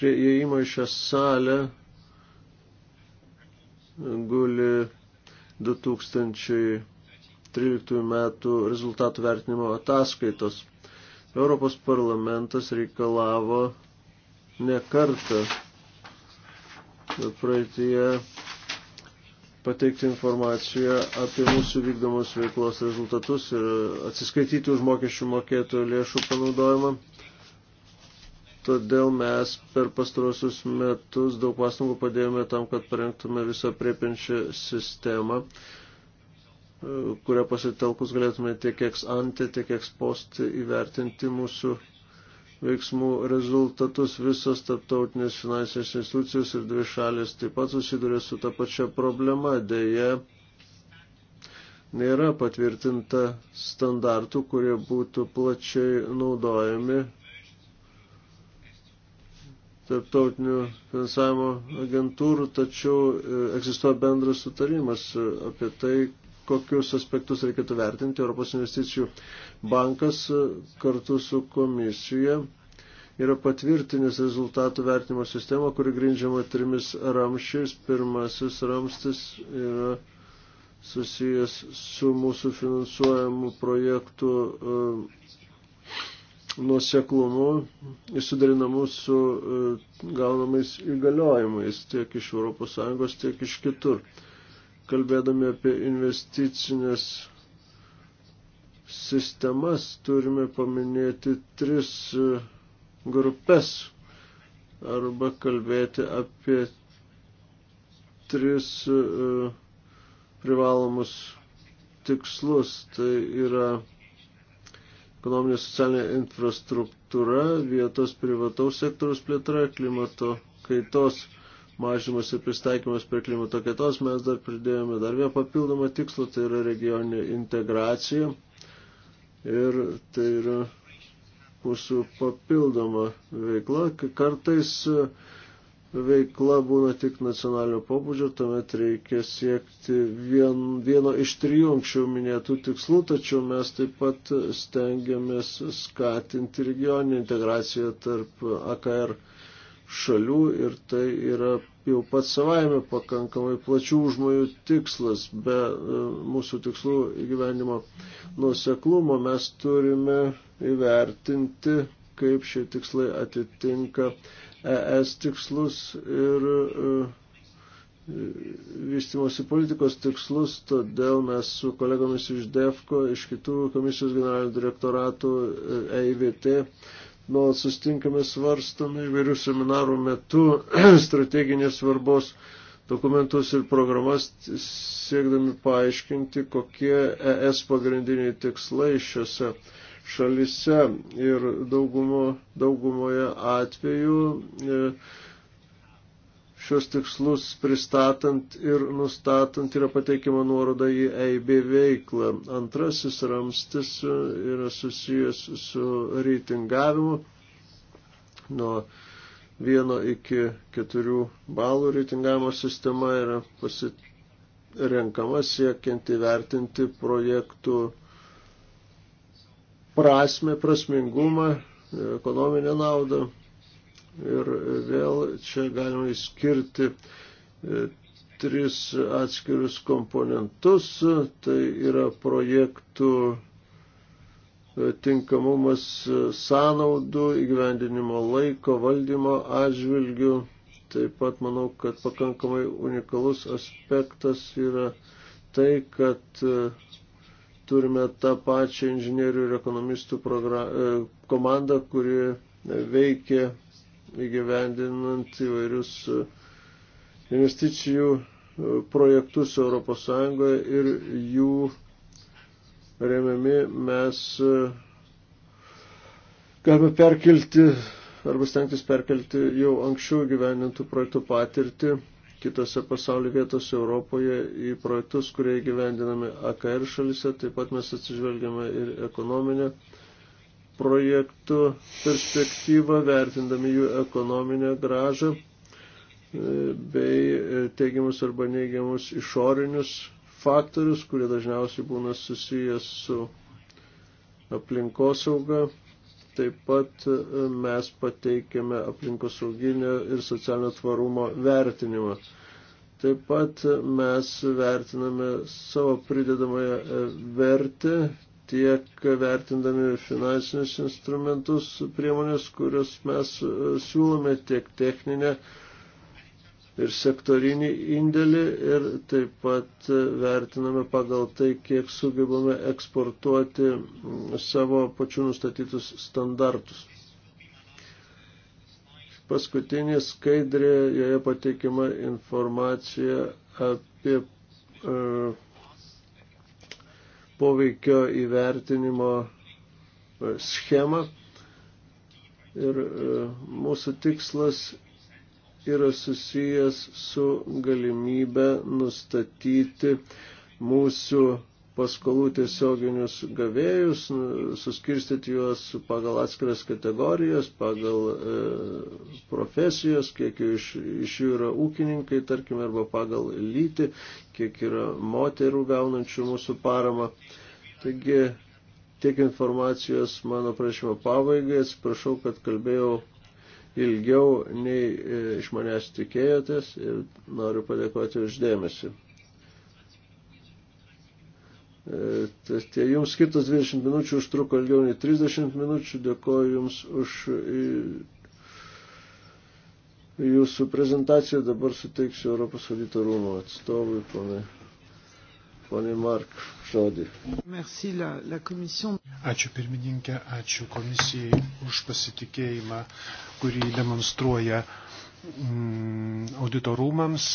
Speaker 2: Prie įėjimo į šią salę guli 2013 metų rezultatų vertinimo ataskaitos. Europos parlamentas reikalavo ne kartą praeitie pateikti informaciją apie mūsų vykdomus veiklos rezultatus ir atsiskaityti už mokesčių mokėtojų lėšų panaudojimą. Todėl mes per pastarosius metus daug pastangų padėjome tam, kad parengtume visą priepinčią sistemą, kurią pasitelkus galėtume tiek eks ante, tiek eks post įvertinti mūsų veiksmų rezultatus. Visas tarptautinės finansinės institucijos ir dvi šalės taip pat susiduria su ta pačia problema. Deja, nėra patvirtinta standartų, kurie būtų plačiai naudojami tarptautinių finansavimo agentūrų, tačiau e, egzistuoja bendras sutarimas e, apie tai, kokius aspektus reikėtų vertinti. Europos investicijų bankas e, kartu su komisija yra patvirtinęs rezultatų vertinimo sistemą, kuri grindžiama trimis ramščiais. Pirmasis ramstis yra susijęs su mūsų finansuojamų projektų nuseklumu ir sudarinamu su e, gaunamais įgaliojimais tiek iš ES, tiek iš kitur. Kalbėdami apie investicinės sistemas turime paminėti tris e, grupės arba kalbėti apie tris e, privalomus tikslus. Tai yra ekonominė socialinė infrastruktūra, vietos privataus sektoriaus plėtra, klimato kaitos mažimas ir pristaikymas prie klimato kaitos, mes dar pridėjome dar vieną papildomą tikslą, tai yra regioninė integracija. Ir tai yra mūsų papildoma veikla. Kartais uh, veikla būna tik nacionalinio pobūdžio, tuomet reikia siekti vien, vieno iš trijų anksčiau minėtų tikslų, tačiau mes taip pat stengiamės skatinti regioninę integraciją tarp AKR šalių ir tai yra jau pats savaime pakankamai plačių užmojų tikslas. Be e, mūsų tikslų gyvenimo nuseklumo mes turime įvertinti, kaip šie tikslai atitinka ES tikslus ir e, vystimosi politikos tikslus, todėl mes su kolegomis iš DEFCO, iš kitų komisijos generalinių direktoratų EIVT e nuolat sustinkame svarstome įvairių seminarų metu [CLEARS THROAT] strateginės svarbos dokumentus ir programas siekdami paaiškinti, kokie ES pagrindiniai tikslai šiuose šalise ir daugumo, daugumoje atveju e, šios tikslus pristatant ir nustatant yra pateikiama nuoroda į EIB veiklą. Antrasis ramstis e, yra susijęs su reitingavimu nuo vieno iki keturių balų reitingavimo sistema yra pasirenkama siekiant įvertinti projektų prasme, prasmingumą, ekonominę naudą. Ir vėl čia galima išskirti e, tris atskirius komponentus. Tai yra projektų e, tinkamumas e, sąnaudų, įgyvendinimo laiko, valdymo atžvilgių. Taip pat manau, kad pakankamai unikalus aspektas yra tai, kad turime tą pačią inžinierių ir ekonomistų e, komandą, kuri e, veikia įgyvendinant įvairius e, investicijų projektus ES ir jų remiami mes galime perkelti arba stengtis perkelti jau anksčiau gyvenintų projektų patirtį kitose pasaulio vietose Europoje į projektus, kurie gyvendinami AKR šalise, taip pat mes atsižvelgiame ir ekonominę projektų perspektyvą, vertindami jų ekonominę gražą e, bei teigiamus arba neigiamus išorinius faktorius, kurie dažniausiai būna susijęs su aplinkosauga, Taip pat e, mes pateikėme aplinkosauginio ir socialinio tvarumo vertinimą. Taip pat e, mes vertiname savo pridedamąją e, vertę tiek vertindami finansinius instrumentus, priemonės, kurias mes siūlome, tiek techninę ir sektorinį indėlį ir taip pat vertiname pagal tai, kiek sugebame eksportuoti savo pačių nustatytus standartus. Paskutinė skaidrė, joje pateikima informacija apie e, poveikio įvertinimo e, schemą. Ir e, mūsų tikslas yra susijęs su galimybė nustatyti mūsų paskolų tiesioginius gavėjus, nu, suskirstyti juos pagal atskiras kategorijas, pagal e, profesijas, kiek iš, iš jų yra ūkininkai, tarkim, arba pagal lytį, kiek yra moterų gaunančių mūsų paramą. Taigi, tiek informacijos mano prašymo pabaigai, atsiprašau, kad kalbėjau ilgiau nei e, iš manęs tikėjotės ir noriu padėkoti uždėmesi. E, tai tie jums skirtas 20 minučių užtruko ilgiau nei 30 minučių. Dėkoju jums už jūsų prezentaciją. Dabar suteiksiu Europos audito rūmų atstovui, ponai Pone Mark, žodį.
Speaker 4: Merci, la, la komision. Ačiū pirmininkė, ačiū komisijai už pasitikėjimą, kurį demonstruoja mm, auditorumams.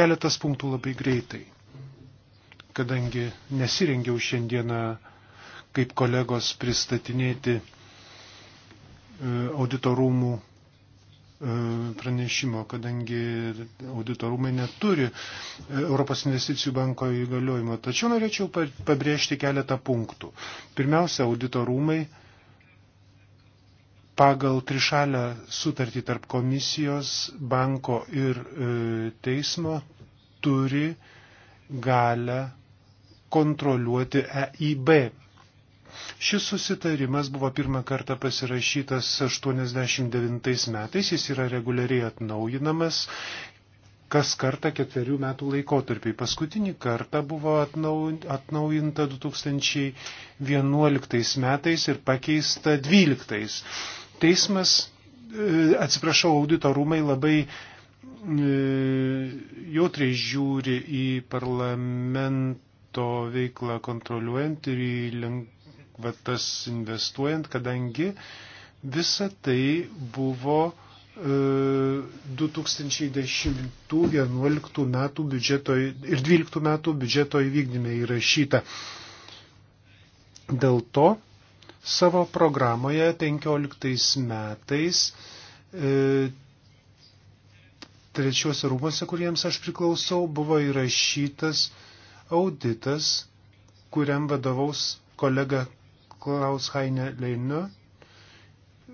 Speaker 4: Keletas punktų labai greitai, kadangi nesirengiau šiandieną kaip kolegos pristatinėti e, auditorumų E, pranešimo, kadangi auditorumai neturi e, Europos investicijų banko įgaliojimo. Tačiau norėčiau pabrėžti keletą punktų. Pirmiausia, auditorumai pagal trišalę sutartį tarp komisijos, banko ir e, teismo turi galę kontroliuoti EIB Šis susitarimas buvo pirmą kartą pasirašytas 89 metais, jis yra reguliariai atnaujinamas kas kartą ketverių metų laikotarpiai. Paskutinį kartą buvo atnaujinta 2011 metais ir pakeista 12. Teismas, e, atsiprašau, auditorumai labai e, jautriai žiūri į parlamento veiklą kontroliuojant ir į kvatas investuojant, kadangi visa tai buvo 2010-2011 e, metų biudžeto ir 2012 metų biudžeto įvykdyme įrašyta. Dėl to savo programoje 15 metais e, trečiuose rūmose, kuriems aš priklausau, buvo įrašytas auditas, kuriam vadovaus kolega Klaus Heine Leinu,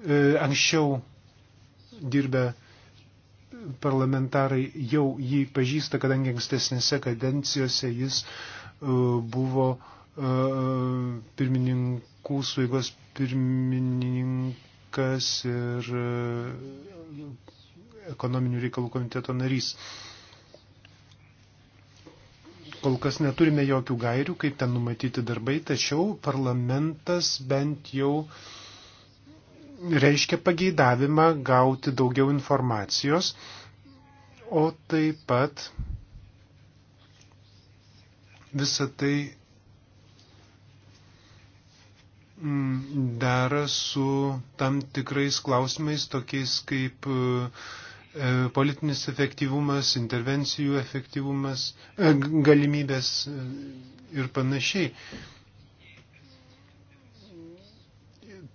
Speaker 4: e, anksčiau dirbę parlamentarai jau jį pažįsta, kadangi ankstesnėse kadencijose jis e, buvo e, pirmininkų suigos pirmininkas ir ekonominių reikalų komiteto narys. Kol kas neturime jokių gairių, kaip ten numatyti darbai, tačiau parlamentas bent jau reiškia pageidavimą gauti daugiau informacijos, o taip pat visą tai mm, dera su tam tikrais klausimais, tokiais kaip uh, E, politinis efektyvumas, intervencijų efektyvumas, e, galimybės e, ir panašiai.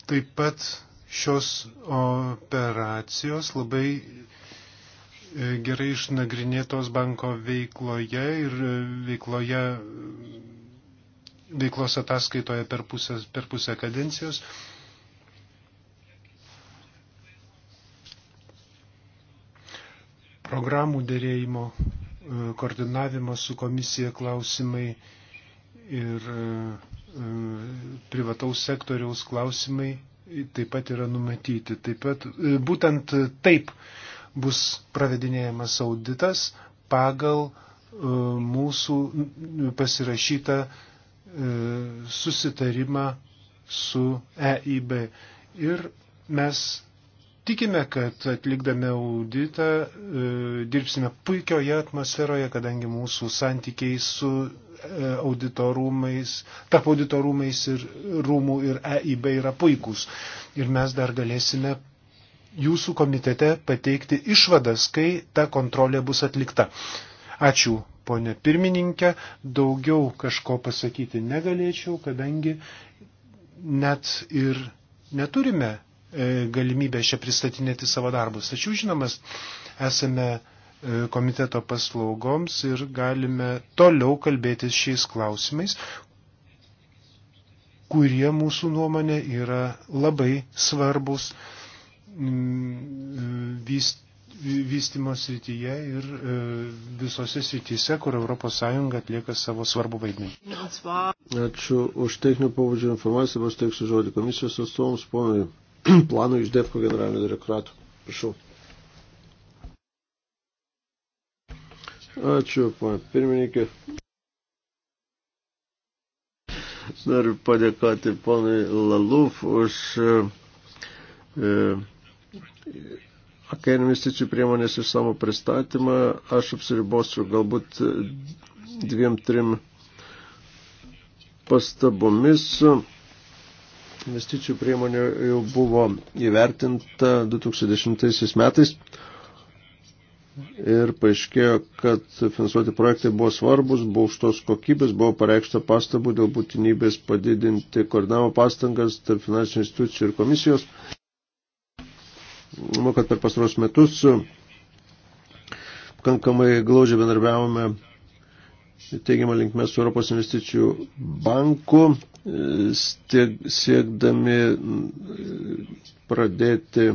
Speaker 4: Taip pat šios operacijos labai gerai išnagrinėtos banko veikloje ir veikloje, veiklos ataskaitoje per pusę, per pusę kadencijos programų dėrėjimo, e, koordinavimo su komisija klausimai ir e, e, privataus sektoriaus klausimai taip pat yra numatyti. Taip pat būtent taip bus pravedinėjamas auditas pagal mūsų pasirašytą susitarimą su EIB. Ir mes Tikime, kad atlikdami auditą e, dirbsime puikioje atmosferoje, kadangi mūsų santykiai su e, auditorumais, tarp auditorumais ir rūmų ir EIB yra puikūs. Ir mes dar galėsime jūsų komitete pateikti išvadas, kai ta kontrolė bus atlikta. Ačiū, ponė pirmininkė, daugiau kažko pasakyti negalėčiau, kadangi net ir neturime E, galimybę čia pristatinėti savo darbus. Tačiau, žinomas, esame e, komiteto paslaugoms ir galime toliau kalbėtis šiais klausimais, kurie mūsų nuomonė yra labai svarbus mm, e, vystimo srityje ir visose srityse, kur ES atlieka savo svarbų
Speaker 2: vaidmenį. Ačiū už techninio pavadžio informaciją, aš teiksiu žodį komisijos atstovams, ponui planų iš DEFCO generalinio direktorato. Prašau. Ačiū, pana pirmininkė. Noriu padėkoti ponui Laluf už e, e AK investicijų priemonės išsamų pristatymą. Aš apsiribosiu galbūt dviem, trim pastabomis. E, investicijų priemonė jau buvo įvertinta 2010 metais ir paaiškėjo, kad finansuoti projektai buvo svarbus, buvo aukštos kokybės, buvo pareikšta pastabų dėl būtinybės padidinti koordinavimo pastangas tarp finansinių institucijų ir komisijos. Manau, kad per pastaros metus pakankamai glaudžiai bendarbiavome teigiamą linkmę su Europos investicijų banku, siekdami mm, pradėti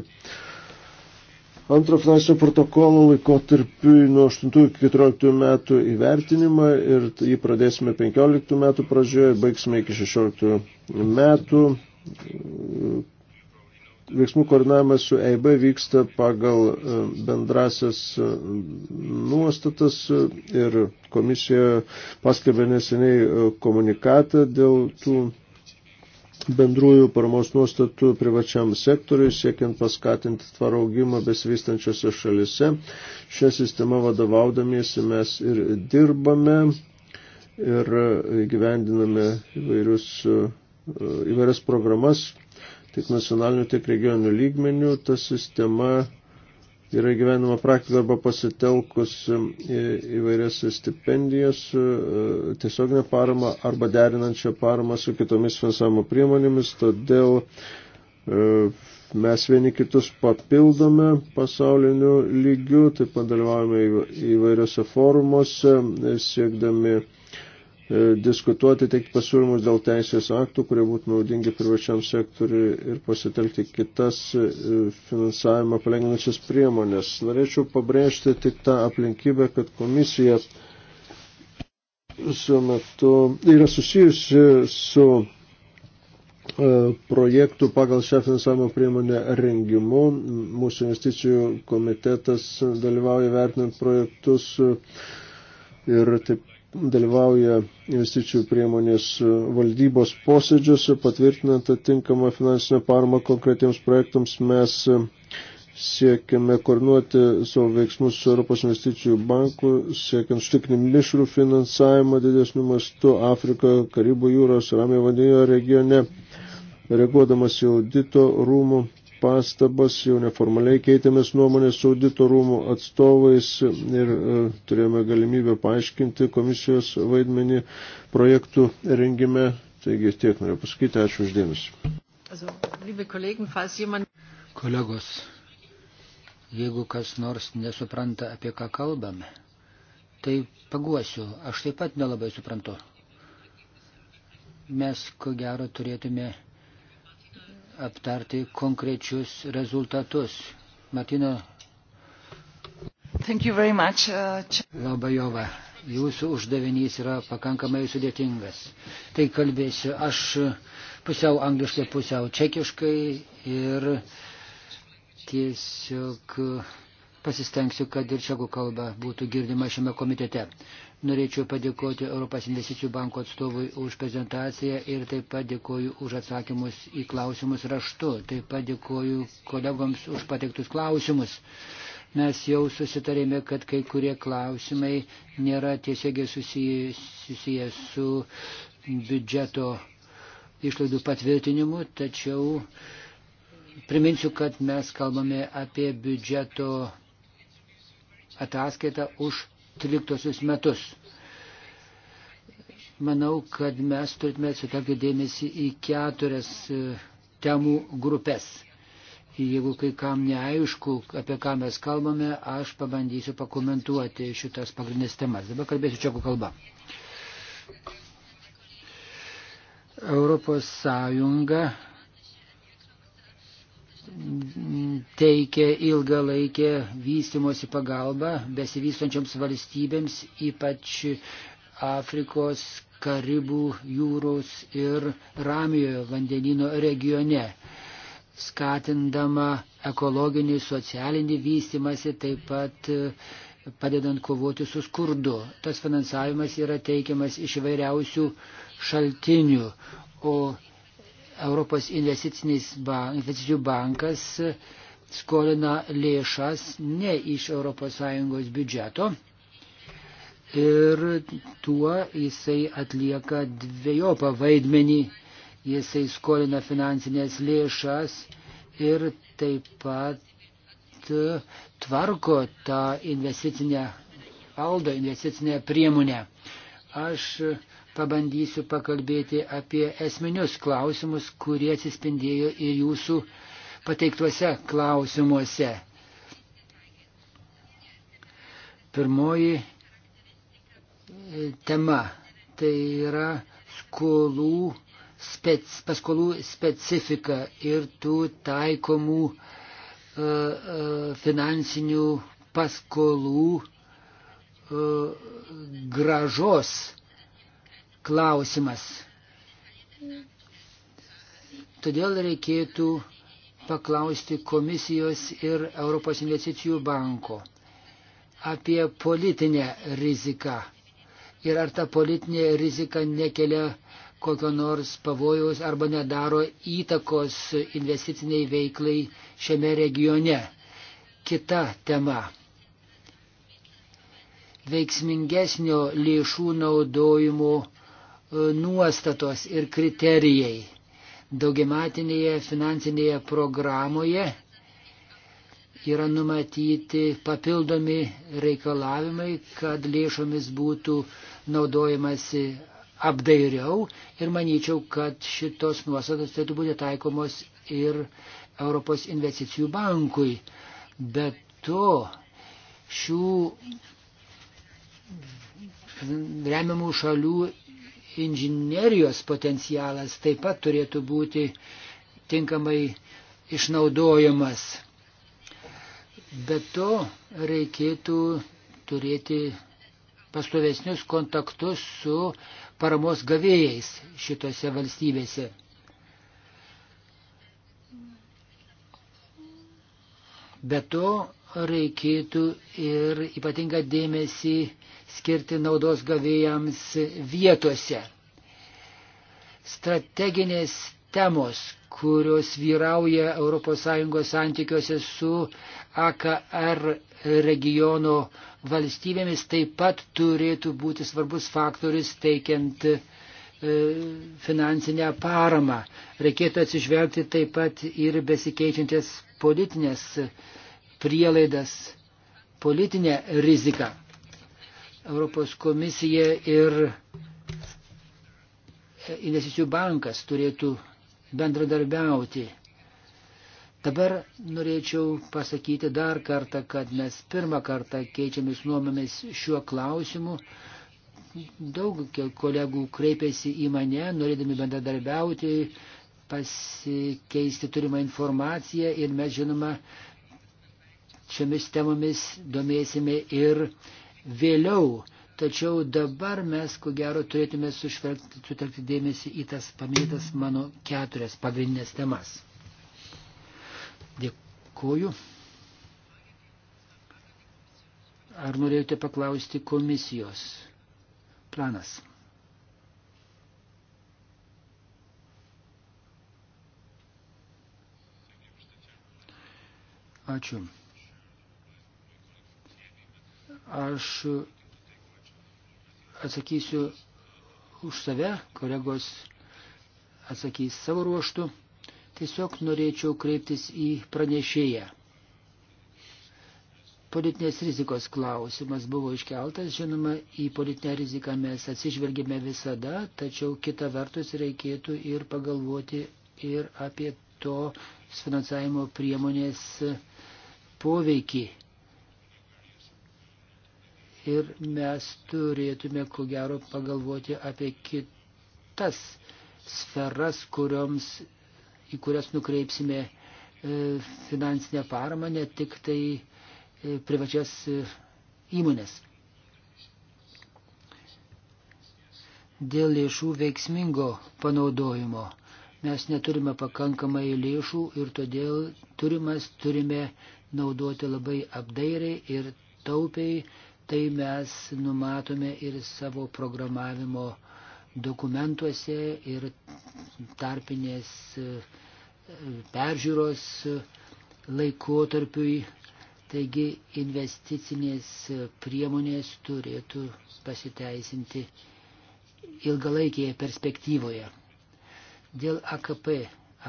Speaker 2: antro finansinio protokolo laikotarpiu nuo 8 iki 14 metų įvertinimą ir jį pradėsime 15 metų pradžioje, baigsime iki 16 metų veiksmų koordinavimas su EIB vyksta pagal e, bendrasias e, nuostatas e, ir komisija paskelbė neseniai komunikatą dėl tų bendrųjų paramos nuostatų privačiam sektoriui, siekiant paskatinti tvarą augimą besivystančiose šalise. Šią sistemą vadovaudamiesi mes ir dirbame ir gyvendiname įvairius, įvairias programas tiek nacionaliniu, tiek regioniniu lygmeniu. Ta sistema yra gyvenama praktika arba pasitelkus e, įvairias stipendijas, e, tiesioginę paramą arba derinančią paramą su kitomis finansavimo priemonėmis. Todėl e, mes vieni kitus papildome pasauliniu lygiu, taip pat dalyvaujame įvairiose forumuose, siekdami E, diskutuoti, teikti pasiūlymus dėl teisės aktų, kurie būtų naudingi privačiam sektoriui ir pasitelkti kitas e, finansavimą palengvinančias priemonės. Norėčiau pabrėžti tik tą aplinkybę, kad komisija šiuo metu yra susijusi su e, projektų pagal šią finansavimo priemonę rengimu. Mūsų investicijų komitetas dalyvauja vertinant projektus ir taip dalyvauja investicijų priemonės valdybos posėdžiuose, patvirtinant atinkamą finansinę paramą konkretiems projektams. Mes siekiame koordinuoti savo veiksmus su Europos investicijų banku, siekiant užtikrinti mišrų finansavimą didesnių mastų Afrikoje, Karibų jūros, Ramio vandenio regione, reaguodamas į audito rūmų pastabas, jau neformaliai keitėmės nuomonės su auditorumų atstovais ir e, turėjome galimybę paaiškinti komisijos vaidmenį projektų rengime. Taigi tiek noriu pasakyti, ačiū uždėmesi.
Speaker 3: Kolegos, jeigu kas nors nesupranta, apie ką kalbame, tai paguosiu, aš taip pat nelabai suprantu. Mes, ko gero, turėtume aptarti konkrečius rezultatus. Matina. Thank you very much. Uh, Labai jova. Jūsų uždavinys yra pakankamai sudėtingas. Tai kalbėsiu aš pusiau angliškai, pusiau čekiškai ir tiesiog pasistengsiu, kad ir čekų kalba būtų girdima šiame komitete. Norėčiau padėkoti Europos investicijų banko atstovui už prezentaciją ir taip pat dėkoju už atsakymus į klausimus raštu. Taip pat dėkoju kolegoms už pateiktus klausimus. Mes jau susitarėme, kad kai kurie klausimai nėra tiesiogiai susiję, susiję su biudžeto išlaidų patvirtinimu, tačiau priminsiu, kad mes kalbame apie biudžeto ataskaitą už 13 metus. Manau, kad mes turėtume sutelkti dėmesį į keturias e, temų grupės. Jeigu kai kam neaišku, apie ką mes kalbame, aš pabandysiu pakomentuoti šitas pagrindinės temas. Dabar kalbėsiu čekų kalba. Europos Sąjunga teikia ilgalaikę vystimosi pagalbą besivystančioms valstybėms, ypač Afrikos, Karibų jūros ir Ramijojo vandenino regione, skatindama ekologinį, socialinį vystimąsi, taip pat e, padedant kovoti su skurdu. Tas finansavimas yra teikiamas iš įvairiausių šaltinių, o Europos investicinis bank, investicijų bankas skolina lėšas ne iš ES biudžeto ir tuo jisai atlieka dviejopą vaidmenį. Jisai skolina finansinės lėšas ir taip pat tvarko tą investicinę valdo, investicinę priemonę. Aš pabandysiu pakalbėti apie esminius klausimus, kurie atsispindėjo ir jūsų pateiktuose klausimuose. Pirmoji e, tema tai yra skolų, spec, paskolų specifika ir tų taikomų uh, uh, finansinių paskolų uh, gražos klausimas. Todėl reikėtų paklausti komisijos ir Europos investicijų banko apie politinę riziką ir ar ta politinė rizika nekelia kokio nors pavojaus arba nedaro įtakos investiciniai veiklai šiame regione. Kita tema. Veiksmingesnio lėšų naudojimo nuostatos ir kriterijai. Daugiamatinėje finansinėje programoje yra numatyti papildomi reikalavimai, kad lėšomis būtų naudojamasi apdairiau ir manyčiau, kad šitos nuostatos turėtų būti taikomos ir Europos investicijų bankui. Bet to šių remiamų šalių inžinerijos potencialas taip pat turėtų būti tinkamai išnaudojamas. Be to reikėtų turėti pastovesnius kontaktus su paramos gavėjais šitose valstybėse. Be to reikėtų ir ypatingą dėmesį skirti naudos gavėjams vietose. Strateginės temos, kurios vyrauja ES santykiuose su AKR regiono valstybėmis, taip pat turėtų būti svarbus faktorius teikiant e, finansinę paramą. Reikėtų atsižvelgti taip pat ir besikeičiantis politinės prielaidas, politinę riziką. Europos komisija ir investicijų bankas turėtų bendradarbiauti. Dabar norėčiau pasakyti dar kartą, kad mes pirmą kartą keičiamis nuomomis šiuo klausimu. Daug kolegų kreipėsi į mane, norėdami bendradarbiauti, pasikeisti turimą informaciją ir mes, žinoma, šiomis temomis domėsime ir vėliau. Tačiau dabar mes, ko gero, turėtume sutelkti dėmesį į tas paminėtas mano keturias pagrindinės temas. Dėkuoju. Ar norėjote paklausti komisijos planas? Ačiū. Aš atsakysiu už save, kolegos atsakys savo ruoštų. Tiesiog norėčiau kreiptis į pranešėją. Politinės rizikos klausimas buvo iškeltas, žinoma, į politinę riziką mes atsižvelgėme visada, tačiau kita vertus reikėtų ir pagalvoti ir apie to finansavimo priemonės poveikį ir mes turėtume, ko gero, pagalvoti apie kitas sferas, kurioms, į kurias nukreipsime e, finansinę paramą, ne tik tai e, privačias e, įmonės. Dėl lėšų veiksmingo panaudojimo mes neturime pakankamai lėšų ir todėl turimas turime naudoti labai apdairiai ir taupiai Tai mes numatome ir savo programavimo dokumentuose ir tarpinės e, peržiūros laikotarpiui. Taigi investicinės priemonės turėtų pasiteisinti ilgalaikėje perspektyvoje. Dėl AKP,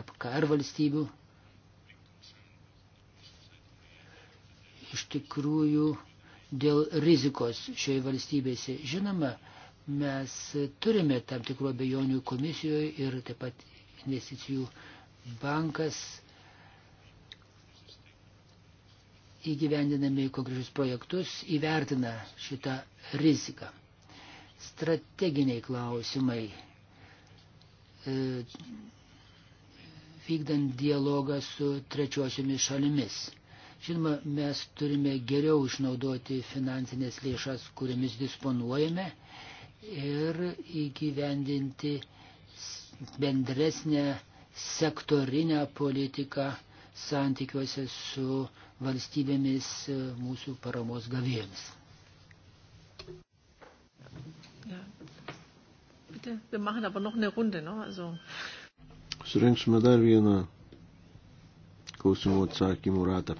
Speaker 3: APKR valstybių, iš tikrųjų dėl rizikos šioje valstybėse. Žinoma, mes turime tam tikrų abejonių komisijoje ir taip pat investicijų bankas įgyvendinami konkrečius projektus įvertina šitą riziką. Strateginiai klausimai. E, vykdant dialogą su trečiosiomis šalimis. Žinoma, mes turime geriau išnaudoti finansinės lėšas, kuriamis disponuojame ir įgyvendinti bendresnę sektorinę politiką santykiuose su valstybėmis e, mūsų paramos gavėjomis.
Speaker 1: Ja. Bitte,
Speaker 2: wir machen aber noch eine Runde, ne? Also. Surinksime dar vieną klausimų atsakymų ratą.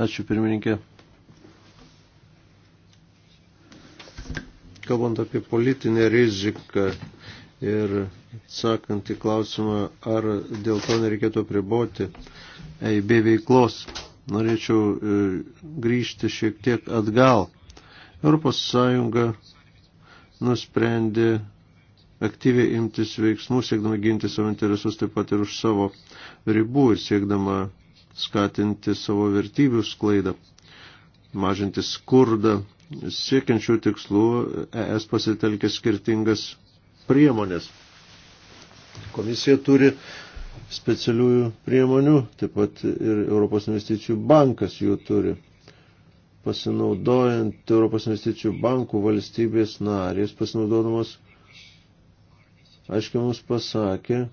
Speaker 2: Ačiū pirmininkė. Kalbant apie politinę riziką ir atsakant į klausimą, ar dėl to nereikėtų priboti EIB veiklos, norėčiau e, grįžti šiek tiek atgal. Europos Sąjunga nusprendė aktyviai imtis veiksmų, siekdama ginti savo interesus taip pat ir už savo ribų ir siekdama skatinti savo vertybių sklaidą, mažinti skurdą. Siekiančių tikslų ES pasitelkė skirtingas priemonės. Komisija turi specialiųjų priemonių, taip pat ir Europos investicijų bankas jų turi. Pasinaudojant Europos investicijų bankų valstybės narės, pasinaudodamas, aiškiai mums pasakė,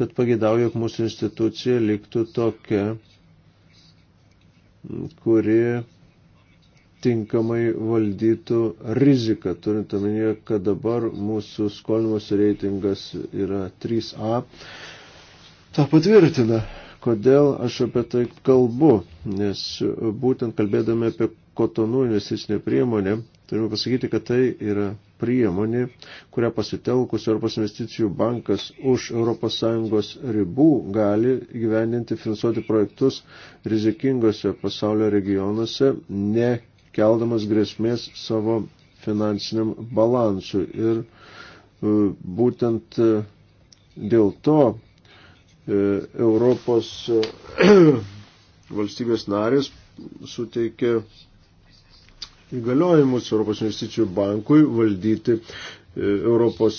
Speaker 2: kad pagėdauju, jog mūsų institucija liktų tokia, kuri tinkamai valdytų riziką, turint omenyje, kad dabar mūsų skolimos reitingas yra 3A. Ta patvirtina, kodėl aš apie tai kalbu, nes būtent kalbėdami apie kotonų investicinę priemonę, turime pasakyti, kad tai yra priemonė, kurią pasitelkus Europos investicijų bankas už ES ribų gali gyveninti finansuoti projektus rizikingose pasaulio regionuose, nekeldamas grėsmės savo finansiniam balansui. Ir e, būtent e, dėl to e, Europos [CLEARS THROAT] valstybės narės suteikė įgaliojimus Europos investicijų bankui valdyti e, Europos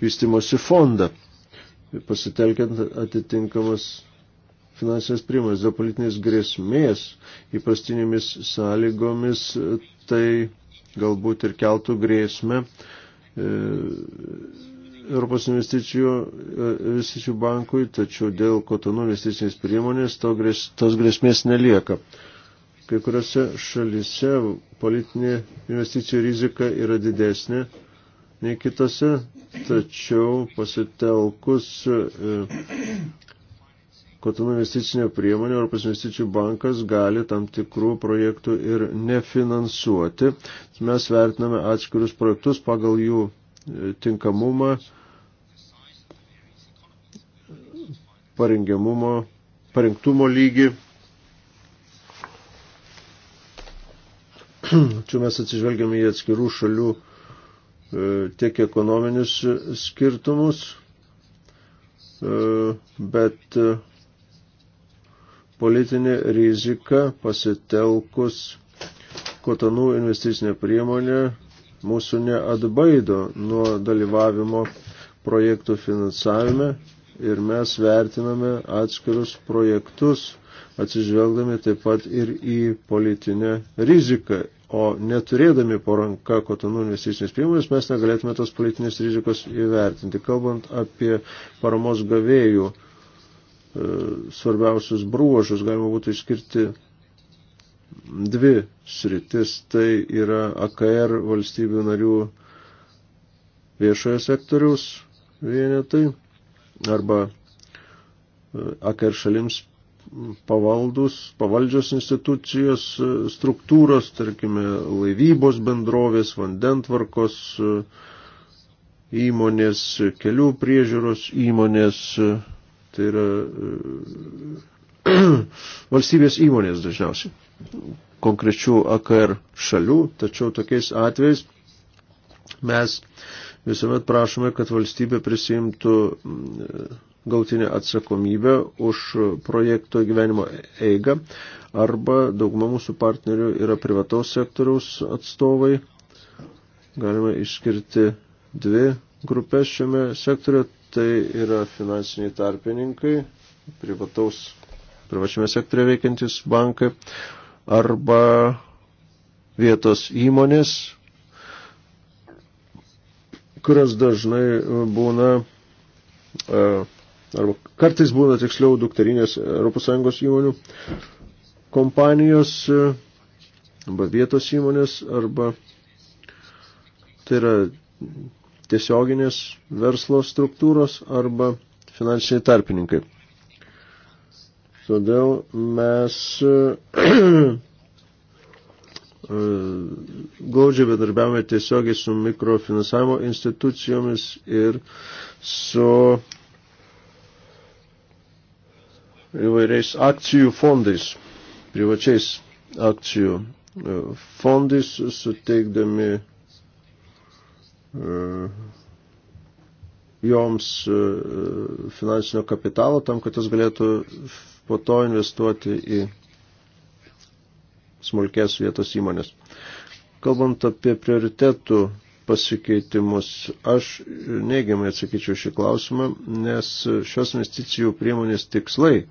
Speaker 2: vystimosi fondą, pasitelkiant atitinkamas finansinės priemonės dėl politinės grėsmės įprastinėmis sąlygomis, e, tai galbūt ir keltų grėsmę e, Europos investicijų, investicijų bankui, tačiau dėl kotonų investicinės priemonės to grės, tos grėsmės nelieka. Kai kuriuose šalyse politinė investicijų rizika yra didesnė nei kitose, tačiau pasitelkus e, kotonų investicinė priemonė, Europos investicijų bankas gali tam tikrų projektų ir nefinansuoti. Mes vertiname atskirius projektus pagal jų e, tinkamumą, parengiamumo, parengtumo lygį Čia mes atsižvelgiame į atskirų šalių e, tiek ekonominius e, skirtumus, e, bet politinė rizika pasitelkus kotanų investicinė priemonė mūsų neatbaido nuo dalyvavimo projektų finansavime ir mes vertiname atskirus projektus atsižvelgdami taip pat ir į politinę riziką O neturėdami po ranka kotonų investicinės priemonės mes negalėtume tos politinės rizikos įvertinti. Kalbant apie paramos gavėjų e, svarbiausius bruožus, galima būtų išskirti dvi sritis. Tai yra AKR valstybių narių viešojo sektoriaus vienetai arba e, AKR šalims pavaldus, pavaldžios institucijos e, struktūros, tarkime, laivybos bendrovės, vandentvarkos e, įmonės, kelių priežiūros įmonės, e, tai yra [CLEARS THROAT] valstybės įmonės dažniausiai konkrečių AKR šalių, tačiau tokiais atvejais mes visuomet prašome, kad valstybė prisimtų gautinę atsakomybę už projekto gyvenimo eigą arba dauguma mūsų partnerių yra privataus sektoriaus atstovai. Galima išskirti dvi grupės šiame sektoriu. Tai yra finansiniai tarpininkai, privataus, privačiame sektoriu veikiantis bankai arba vietos įmonės, kurios dažnai būna uh, arba kartais būna tiksliau dukterinės ES įmonių kompanijos arba vietos įmonės arba tai yra tiesioginės verslo struktūros arba finansiniai tarpininkai. Todėl mes [CLEARS THROAT] glaudžiai bedarbiavome tiesiogiai su mikrofinansavimo institucijomis ir su įvairiais akcijų fondais, privačiais akcijų e, fondais, suteikdami e, joms e, finansinio kapitalo tam, kad jos galėtų po to investuoti į smulkės vietos įmonės. Kalbant apie prioritetų pasikeitimus, aš neigiamai atsakyčiau šį klausimą, nes šios investicijų priemonės tikslai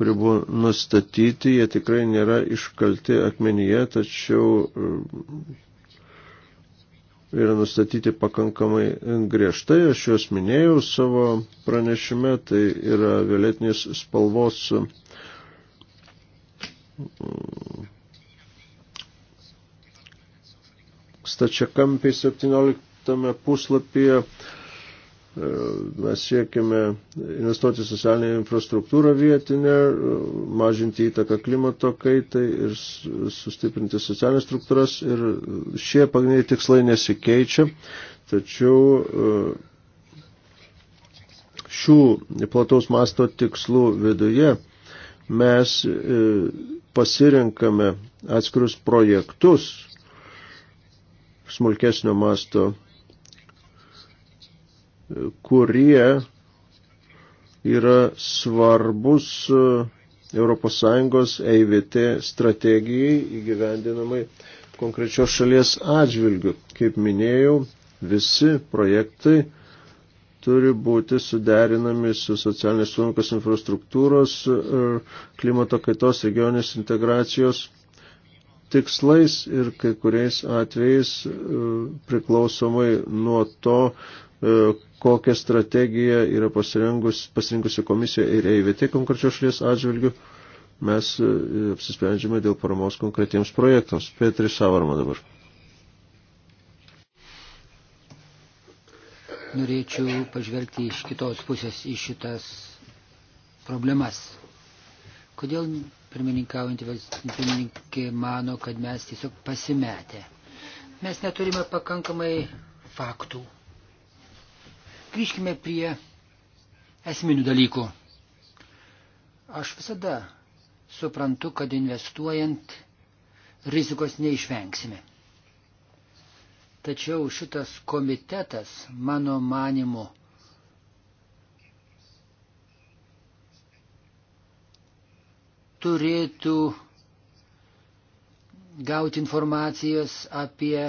Speaker 2: kurie buvo nustatyti, jie tikrai nėra iškalti akmenyje, tačiau e, yra nustatyti pakankamai griežtai. Aš juos minėjau savo pranešime, tai yra violetinės spalvos e, stačiakampiai 17 puslapyje E, mes siekime investuoti socialinę infrastruktūrą vietinę, e, mažinti įtaką klimato kaitai ir sustiprinti socialinės struktūras. Ir šie pagrindiniai tikslai nesikeičia, tačiau e, šių plataus masto tikslų viduje mes pasirenkame atskirius projektus smulkesnio masto kurie yra svarbus ES EIVT strategijai įgyvendinamai konkrečios šalies atžvilgių. Kaip minėjau, visi projektai turi būti suderinami su socialinės sunkos infrastruktūros, e, klimato kaitos, regionės integracijos tikslais ir kai kuriais atvejais e, priklausomai nuo to, E, kokią strategiją yra pasirengus, pasirinkusi komisija ir EIVT konkrečios šalies atžvilgių, mes e, apsisprendžiame dėl paramos konkretiems projektams. Petri Savarma dabar.
Speaker 3: Norėčiau pažvelgti iš kitos pusės į šitas problemas. Kodėl pirmininkaujantį pirmininkė mano, kad mes tiesiog pasimetę? Mes neturime pakankamai faktų Grįžkime prie esminių dalykų. Aš visada suprantu, kad investuojant rizikos neišvengsime. Tačiau šitas komitetas, mano manimu, turėtų gauti informacijos apie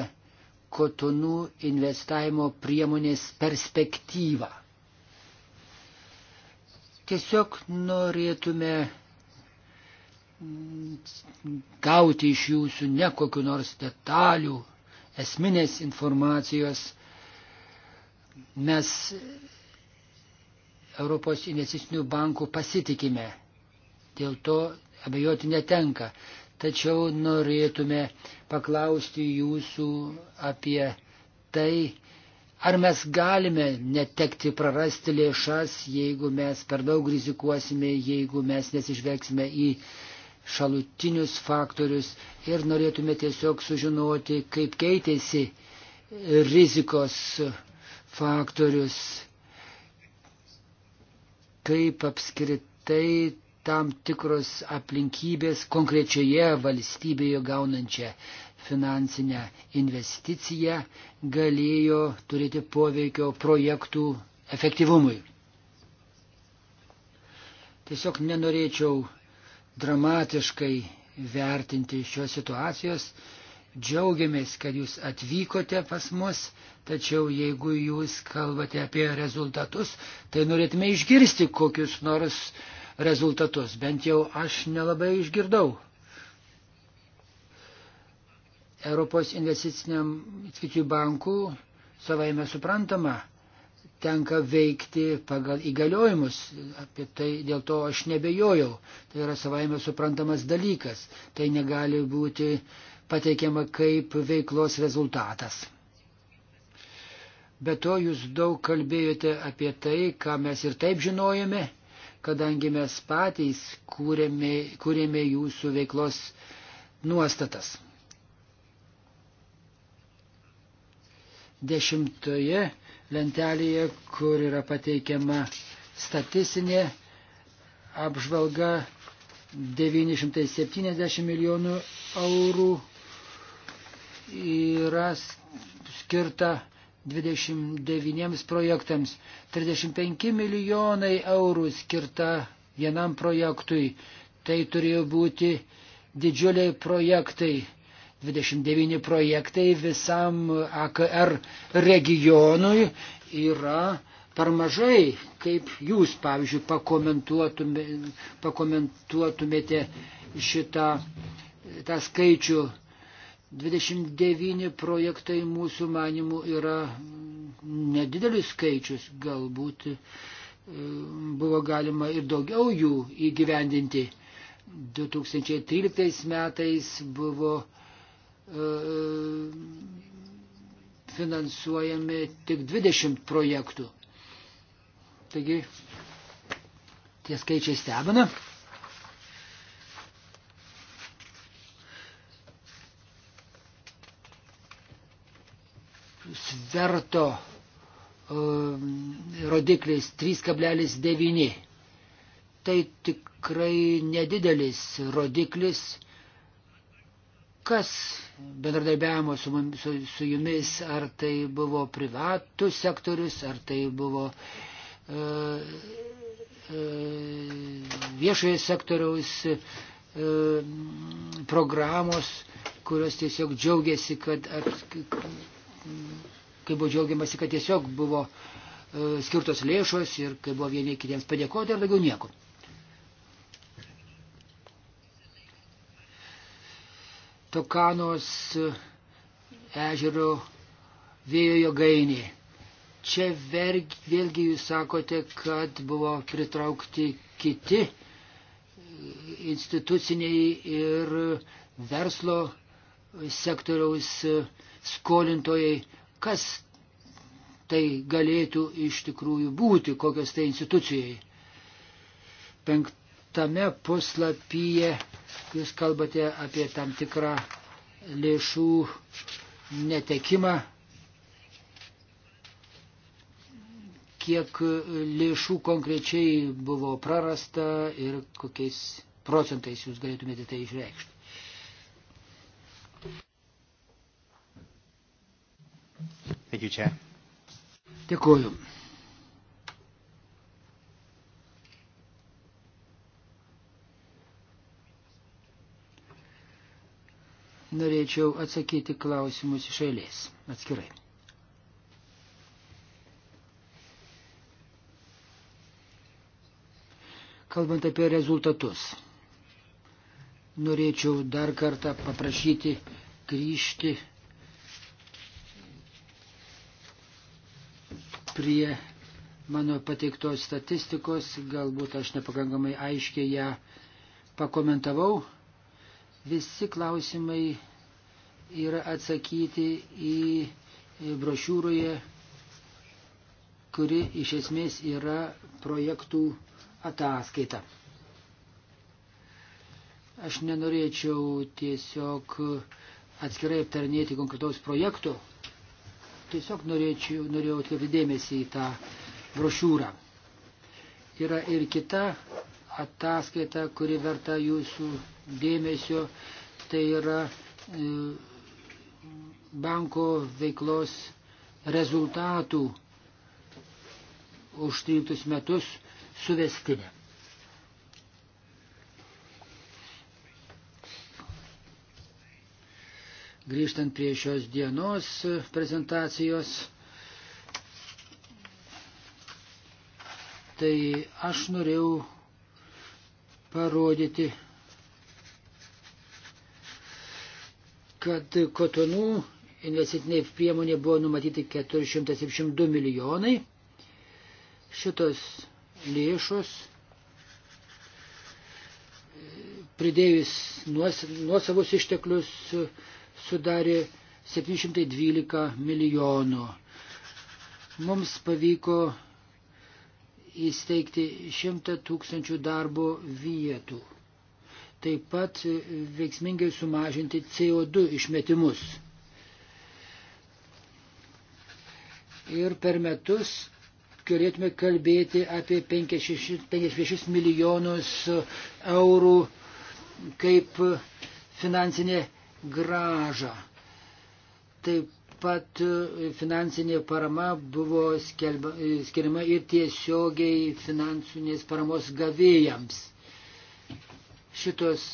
Speaker 3: kotonų investavimo priemonės perspektyvą. Tiesiog norėtume gauti iš jūsų ne kokiu nors detalių, esminės informacijos. Mes Europos investicinių bankų pasitikime, dėl to abejoti netenka tačiau norėtume paklausti jūsų apie tai, ar mes galime netekti, prarasti lėšas, jeigu mes per daug rizikuosime, jeigu mes nesižvelgsime į šalutinius faktorius ir norėtume tiesiog sužinoti, kaip keitėsi rizikos faktorius, kaip apskritai tam tikros aplinkybės konkrečioje valstybėje gaunančią finansinę investiciją galėjo turėti poveikio projektų efektyvumui. Tiesiog nenorėčiau dramatiškai vertinti šios situacijos. Džiaugiamės, kad jūs atvykote pas mus, tačiau jeigu jūs kalbate apie rezultatus, tai norėtume išgirsti kokius nors uh, rezultatus. Bent jau aš nelabai išgirdau. Europos investiciniam skaičių bankų savaime suprantama tenka veikti pagal įgaliojimus. Apie tai dėl to aš nebejojau. Tai yra savaime suprantamas dalykas. Tai negali būti pateikiama kaip veiklos rezultatas. Be to jūs daug kalbėjote apie tai, ką mes ir taip žinojame kadangi mes patys kūrėme, kūrėme jūsų veiklos nuostatas. Dešimtoje lentelėje, kur yra pateikiama statistinė apžvalga 970 milijonų eurų yra skirta 29 projektams. 35 milijonai eurų skirta vienam projektui. Tai turėjo būti didžiuliai projektai. 29 projektai visam AKR regionui yra per mažai, kaip jūs, pavyzdžiui, pakomentuotumėte, pakomentuotumėte šitą tą skaičių 29 projektai mūsų manimų yra nedidelis skaičius, galbūt e, buvo galima ir daugiau jų įgyvendinti. 2013 metais buvo e, finansuojami tik 20 projektų. Taigi, tie skaičiai stebina. sverto um, rodiklis 3,9. Tai tikrai nedidelis rodiklis. Kas bendradarbiavimo su, su, su jumis, ar tai buvo privatus sektorius, ar tai buvo e, e, viešojo sektoriaus e, programos, kurios tiesiog džiaugiasi, kad at, kai buvo džiaugiamasi, kad tiesiog buvo e, skirtos lėšos ir kai buvo vieni kitiems padėkoti ir daugiau nieko. Tokanos ežero vėjo jogainė. Čia vergi, vėlgi jūs sakote, kad buvo pritraukti kiti instituciniai ir verslo sektoriaus skolintojai kas tai galėtų iš tikrųjų būti, kokios tai institucijai. Penktame puslapyje jūs kalbate apie tam tikrą lėšų netekimą, kiek lėšų konkrečiai buvo prarasta ir kokiais procentais jūs galėtumėte tai išreikšti. Thank you, Chair. Dėkuoju. Norėčiau atsakyti klausimus iš eilės atskirai. Kalbant apie rezultatus, norėčiau dar kartą paprašyti grįžti prie mano pateiktos statistikos, galbūt aš nepakankamai aiškiai ją pakomentavau. Visi klausimai yra atsakyti į brošiūroje, kuri iš esmės yra projektų ataskaita. Aš nenorėčiau tiesiog atskirai aptarnėti konkretaus projekto, Tiesiog norėčiau, norėjau atkreipti dėmesį į tą brošiūrą. Yra ir kita ataskaita, kuri verta jūsų dėmesio, tai yra e, banko veiklos rezultatų už 13 metus suvestinė. Grįžtant prie šios dienos prezentacijos, tai aš norėjau parodyti, kad kotonų investiciniai priemonė buvo numatyti 472 milijonai. Šitos lėšos pridėjus nuosavus išteklius sudarė 712 milijonų. Mums pavyko įsteigti 100 tūkstančių darbo vietų. Taip pat veiksmingai sumažinti CO2 išmetimus. Ir per metus galėtume kalbėti apie 56 milijonus eurų kaip finansinė gražą. Taip pat e, finansinė parama buvo skelba, e, skiriama ir tiesiogiai finansinės paramos gavėjams. Šitos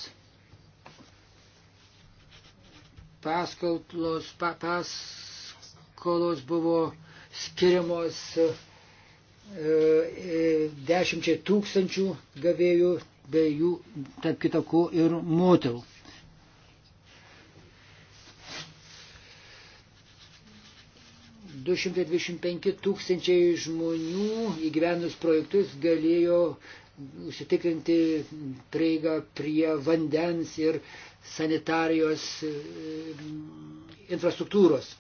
Speaker 3: paskoltos, pa, paskolos buvo skiriamos e, dešimčiai tūkstančių gavėjų, be jų, tarp kitako, ir moterų. 225 tūkstančiai žmonių įgyvenus projektus galėjo užsitikrinti prieigą prie vandens ir sanitarijos e, infrastruktūros.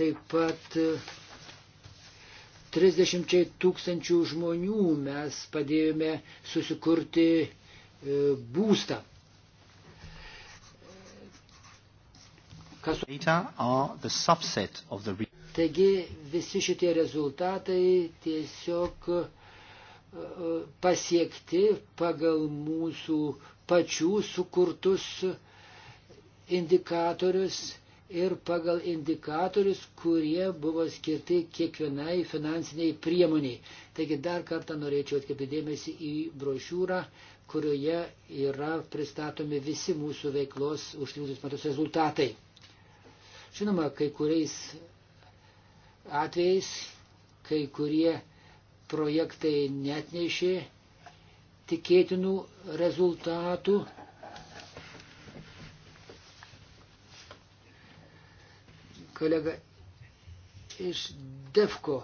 Speaker 3: Taip pat 30 e, tūkstančių žmonių mes padėjome susikurti e, būstą. Kas... Taigi visi šitie rezultatai tiesiog e, e, pasiekti pagal mūsų pačių sukurtus indikatorius ir pagal indikatorius, kurie buvo skirti kiekvienai finansiniai priemoniai. Taigi dar kartą norėčiau atkreipti dėmesį į brošiūrą, kurioje yra pristatomi visi mūsų veiklos užtikrintus metus rezultatai. Žinoma, kai kuriais atvejais, kai kurie projektai net nešė tikėtinų rezultatų. Kolega iš DEFCO,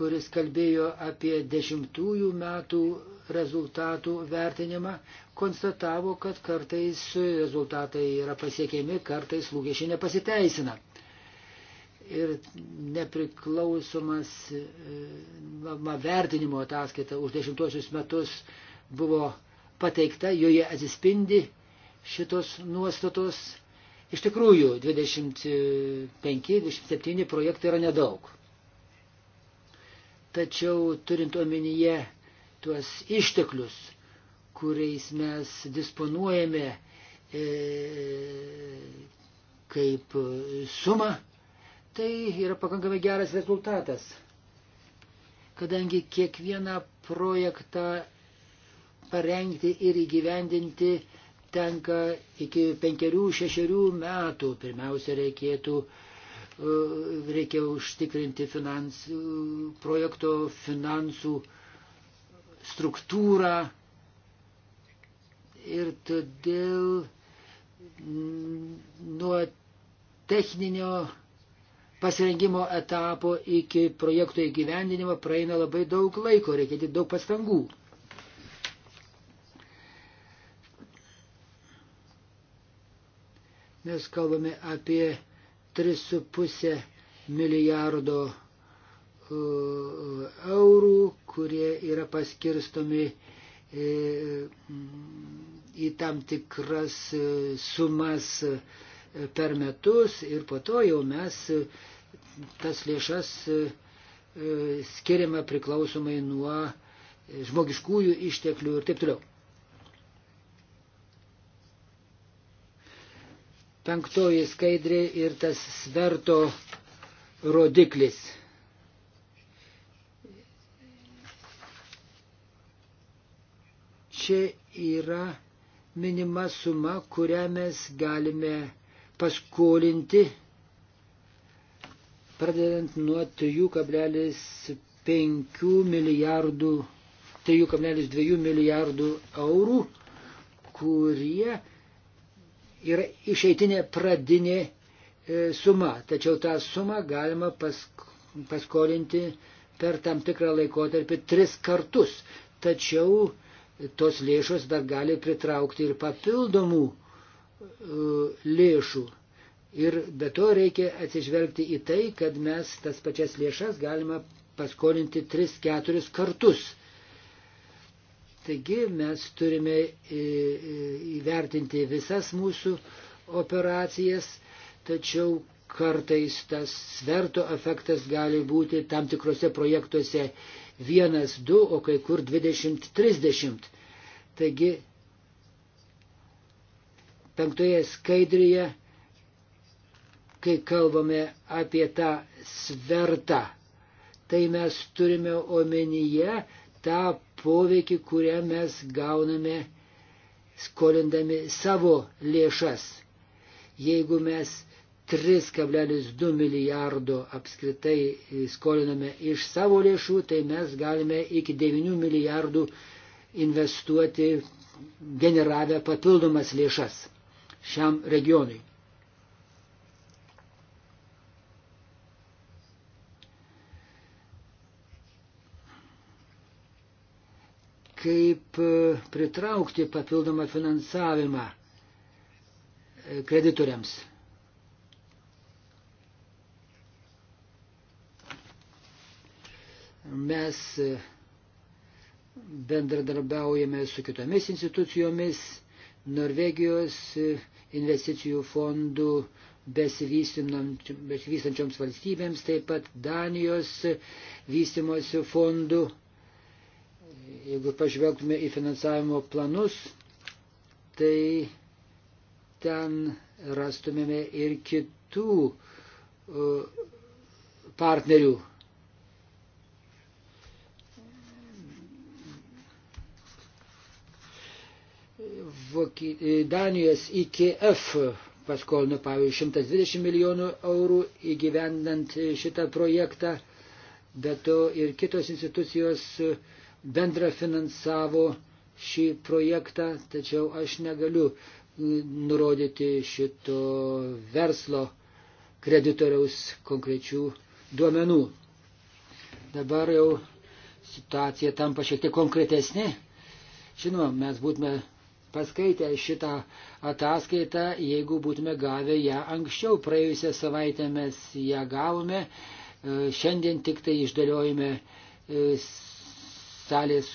Speaker 3: kuris kalbėjo apie dešimtųjų metų rezultatų vertinimą, konstatavo, kad kartais rezultatai yra pasiekiami, kartais lūkesčiai nepasiteisina. Ir nepriklausomas e, vertinimo ataskaita už dešimtuosius metus buvo pateikta, joje atsispindi šitos nuostatos. Iš tikrųjų, 25-27 projektai yra nedaug. Tačiau turint omenyje tuos išteklius, kuriais mes disponuojame e, kaip suma, tai yra pakankamai geras rezultatas. Kadangi kiekvieną projektą parengti ir įgyvendinti tenka iki penkerių, šešerių metų. Pirmiausia, reikėtų e, reikia užtikrinti finans, projekto finansų struktūrą ir todėl nuo techninio pasirengimo etapo iki projekto įgyvendinimo praeina labai daug laiko, reikia tik daug pastangų. Mes kalbame apie 3,5 milijardo E, eurų, kurie yra paskirstomi e, į tam tikras e, sumas per metus ir po to jau mes tas lėšas skiriame priklausomai nuo žmogiškųjų išteklių ir taip toliau. Penktoji skaidrė ir tas sverto rodiklis. čia yra minima suma, kurią mes galime paskolinti, pradedant nuo 3,5 milijardų, 3,2 milijardų eurų, kurie yra išeitinė pradinė e, suma. Tačiau tą sumą galima paskolinti per tam tikrą laikotarpį tris kartus. Tačiau tos lėšos dar gali pritraukti ir papildomų e, lėšų. Ir be to reikia atsižvelgti į tai, kad mes tas pačias lėšas galima paskolinti 3-4 kartus. Taigi mes turime e, e, įvertinti visas mūsų operacijas, tačiau kartais tas sverto efektas gali būti tam tikrose projektuose 1-2, o kai kur 20-30. Taigi penktoje skaidrėje, kai kalbame apie tą svertą, tai mes turime omenyje tą poveikį, kurią mes gauname skolindami savo lėšas. Jeigu mes 3,2 milijardo apskritai skoliname iš savo lėšų, tai mes galime iki 9 milijardų investuoti, generavę papildomas lėšas šiam regionui. Kaip pritraukti papildomą finansavimą kreditoriams Mes e, bendradarbiaujame su kitomis institucijomis, Norvegijos e, investicijų fondų besivystančioms valstybėms, taip pat Danijos e, vystimosi fondų. Jeigu pažvelgtume į finansavimo planus, tai ten rastumėme ir kitų partnerių E, Danijos IKF paskolino, pavyzdžiui, 120 milijonų eurų įgyvendant e, šitą projektą, bet to ir kitos institucijos e, bendra finansavo šį projektą, tačiau aš negaliu nurodyti šito verslo kreditoriaus konkrečių duomenų. Dabar jau situacija tampa šiek tiek konkretesnė. Žinoma, mes būtume paskaitę šitą ataskaitą, jeigu būtume gavę ją anksčiau. Praėjusią savaitę mes ją gavome, e, šiandien tik tai išdėliojame e, salės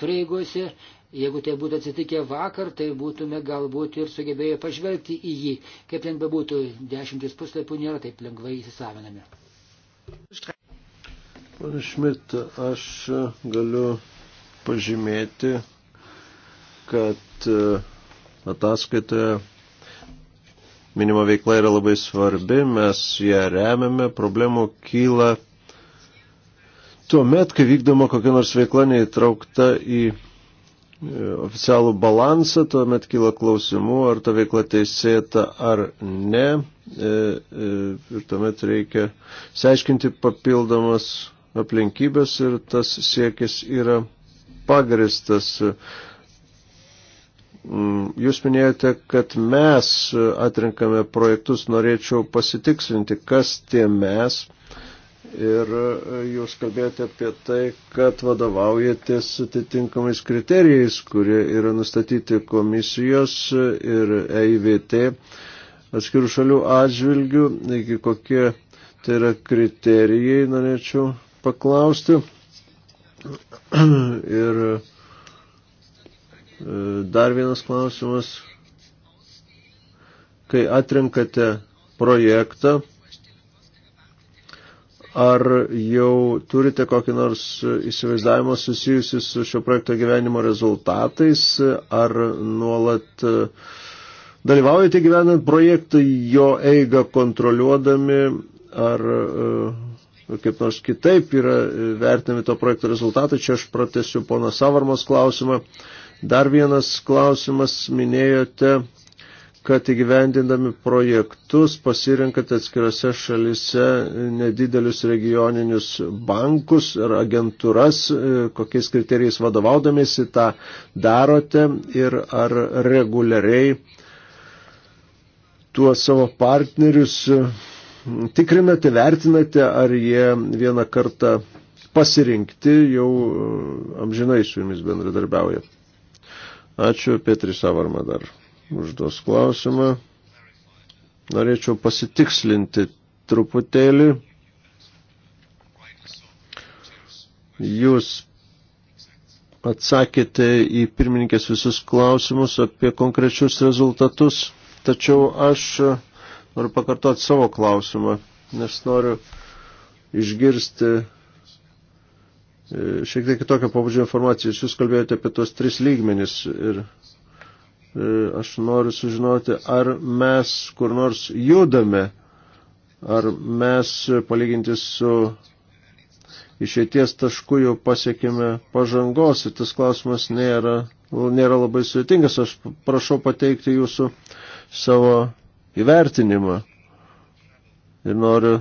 Speaker 3: prieigose. Jeigu tai būtų atsitikę vakar, tai būtume galbūt ir sugebėję pažvelgti į jį. Kaip ten bebūtų, dešimtis puslapių nėra taip lengvai įsisavinami.
Speaker 2: Pane Šmit, aš galiu pažymėti kad e, ataskaitoje minima veikla yra labai svarbi, mes ją remiame, problemų kyla tuomet, kai vykdoma kokia nors veikla neįtraukta į e, oficialų balansą, tuomet kyla klausimų, ar ta veikla teisėta ar ne. E, ir tuomet reikia seiškinti papildomas aplinkybės ir tas siekis yra pagristas. Mm, jūs minėjote, kad mes atrinkame projektus, norėčiau pasitikslinti, kas tie mes. Ir e, jūs kalbėjote apie tai, kad vadovaujatės atitinkamais kriterijais, kurie yra nustatyti komisijos ir EIVT atskirų šalių atžvilgių. Taigi kokie tai yra kriterijai, norėčiau paklausti. [CLEARS THROAT] ir Dar vienas klausimas. Kai atrenkate projektą, ar jau turite kokį nors įsivaizdavimą susijusi su šio projekto gyvenimo rezultatais, ar nuolat e, dalyvaujate gyvenant projektą, jo eigą kontroliuodami, ar e, kaip nors kitaip yra e, vertinami to projekto rezultatai. Čia aš pratesiu pono Savarmos klausimą. Dar vienas klausimas, minėjote, kad įgyvendindami projektus pasirinkate atskirose šalise nedidelius regioninius bankus ar agentūras, kokiais kriterijais vadovaudamėsi tą darote ir ar reguliariai tuos savo partnerius tikrinate, vertinate, ar jie vieną kartą pasirinkti jau amžinai su jumis bendradarbiauja. Ačiū, Petri Savarma dar užduos klausimą. Norėčiau pasitikslinti truputėlį. Jūs atsakėte į pirmininkės visus klausimus apie konkrečius rezultatus, tačiau aš noriu pakartoti savo klausimą, nes noriu išgirsti E, šiek tiek kitokio pabudžio informaciją. Jūs kalbėjote apie tos tris lygmenis ir e, aš noriu sužinoti, ar mes kur nors judame, ar mes palyginti su išėties tašku jau pasiekėme pažangos ir tas klausimas nėra, nėra labai sudėtingas. Aš prašau pateikti jūsų savo įvertinimą ir noriu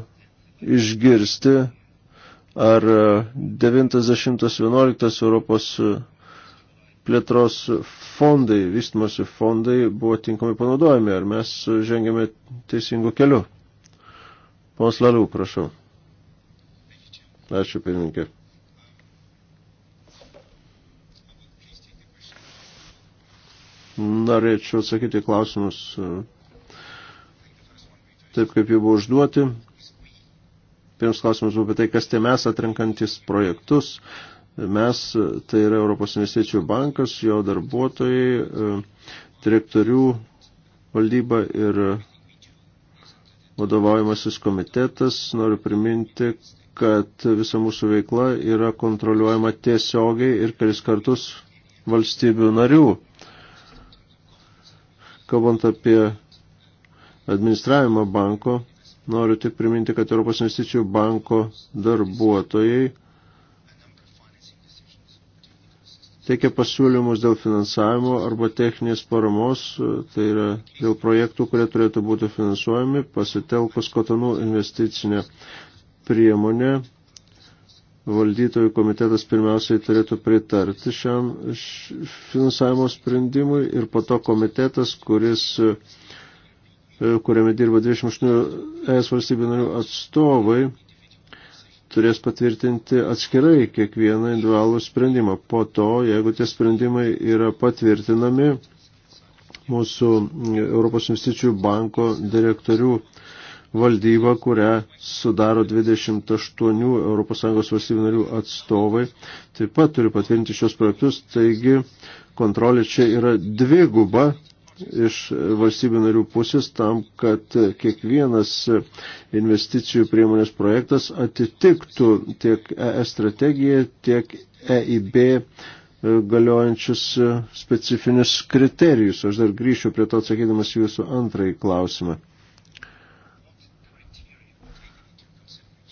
Speaker 2: išgirsti ar 90-11 e, Europos e, plėtros fondai, vystimosi fondai buvo tinkamai panaudojami, ar mes žengėme teisingu keliu. Pons Lalių, prašau. Ačiū, pirmininkė. Norėčiau atsakyti klausimus e, taip, kaip jų buvo užduoti. Pirmas klausimas buvo apie tai, kas tie mes atrenkantis projektus. Mes, tai yra Europos investicijų bankas, jo darbuotojai, e, direktorių valdyba ir vadovaujamasis komitetas. Noriu priminti, kad visa mūsų veikla yra kontroliuojama tiesiogiai ir kelis kartus valstybių narių. Kalbant apie administravimą banko, Noriu tik priminti, kad Europos investicijų banko darbuotojai teikia pasiūlymus dėl finansavimo arba techninės paramos, tai yra dėl projektų, kurie turėtų būti finansuojami, pasitelkus kotonų investicinę priemonę. Valdytojų komitetas pirmiausiai turėtų pritarti šiam finansavimo sprendimui ir po to komitetas, kuris uh, E, kuriame dirba 28 ES valstybių narių atstovai, turės patvirtinti atskirai kiekvieną individualų sprendimą. Po to, jeigu tie sprendimai yra patvirtinami, mūsų Europos investicijų banko direktorių valdyba, kurią sudaro 28 ES valstybių narių atstovai, taip pat turi patvirtinti šios projektus, taigi kontrolė čia yra dviguba, iš valstybių narių pusės tam, kad kiekvienas investicijų priemonės projektas atitiktų tiek ES strategiją, tiek EIB galiojančius specifinius kriterijus. Aš dar grįšiu prie to atsakydamas jūsų antrąjį klausimą.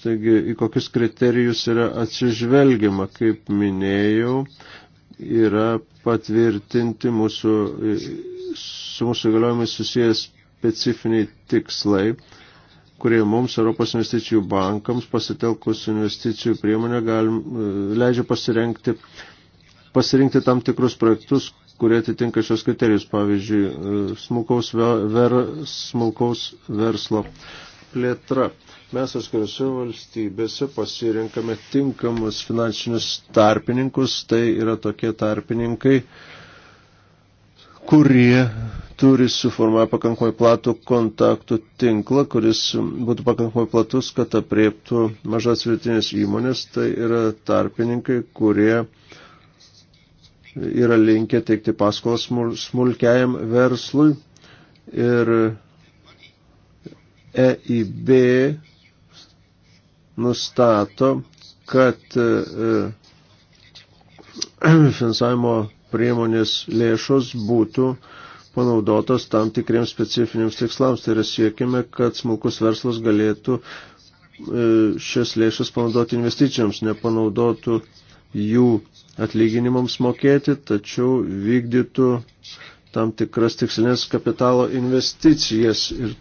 Speaker 2: Taigi, į kokius kriterijus yra atsižvelgiama, kaip minėjau, yra patvirtinti mūsų su mūsų įgaliojimais susijęs specifiniai tikslai, kurie mums, Europos investicijų bankams, pasitelkus investicijų priemonę, galim, e, leidžia pasirengti, pasirinkti tam tikrus projektus, kurie atitinka šios kriterijus, pavyzdžiui, e, smulkaus, ver, smulkaus verslo plėtra. Mes atskirose valstybėse pasirinkame tinkamus finansinius tarpininkus, tai yra tokie tarpininkai, kurie turi suformuoję pakankamai platų kontaktų tinklą, kuris būtų pakankamai platus, kad apriektų mažas vietinės įmonės. Tai yra tarpininkai, kurie yra linkę teikti paskolas smulkiajam verslui ir EIB nustato, kad e, [CLEARS THROAT] finansavimo priemonės lėšos būtų panaudotos tam tikriems specifiniams tikslams. Tai yra siekime, kad smulkus verslas galėtų e, šias lėšas panaudoti investicijoms, nepanaudotų jų atlyginimams mokėti, tačiau vykdytų tam tikras tikslinės kapitalo investicijas ir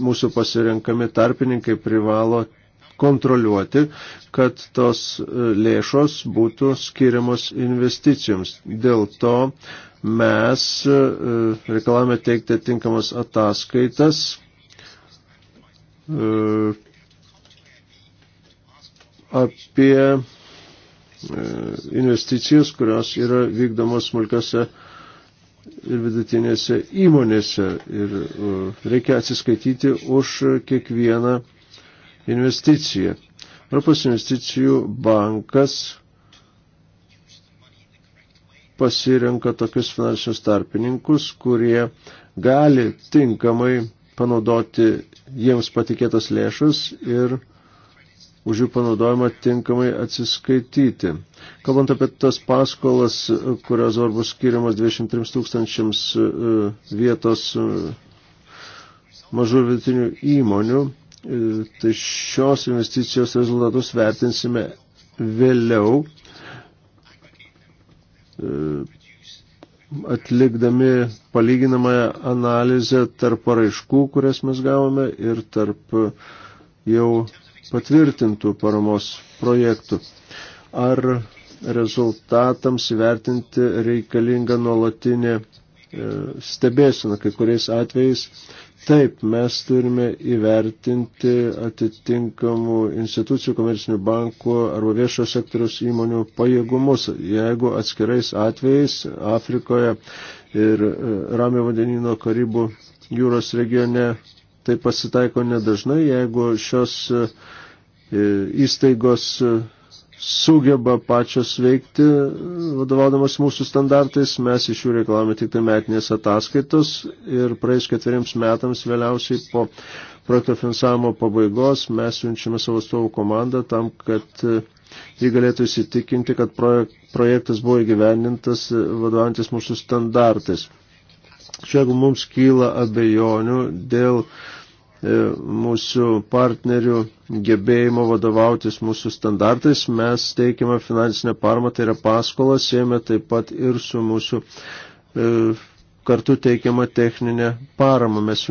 Speaker 2: mūsų pasirenkami tarpininkai privalo kontroliuoti, kad tos e, lėšos būtų skiriamos investicijoms. Dėl to mes e, e, reikalavome teikti atinkamas ataskaitas apie investicijas, kurios yra vykdomos smulkiose ir vidutinėse įmonėse ir reikia atsiskaityti už kiekvieną investicija. Europos investicijų bankas pasirenka tokius finansinius tarpininkus, kurie gali tinkamai panaudoti jiems patikėtas lėšas ir už jų panaudojimą tinkamai atsiskaityti. Kalbant apie tas paskolas, kurios svarbus skiriamas 23 tūkstančiams e, vietos e, mažų vidutinių įmonių, E, tai šios investicijos rezultatus vertinsime vėliau, e, atlikdami palyginamąją analizę tarp paraiškų, kurias mes gavome, ir tarp jau patvirtintų paramos projektų. Ar rezultatams įvertinti reikalinga nuolatinė e, stebėsena, kai kuriais atvejais Taip, mes turime įvertinti atitinkamų institucijų, komercinių bankų arba viešo sektoriaus įmonių pajėgumus. Jeigu atskirais atvejais Afrikoje ir e, Ramio vandenino Karibų jūros regione tai pasitaiko nedažnai, jeigu šios e, įstaigos e, sugeba pačios veikti, vadovaudamas mūsų standartais, mes iš jų reikalavome tik tai metinės ataskaitos ir praeis ketveriems metams vėliausiai po projekto finansavimo pabaigos mes siunčiame savo stovų komandą tam, kad e, jį galėtų įsitikinti, kad projektas buvo įgyvendintas e, vadovantis mūsų standartais. Čia jeigu mums kyla abejonių dėl E, mūsų partnerių gebėjimo vadovautis mūsų standartais. Mes teikiame finansinę paramą, tai yra paskolas, siejame taip pat ir su mūsų e, kartu teikiama techninė parama. Mes,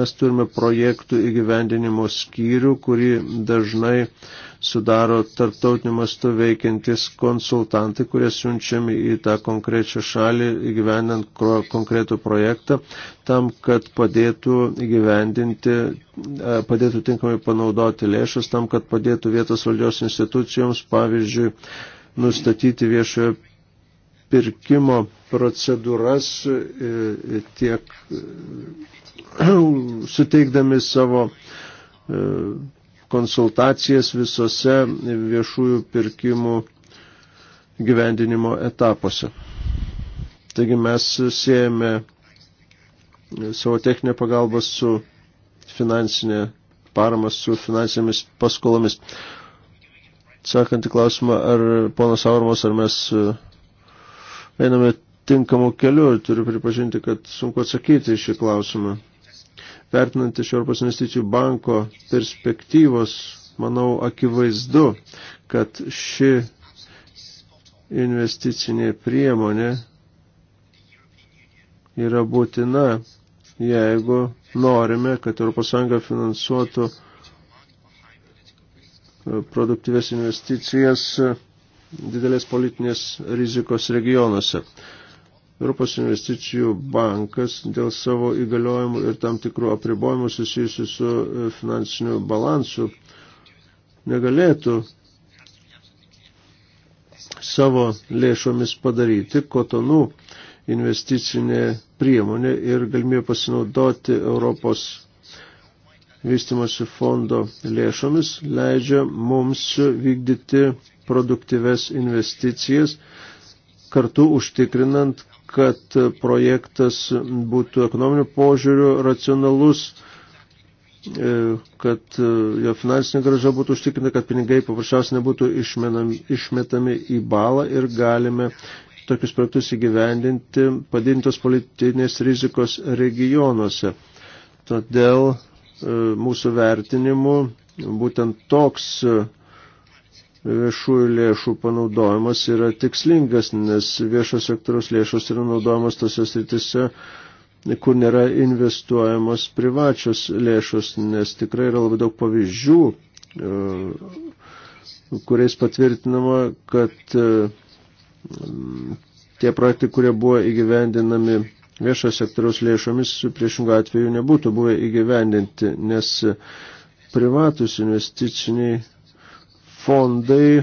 Speaker 2: mes turime projektų įgyvendinimo skyrių, kurį dažnai sudaro tarptautiniu mastu veikiantis konsultantai, kurie siunčiami į tą konkrečią šalį įgyvendant konkretų projektą, tam, kad padėtų įgyvendinti, e, padėtų tinkamai panaudoti lėšas, tam, kad padėtų vietos valdžios institucijoms, pavyzdžiui, nustatyti viešojo pirkimo procedūras e, e, tiek e, [CLEARS THROAT] suteikdami savo konsultacijas visose viešųjų pirkimų gyvendinimo etapuose. Taigi mes siejame savo techninę pagalbą su finansinė parama, su finansinėmis paskolomis. Sakant į klausimą, ar ponas Aurmas, ar mes einame tinkamu keliu. Turiu pripažinti, kad sunku atsakyti į šį klausimą. Vertinant iš Europos investicijų banko perspektyvos, manau, akivaizdu, kad ši investicinė priemonė yra būtina, jeigu norime, kad ES finansuotų produktyves investicijas didelės politinės rizikos regionuose. Europos investicijų bankas dėl savo įgaliojimų ir tam tikrų apribojimų susijusių su e, finansiniu balansu negalėtų savo lėšomis padaryti kotonų investicinė priemonė ir galimybė pasinaudoti Europos vystimosi fondo lėšomis leidžia mums vykdyti produktyves investicijas, kartu užtikrinant, kad projektas būtų ekonominių požiūrių racionalus, e, kad e, jo finansinė graža būtų užtikrinta, kad pinigai paprasčiausiai nebūtų išmenami, išmetami į balą ir galime tokius projektus įgyvendinti padintos politinės rizikos regionuose. Todėl e, mūsų vertinimu būtent toks viešųjų lėšų panaudojimas yra tikslingas, nes viešo sektoriaus lėšos yra naudojamas tose sritise, kur nėra investuojamos privačios lėšos, nes tikrai yra labai daug pavyzdžių, e, kuriais patvirtinama, kad e, tie projektai, kurie buvo įgyvendinami viešo sektoriaus lėšomis, priešingų atveju nebūtų buvę įgyvendinti, nes privatus investiciniai fondai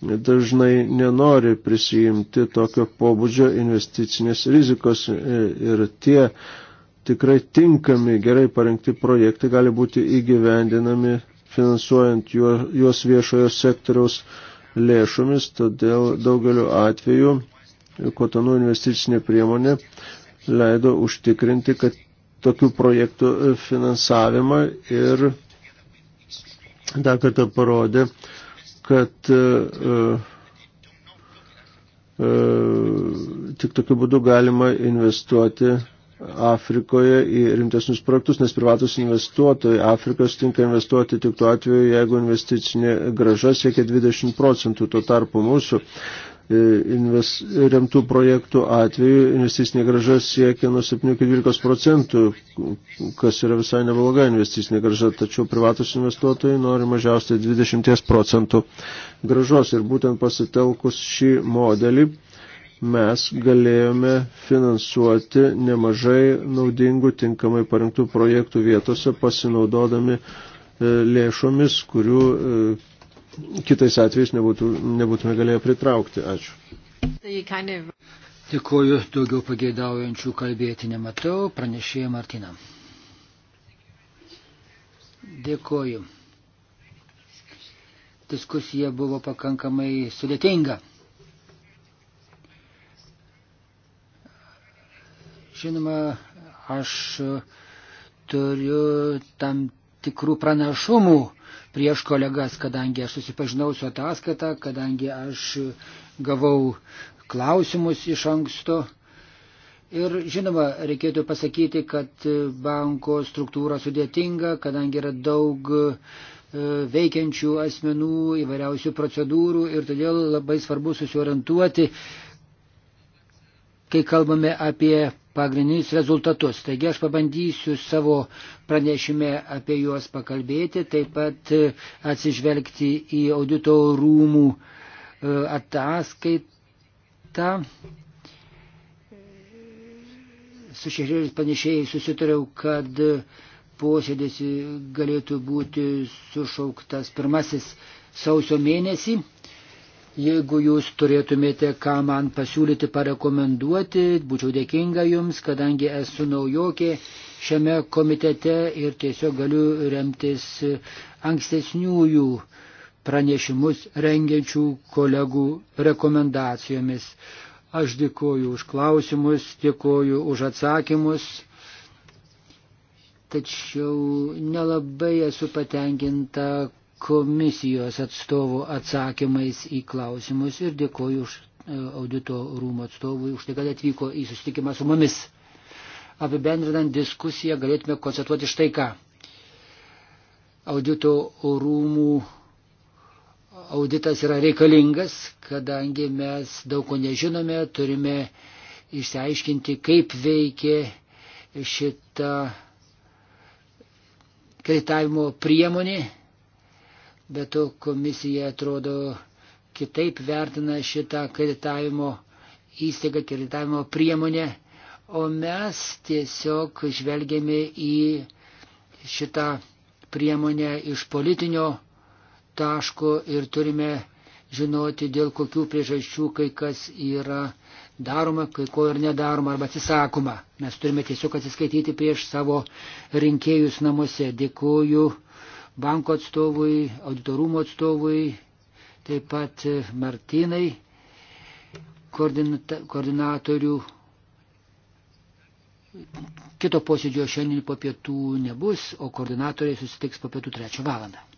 Speaker 2: dažnai nenori prisijimti tokio pobūdžio investicinės rizikos e, ir tie tikrai tinkami, gerai parengti projektai gali būti įgyvendinami finansuojant juos viešojo sektoriaus lėšomis, todėl daugeliu atveju kotonų investicinė priemonė leido užtikrinti, kad tokių projektų finansavimą ir dar kartą parodė, kad e, e, e, tik tokiu būdu galima investuoti Afrikoje į rimtesnius projektus, nes privatus investuotojai Afrikos tinka investuoti tik tuo atveju, jeigu investicinė graža siekia 20 procentų, tuo tarpu mūsų E, invest, remtų projektų atveju investicinė graža siekia nuo 7 iki 12 procentų, kas yra visai nebloga investicinė graža, tačiau privatus investuotojai nori mažiausiai 20 procentų gražos ir būtent pasitelkus šį modelį mes galėjome finansuoti nemažai naudingų tinkamai parinktų projektų vietose, pasinaudodami e, lėšomis, kurių e, kitais atvejais nebūtų, nebūtume galėję pritraukti. Ačiū.
Speaker 3: Tai Dėkuoju, daugiau pageidaujančių kalbėti nematau. Pranešėja Martina. Dėkuoju. Diskusija buvo pakankamai sudėtinga. Žinoma, aš turiu tam tikrų pranašumų prieš kolegas, kadangi aš susipažinau su ataskaita, kadangi aš gavau klausimus iš anksto. Ir žinoma, reikėtų pasakyti, kad banko struktūra sudėtinga, kadangi yra daug e, veikiančių asmenų, įvairiausių procedūrų ir todėl labai svarbu susiorientuoti, kai kalbame apie pagrindinius rezultatus. Taigi aš pabandysiu savo pranešime apie juos pakalbėti, taip pat e, atsižvelgti į audito rūmų e, ataskaitą. Su šešėlis panešėjai susitariau, kad posėdės galėtų būti sušauktas pirmasis sausio mėnesį. Jeigu jūs turėtumėte ką man pasiūlyti, parekomenduoti, būčiau dėkinga jums, kadangi esu naujokė šiame komitete ir tiesiog galiu remtis ankstesniųjų pranešimus rengiančių kolegų rekomendacijomis. Aš dėkoju už klausimus, dėkoju už atsakymus, tačiau nelabai esu patenkinta komisijos atstovų atsakymais į klausimus ir dėkoju už e, audito rūmų atstovui už tai, kad atvyko į susitikimą su mumis. Apibendrinant diskusiją galėtume konstatuoti štai ką. Audito rūmų auditas yra reikalingas, kadangi mes daug ko nežinome, turime išsiaiškinti, kaip veikia šita kreditavimo priemonė bet to komisija atrodo kitaip vertina šitą kreditavimo įstaigą, kreditavimo priemonę, o mes tiesiog žvelgėme į šitą priemonę iš politinio taško ir turime žinoti, dėl kokių priežasčių kai kas yra daroma, kai ko ir nedaroma arba atsisakoma. Mes turime tiesiog atsiskaityti prieš savo rinkėjus namuose. Dėkuoju banko atstovui, auditorumo atstovui, taip pat e, Martinai, koordinatorių. Kito posėdžio šiandien po pietų nebus, o koordinatoriai susitiks po pietų trečią valandą.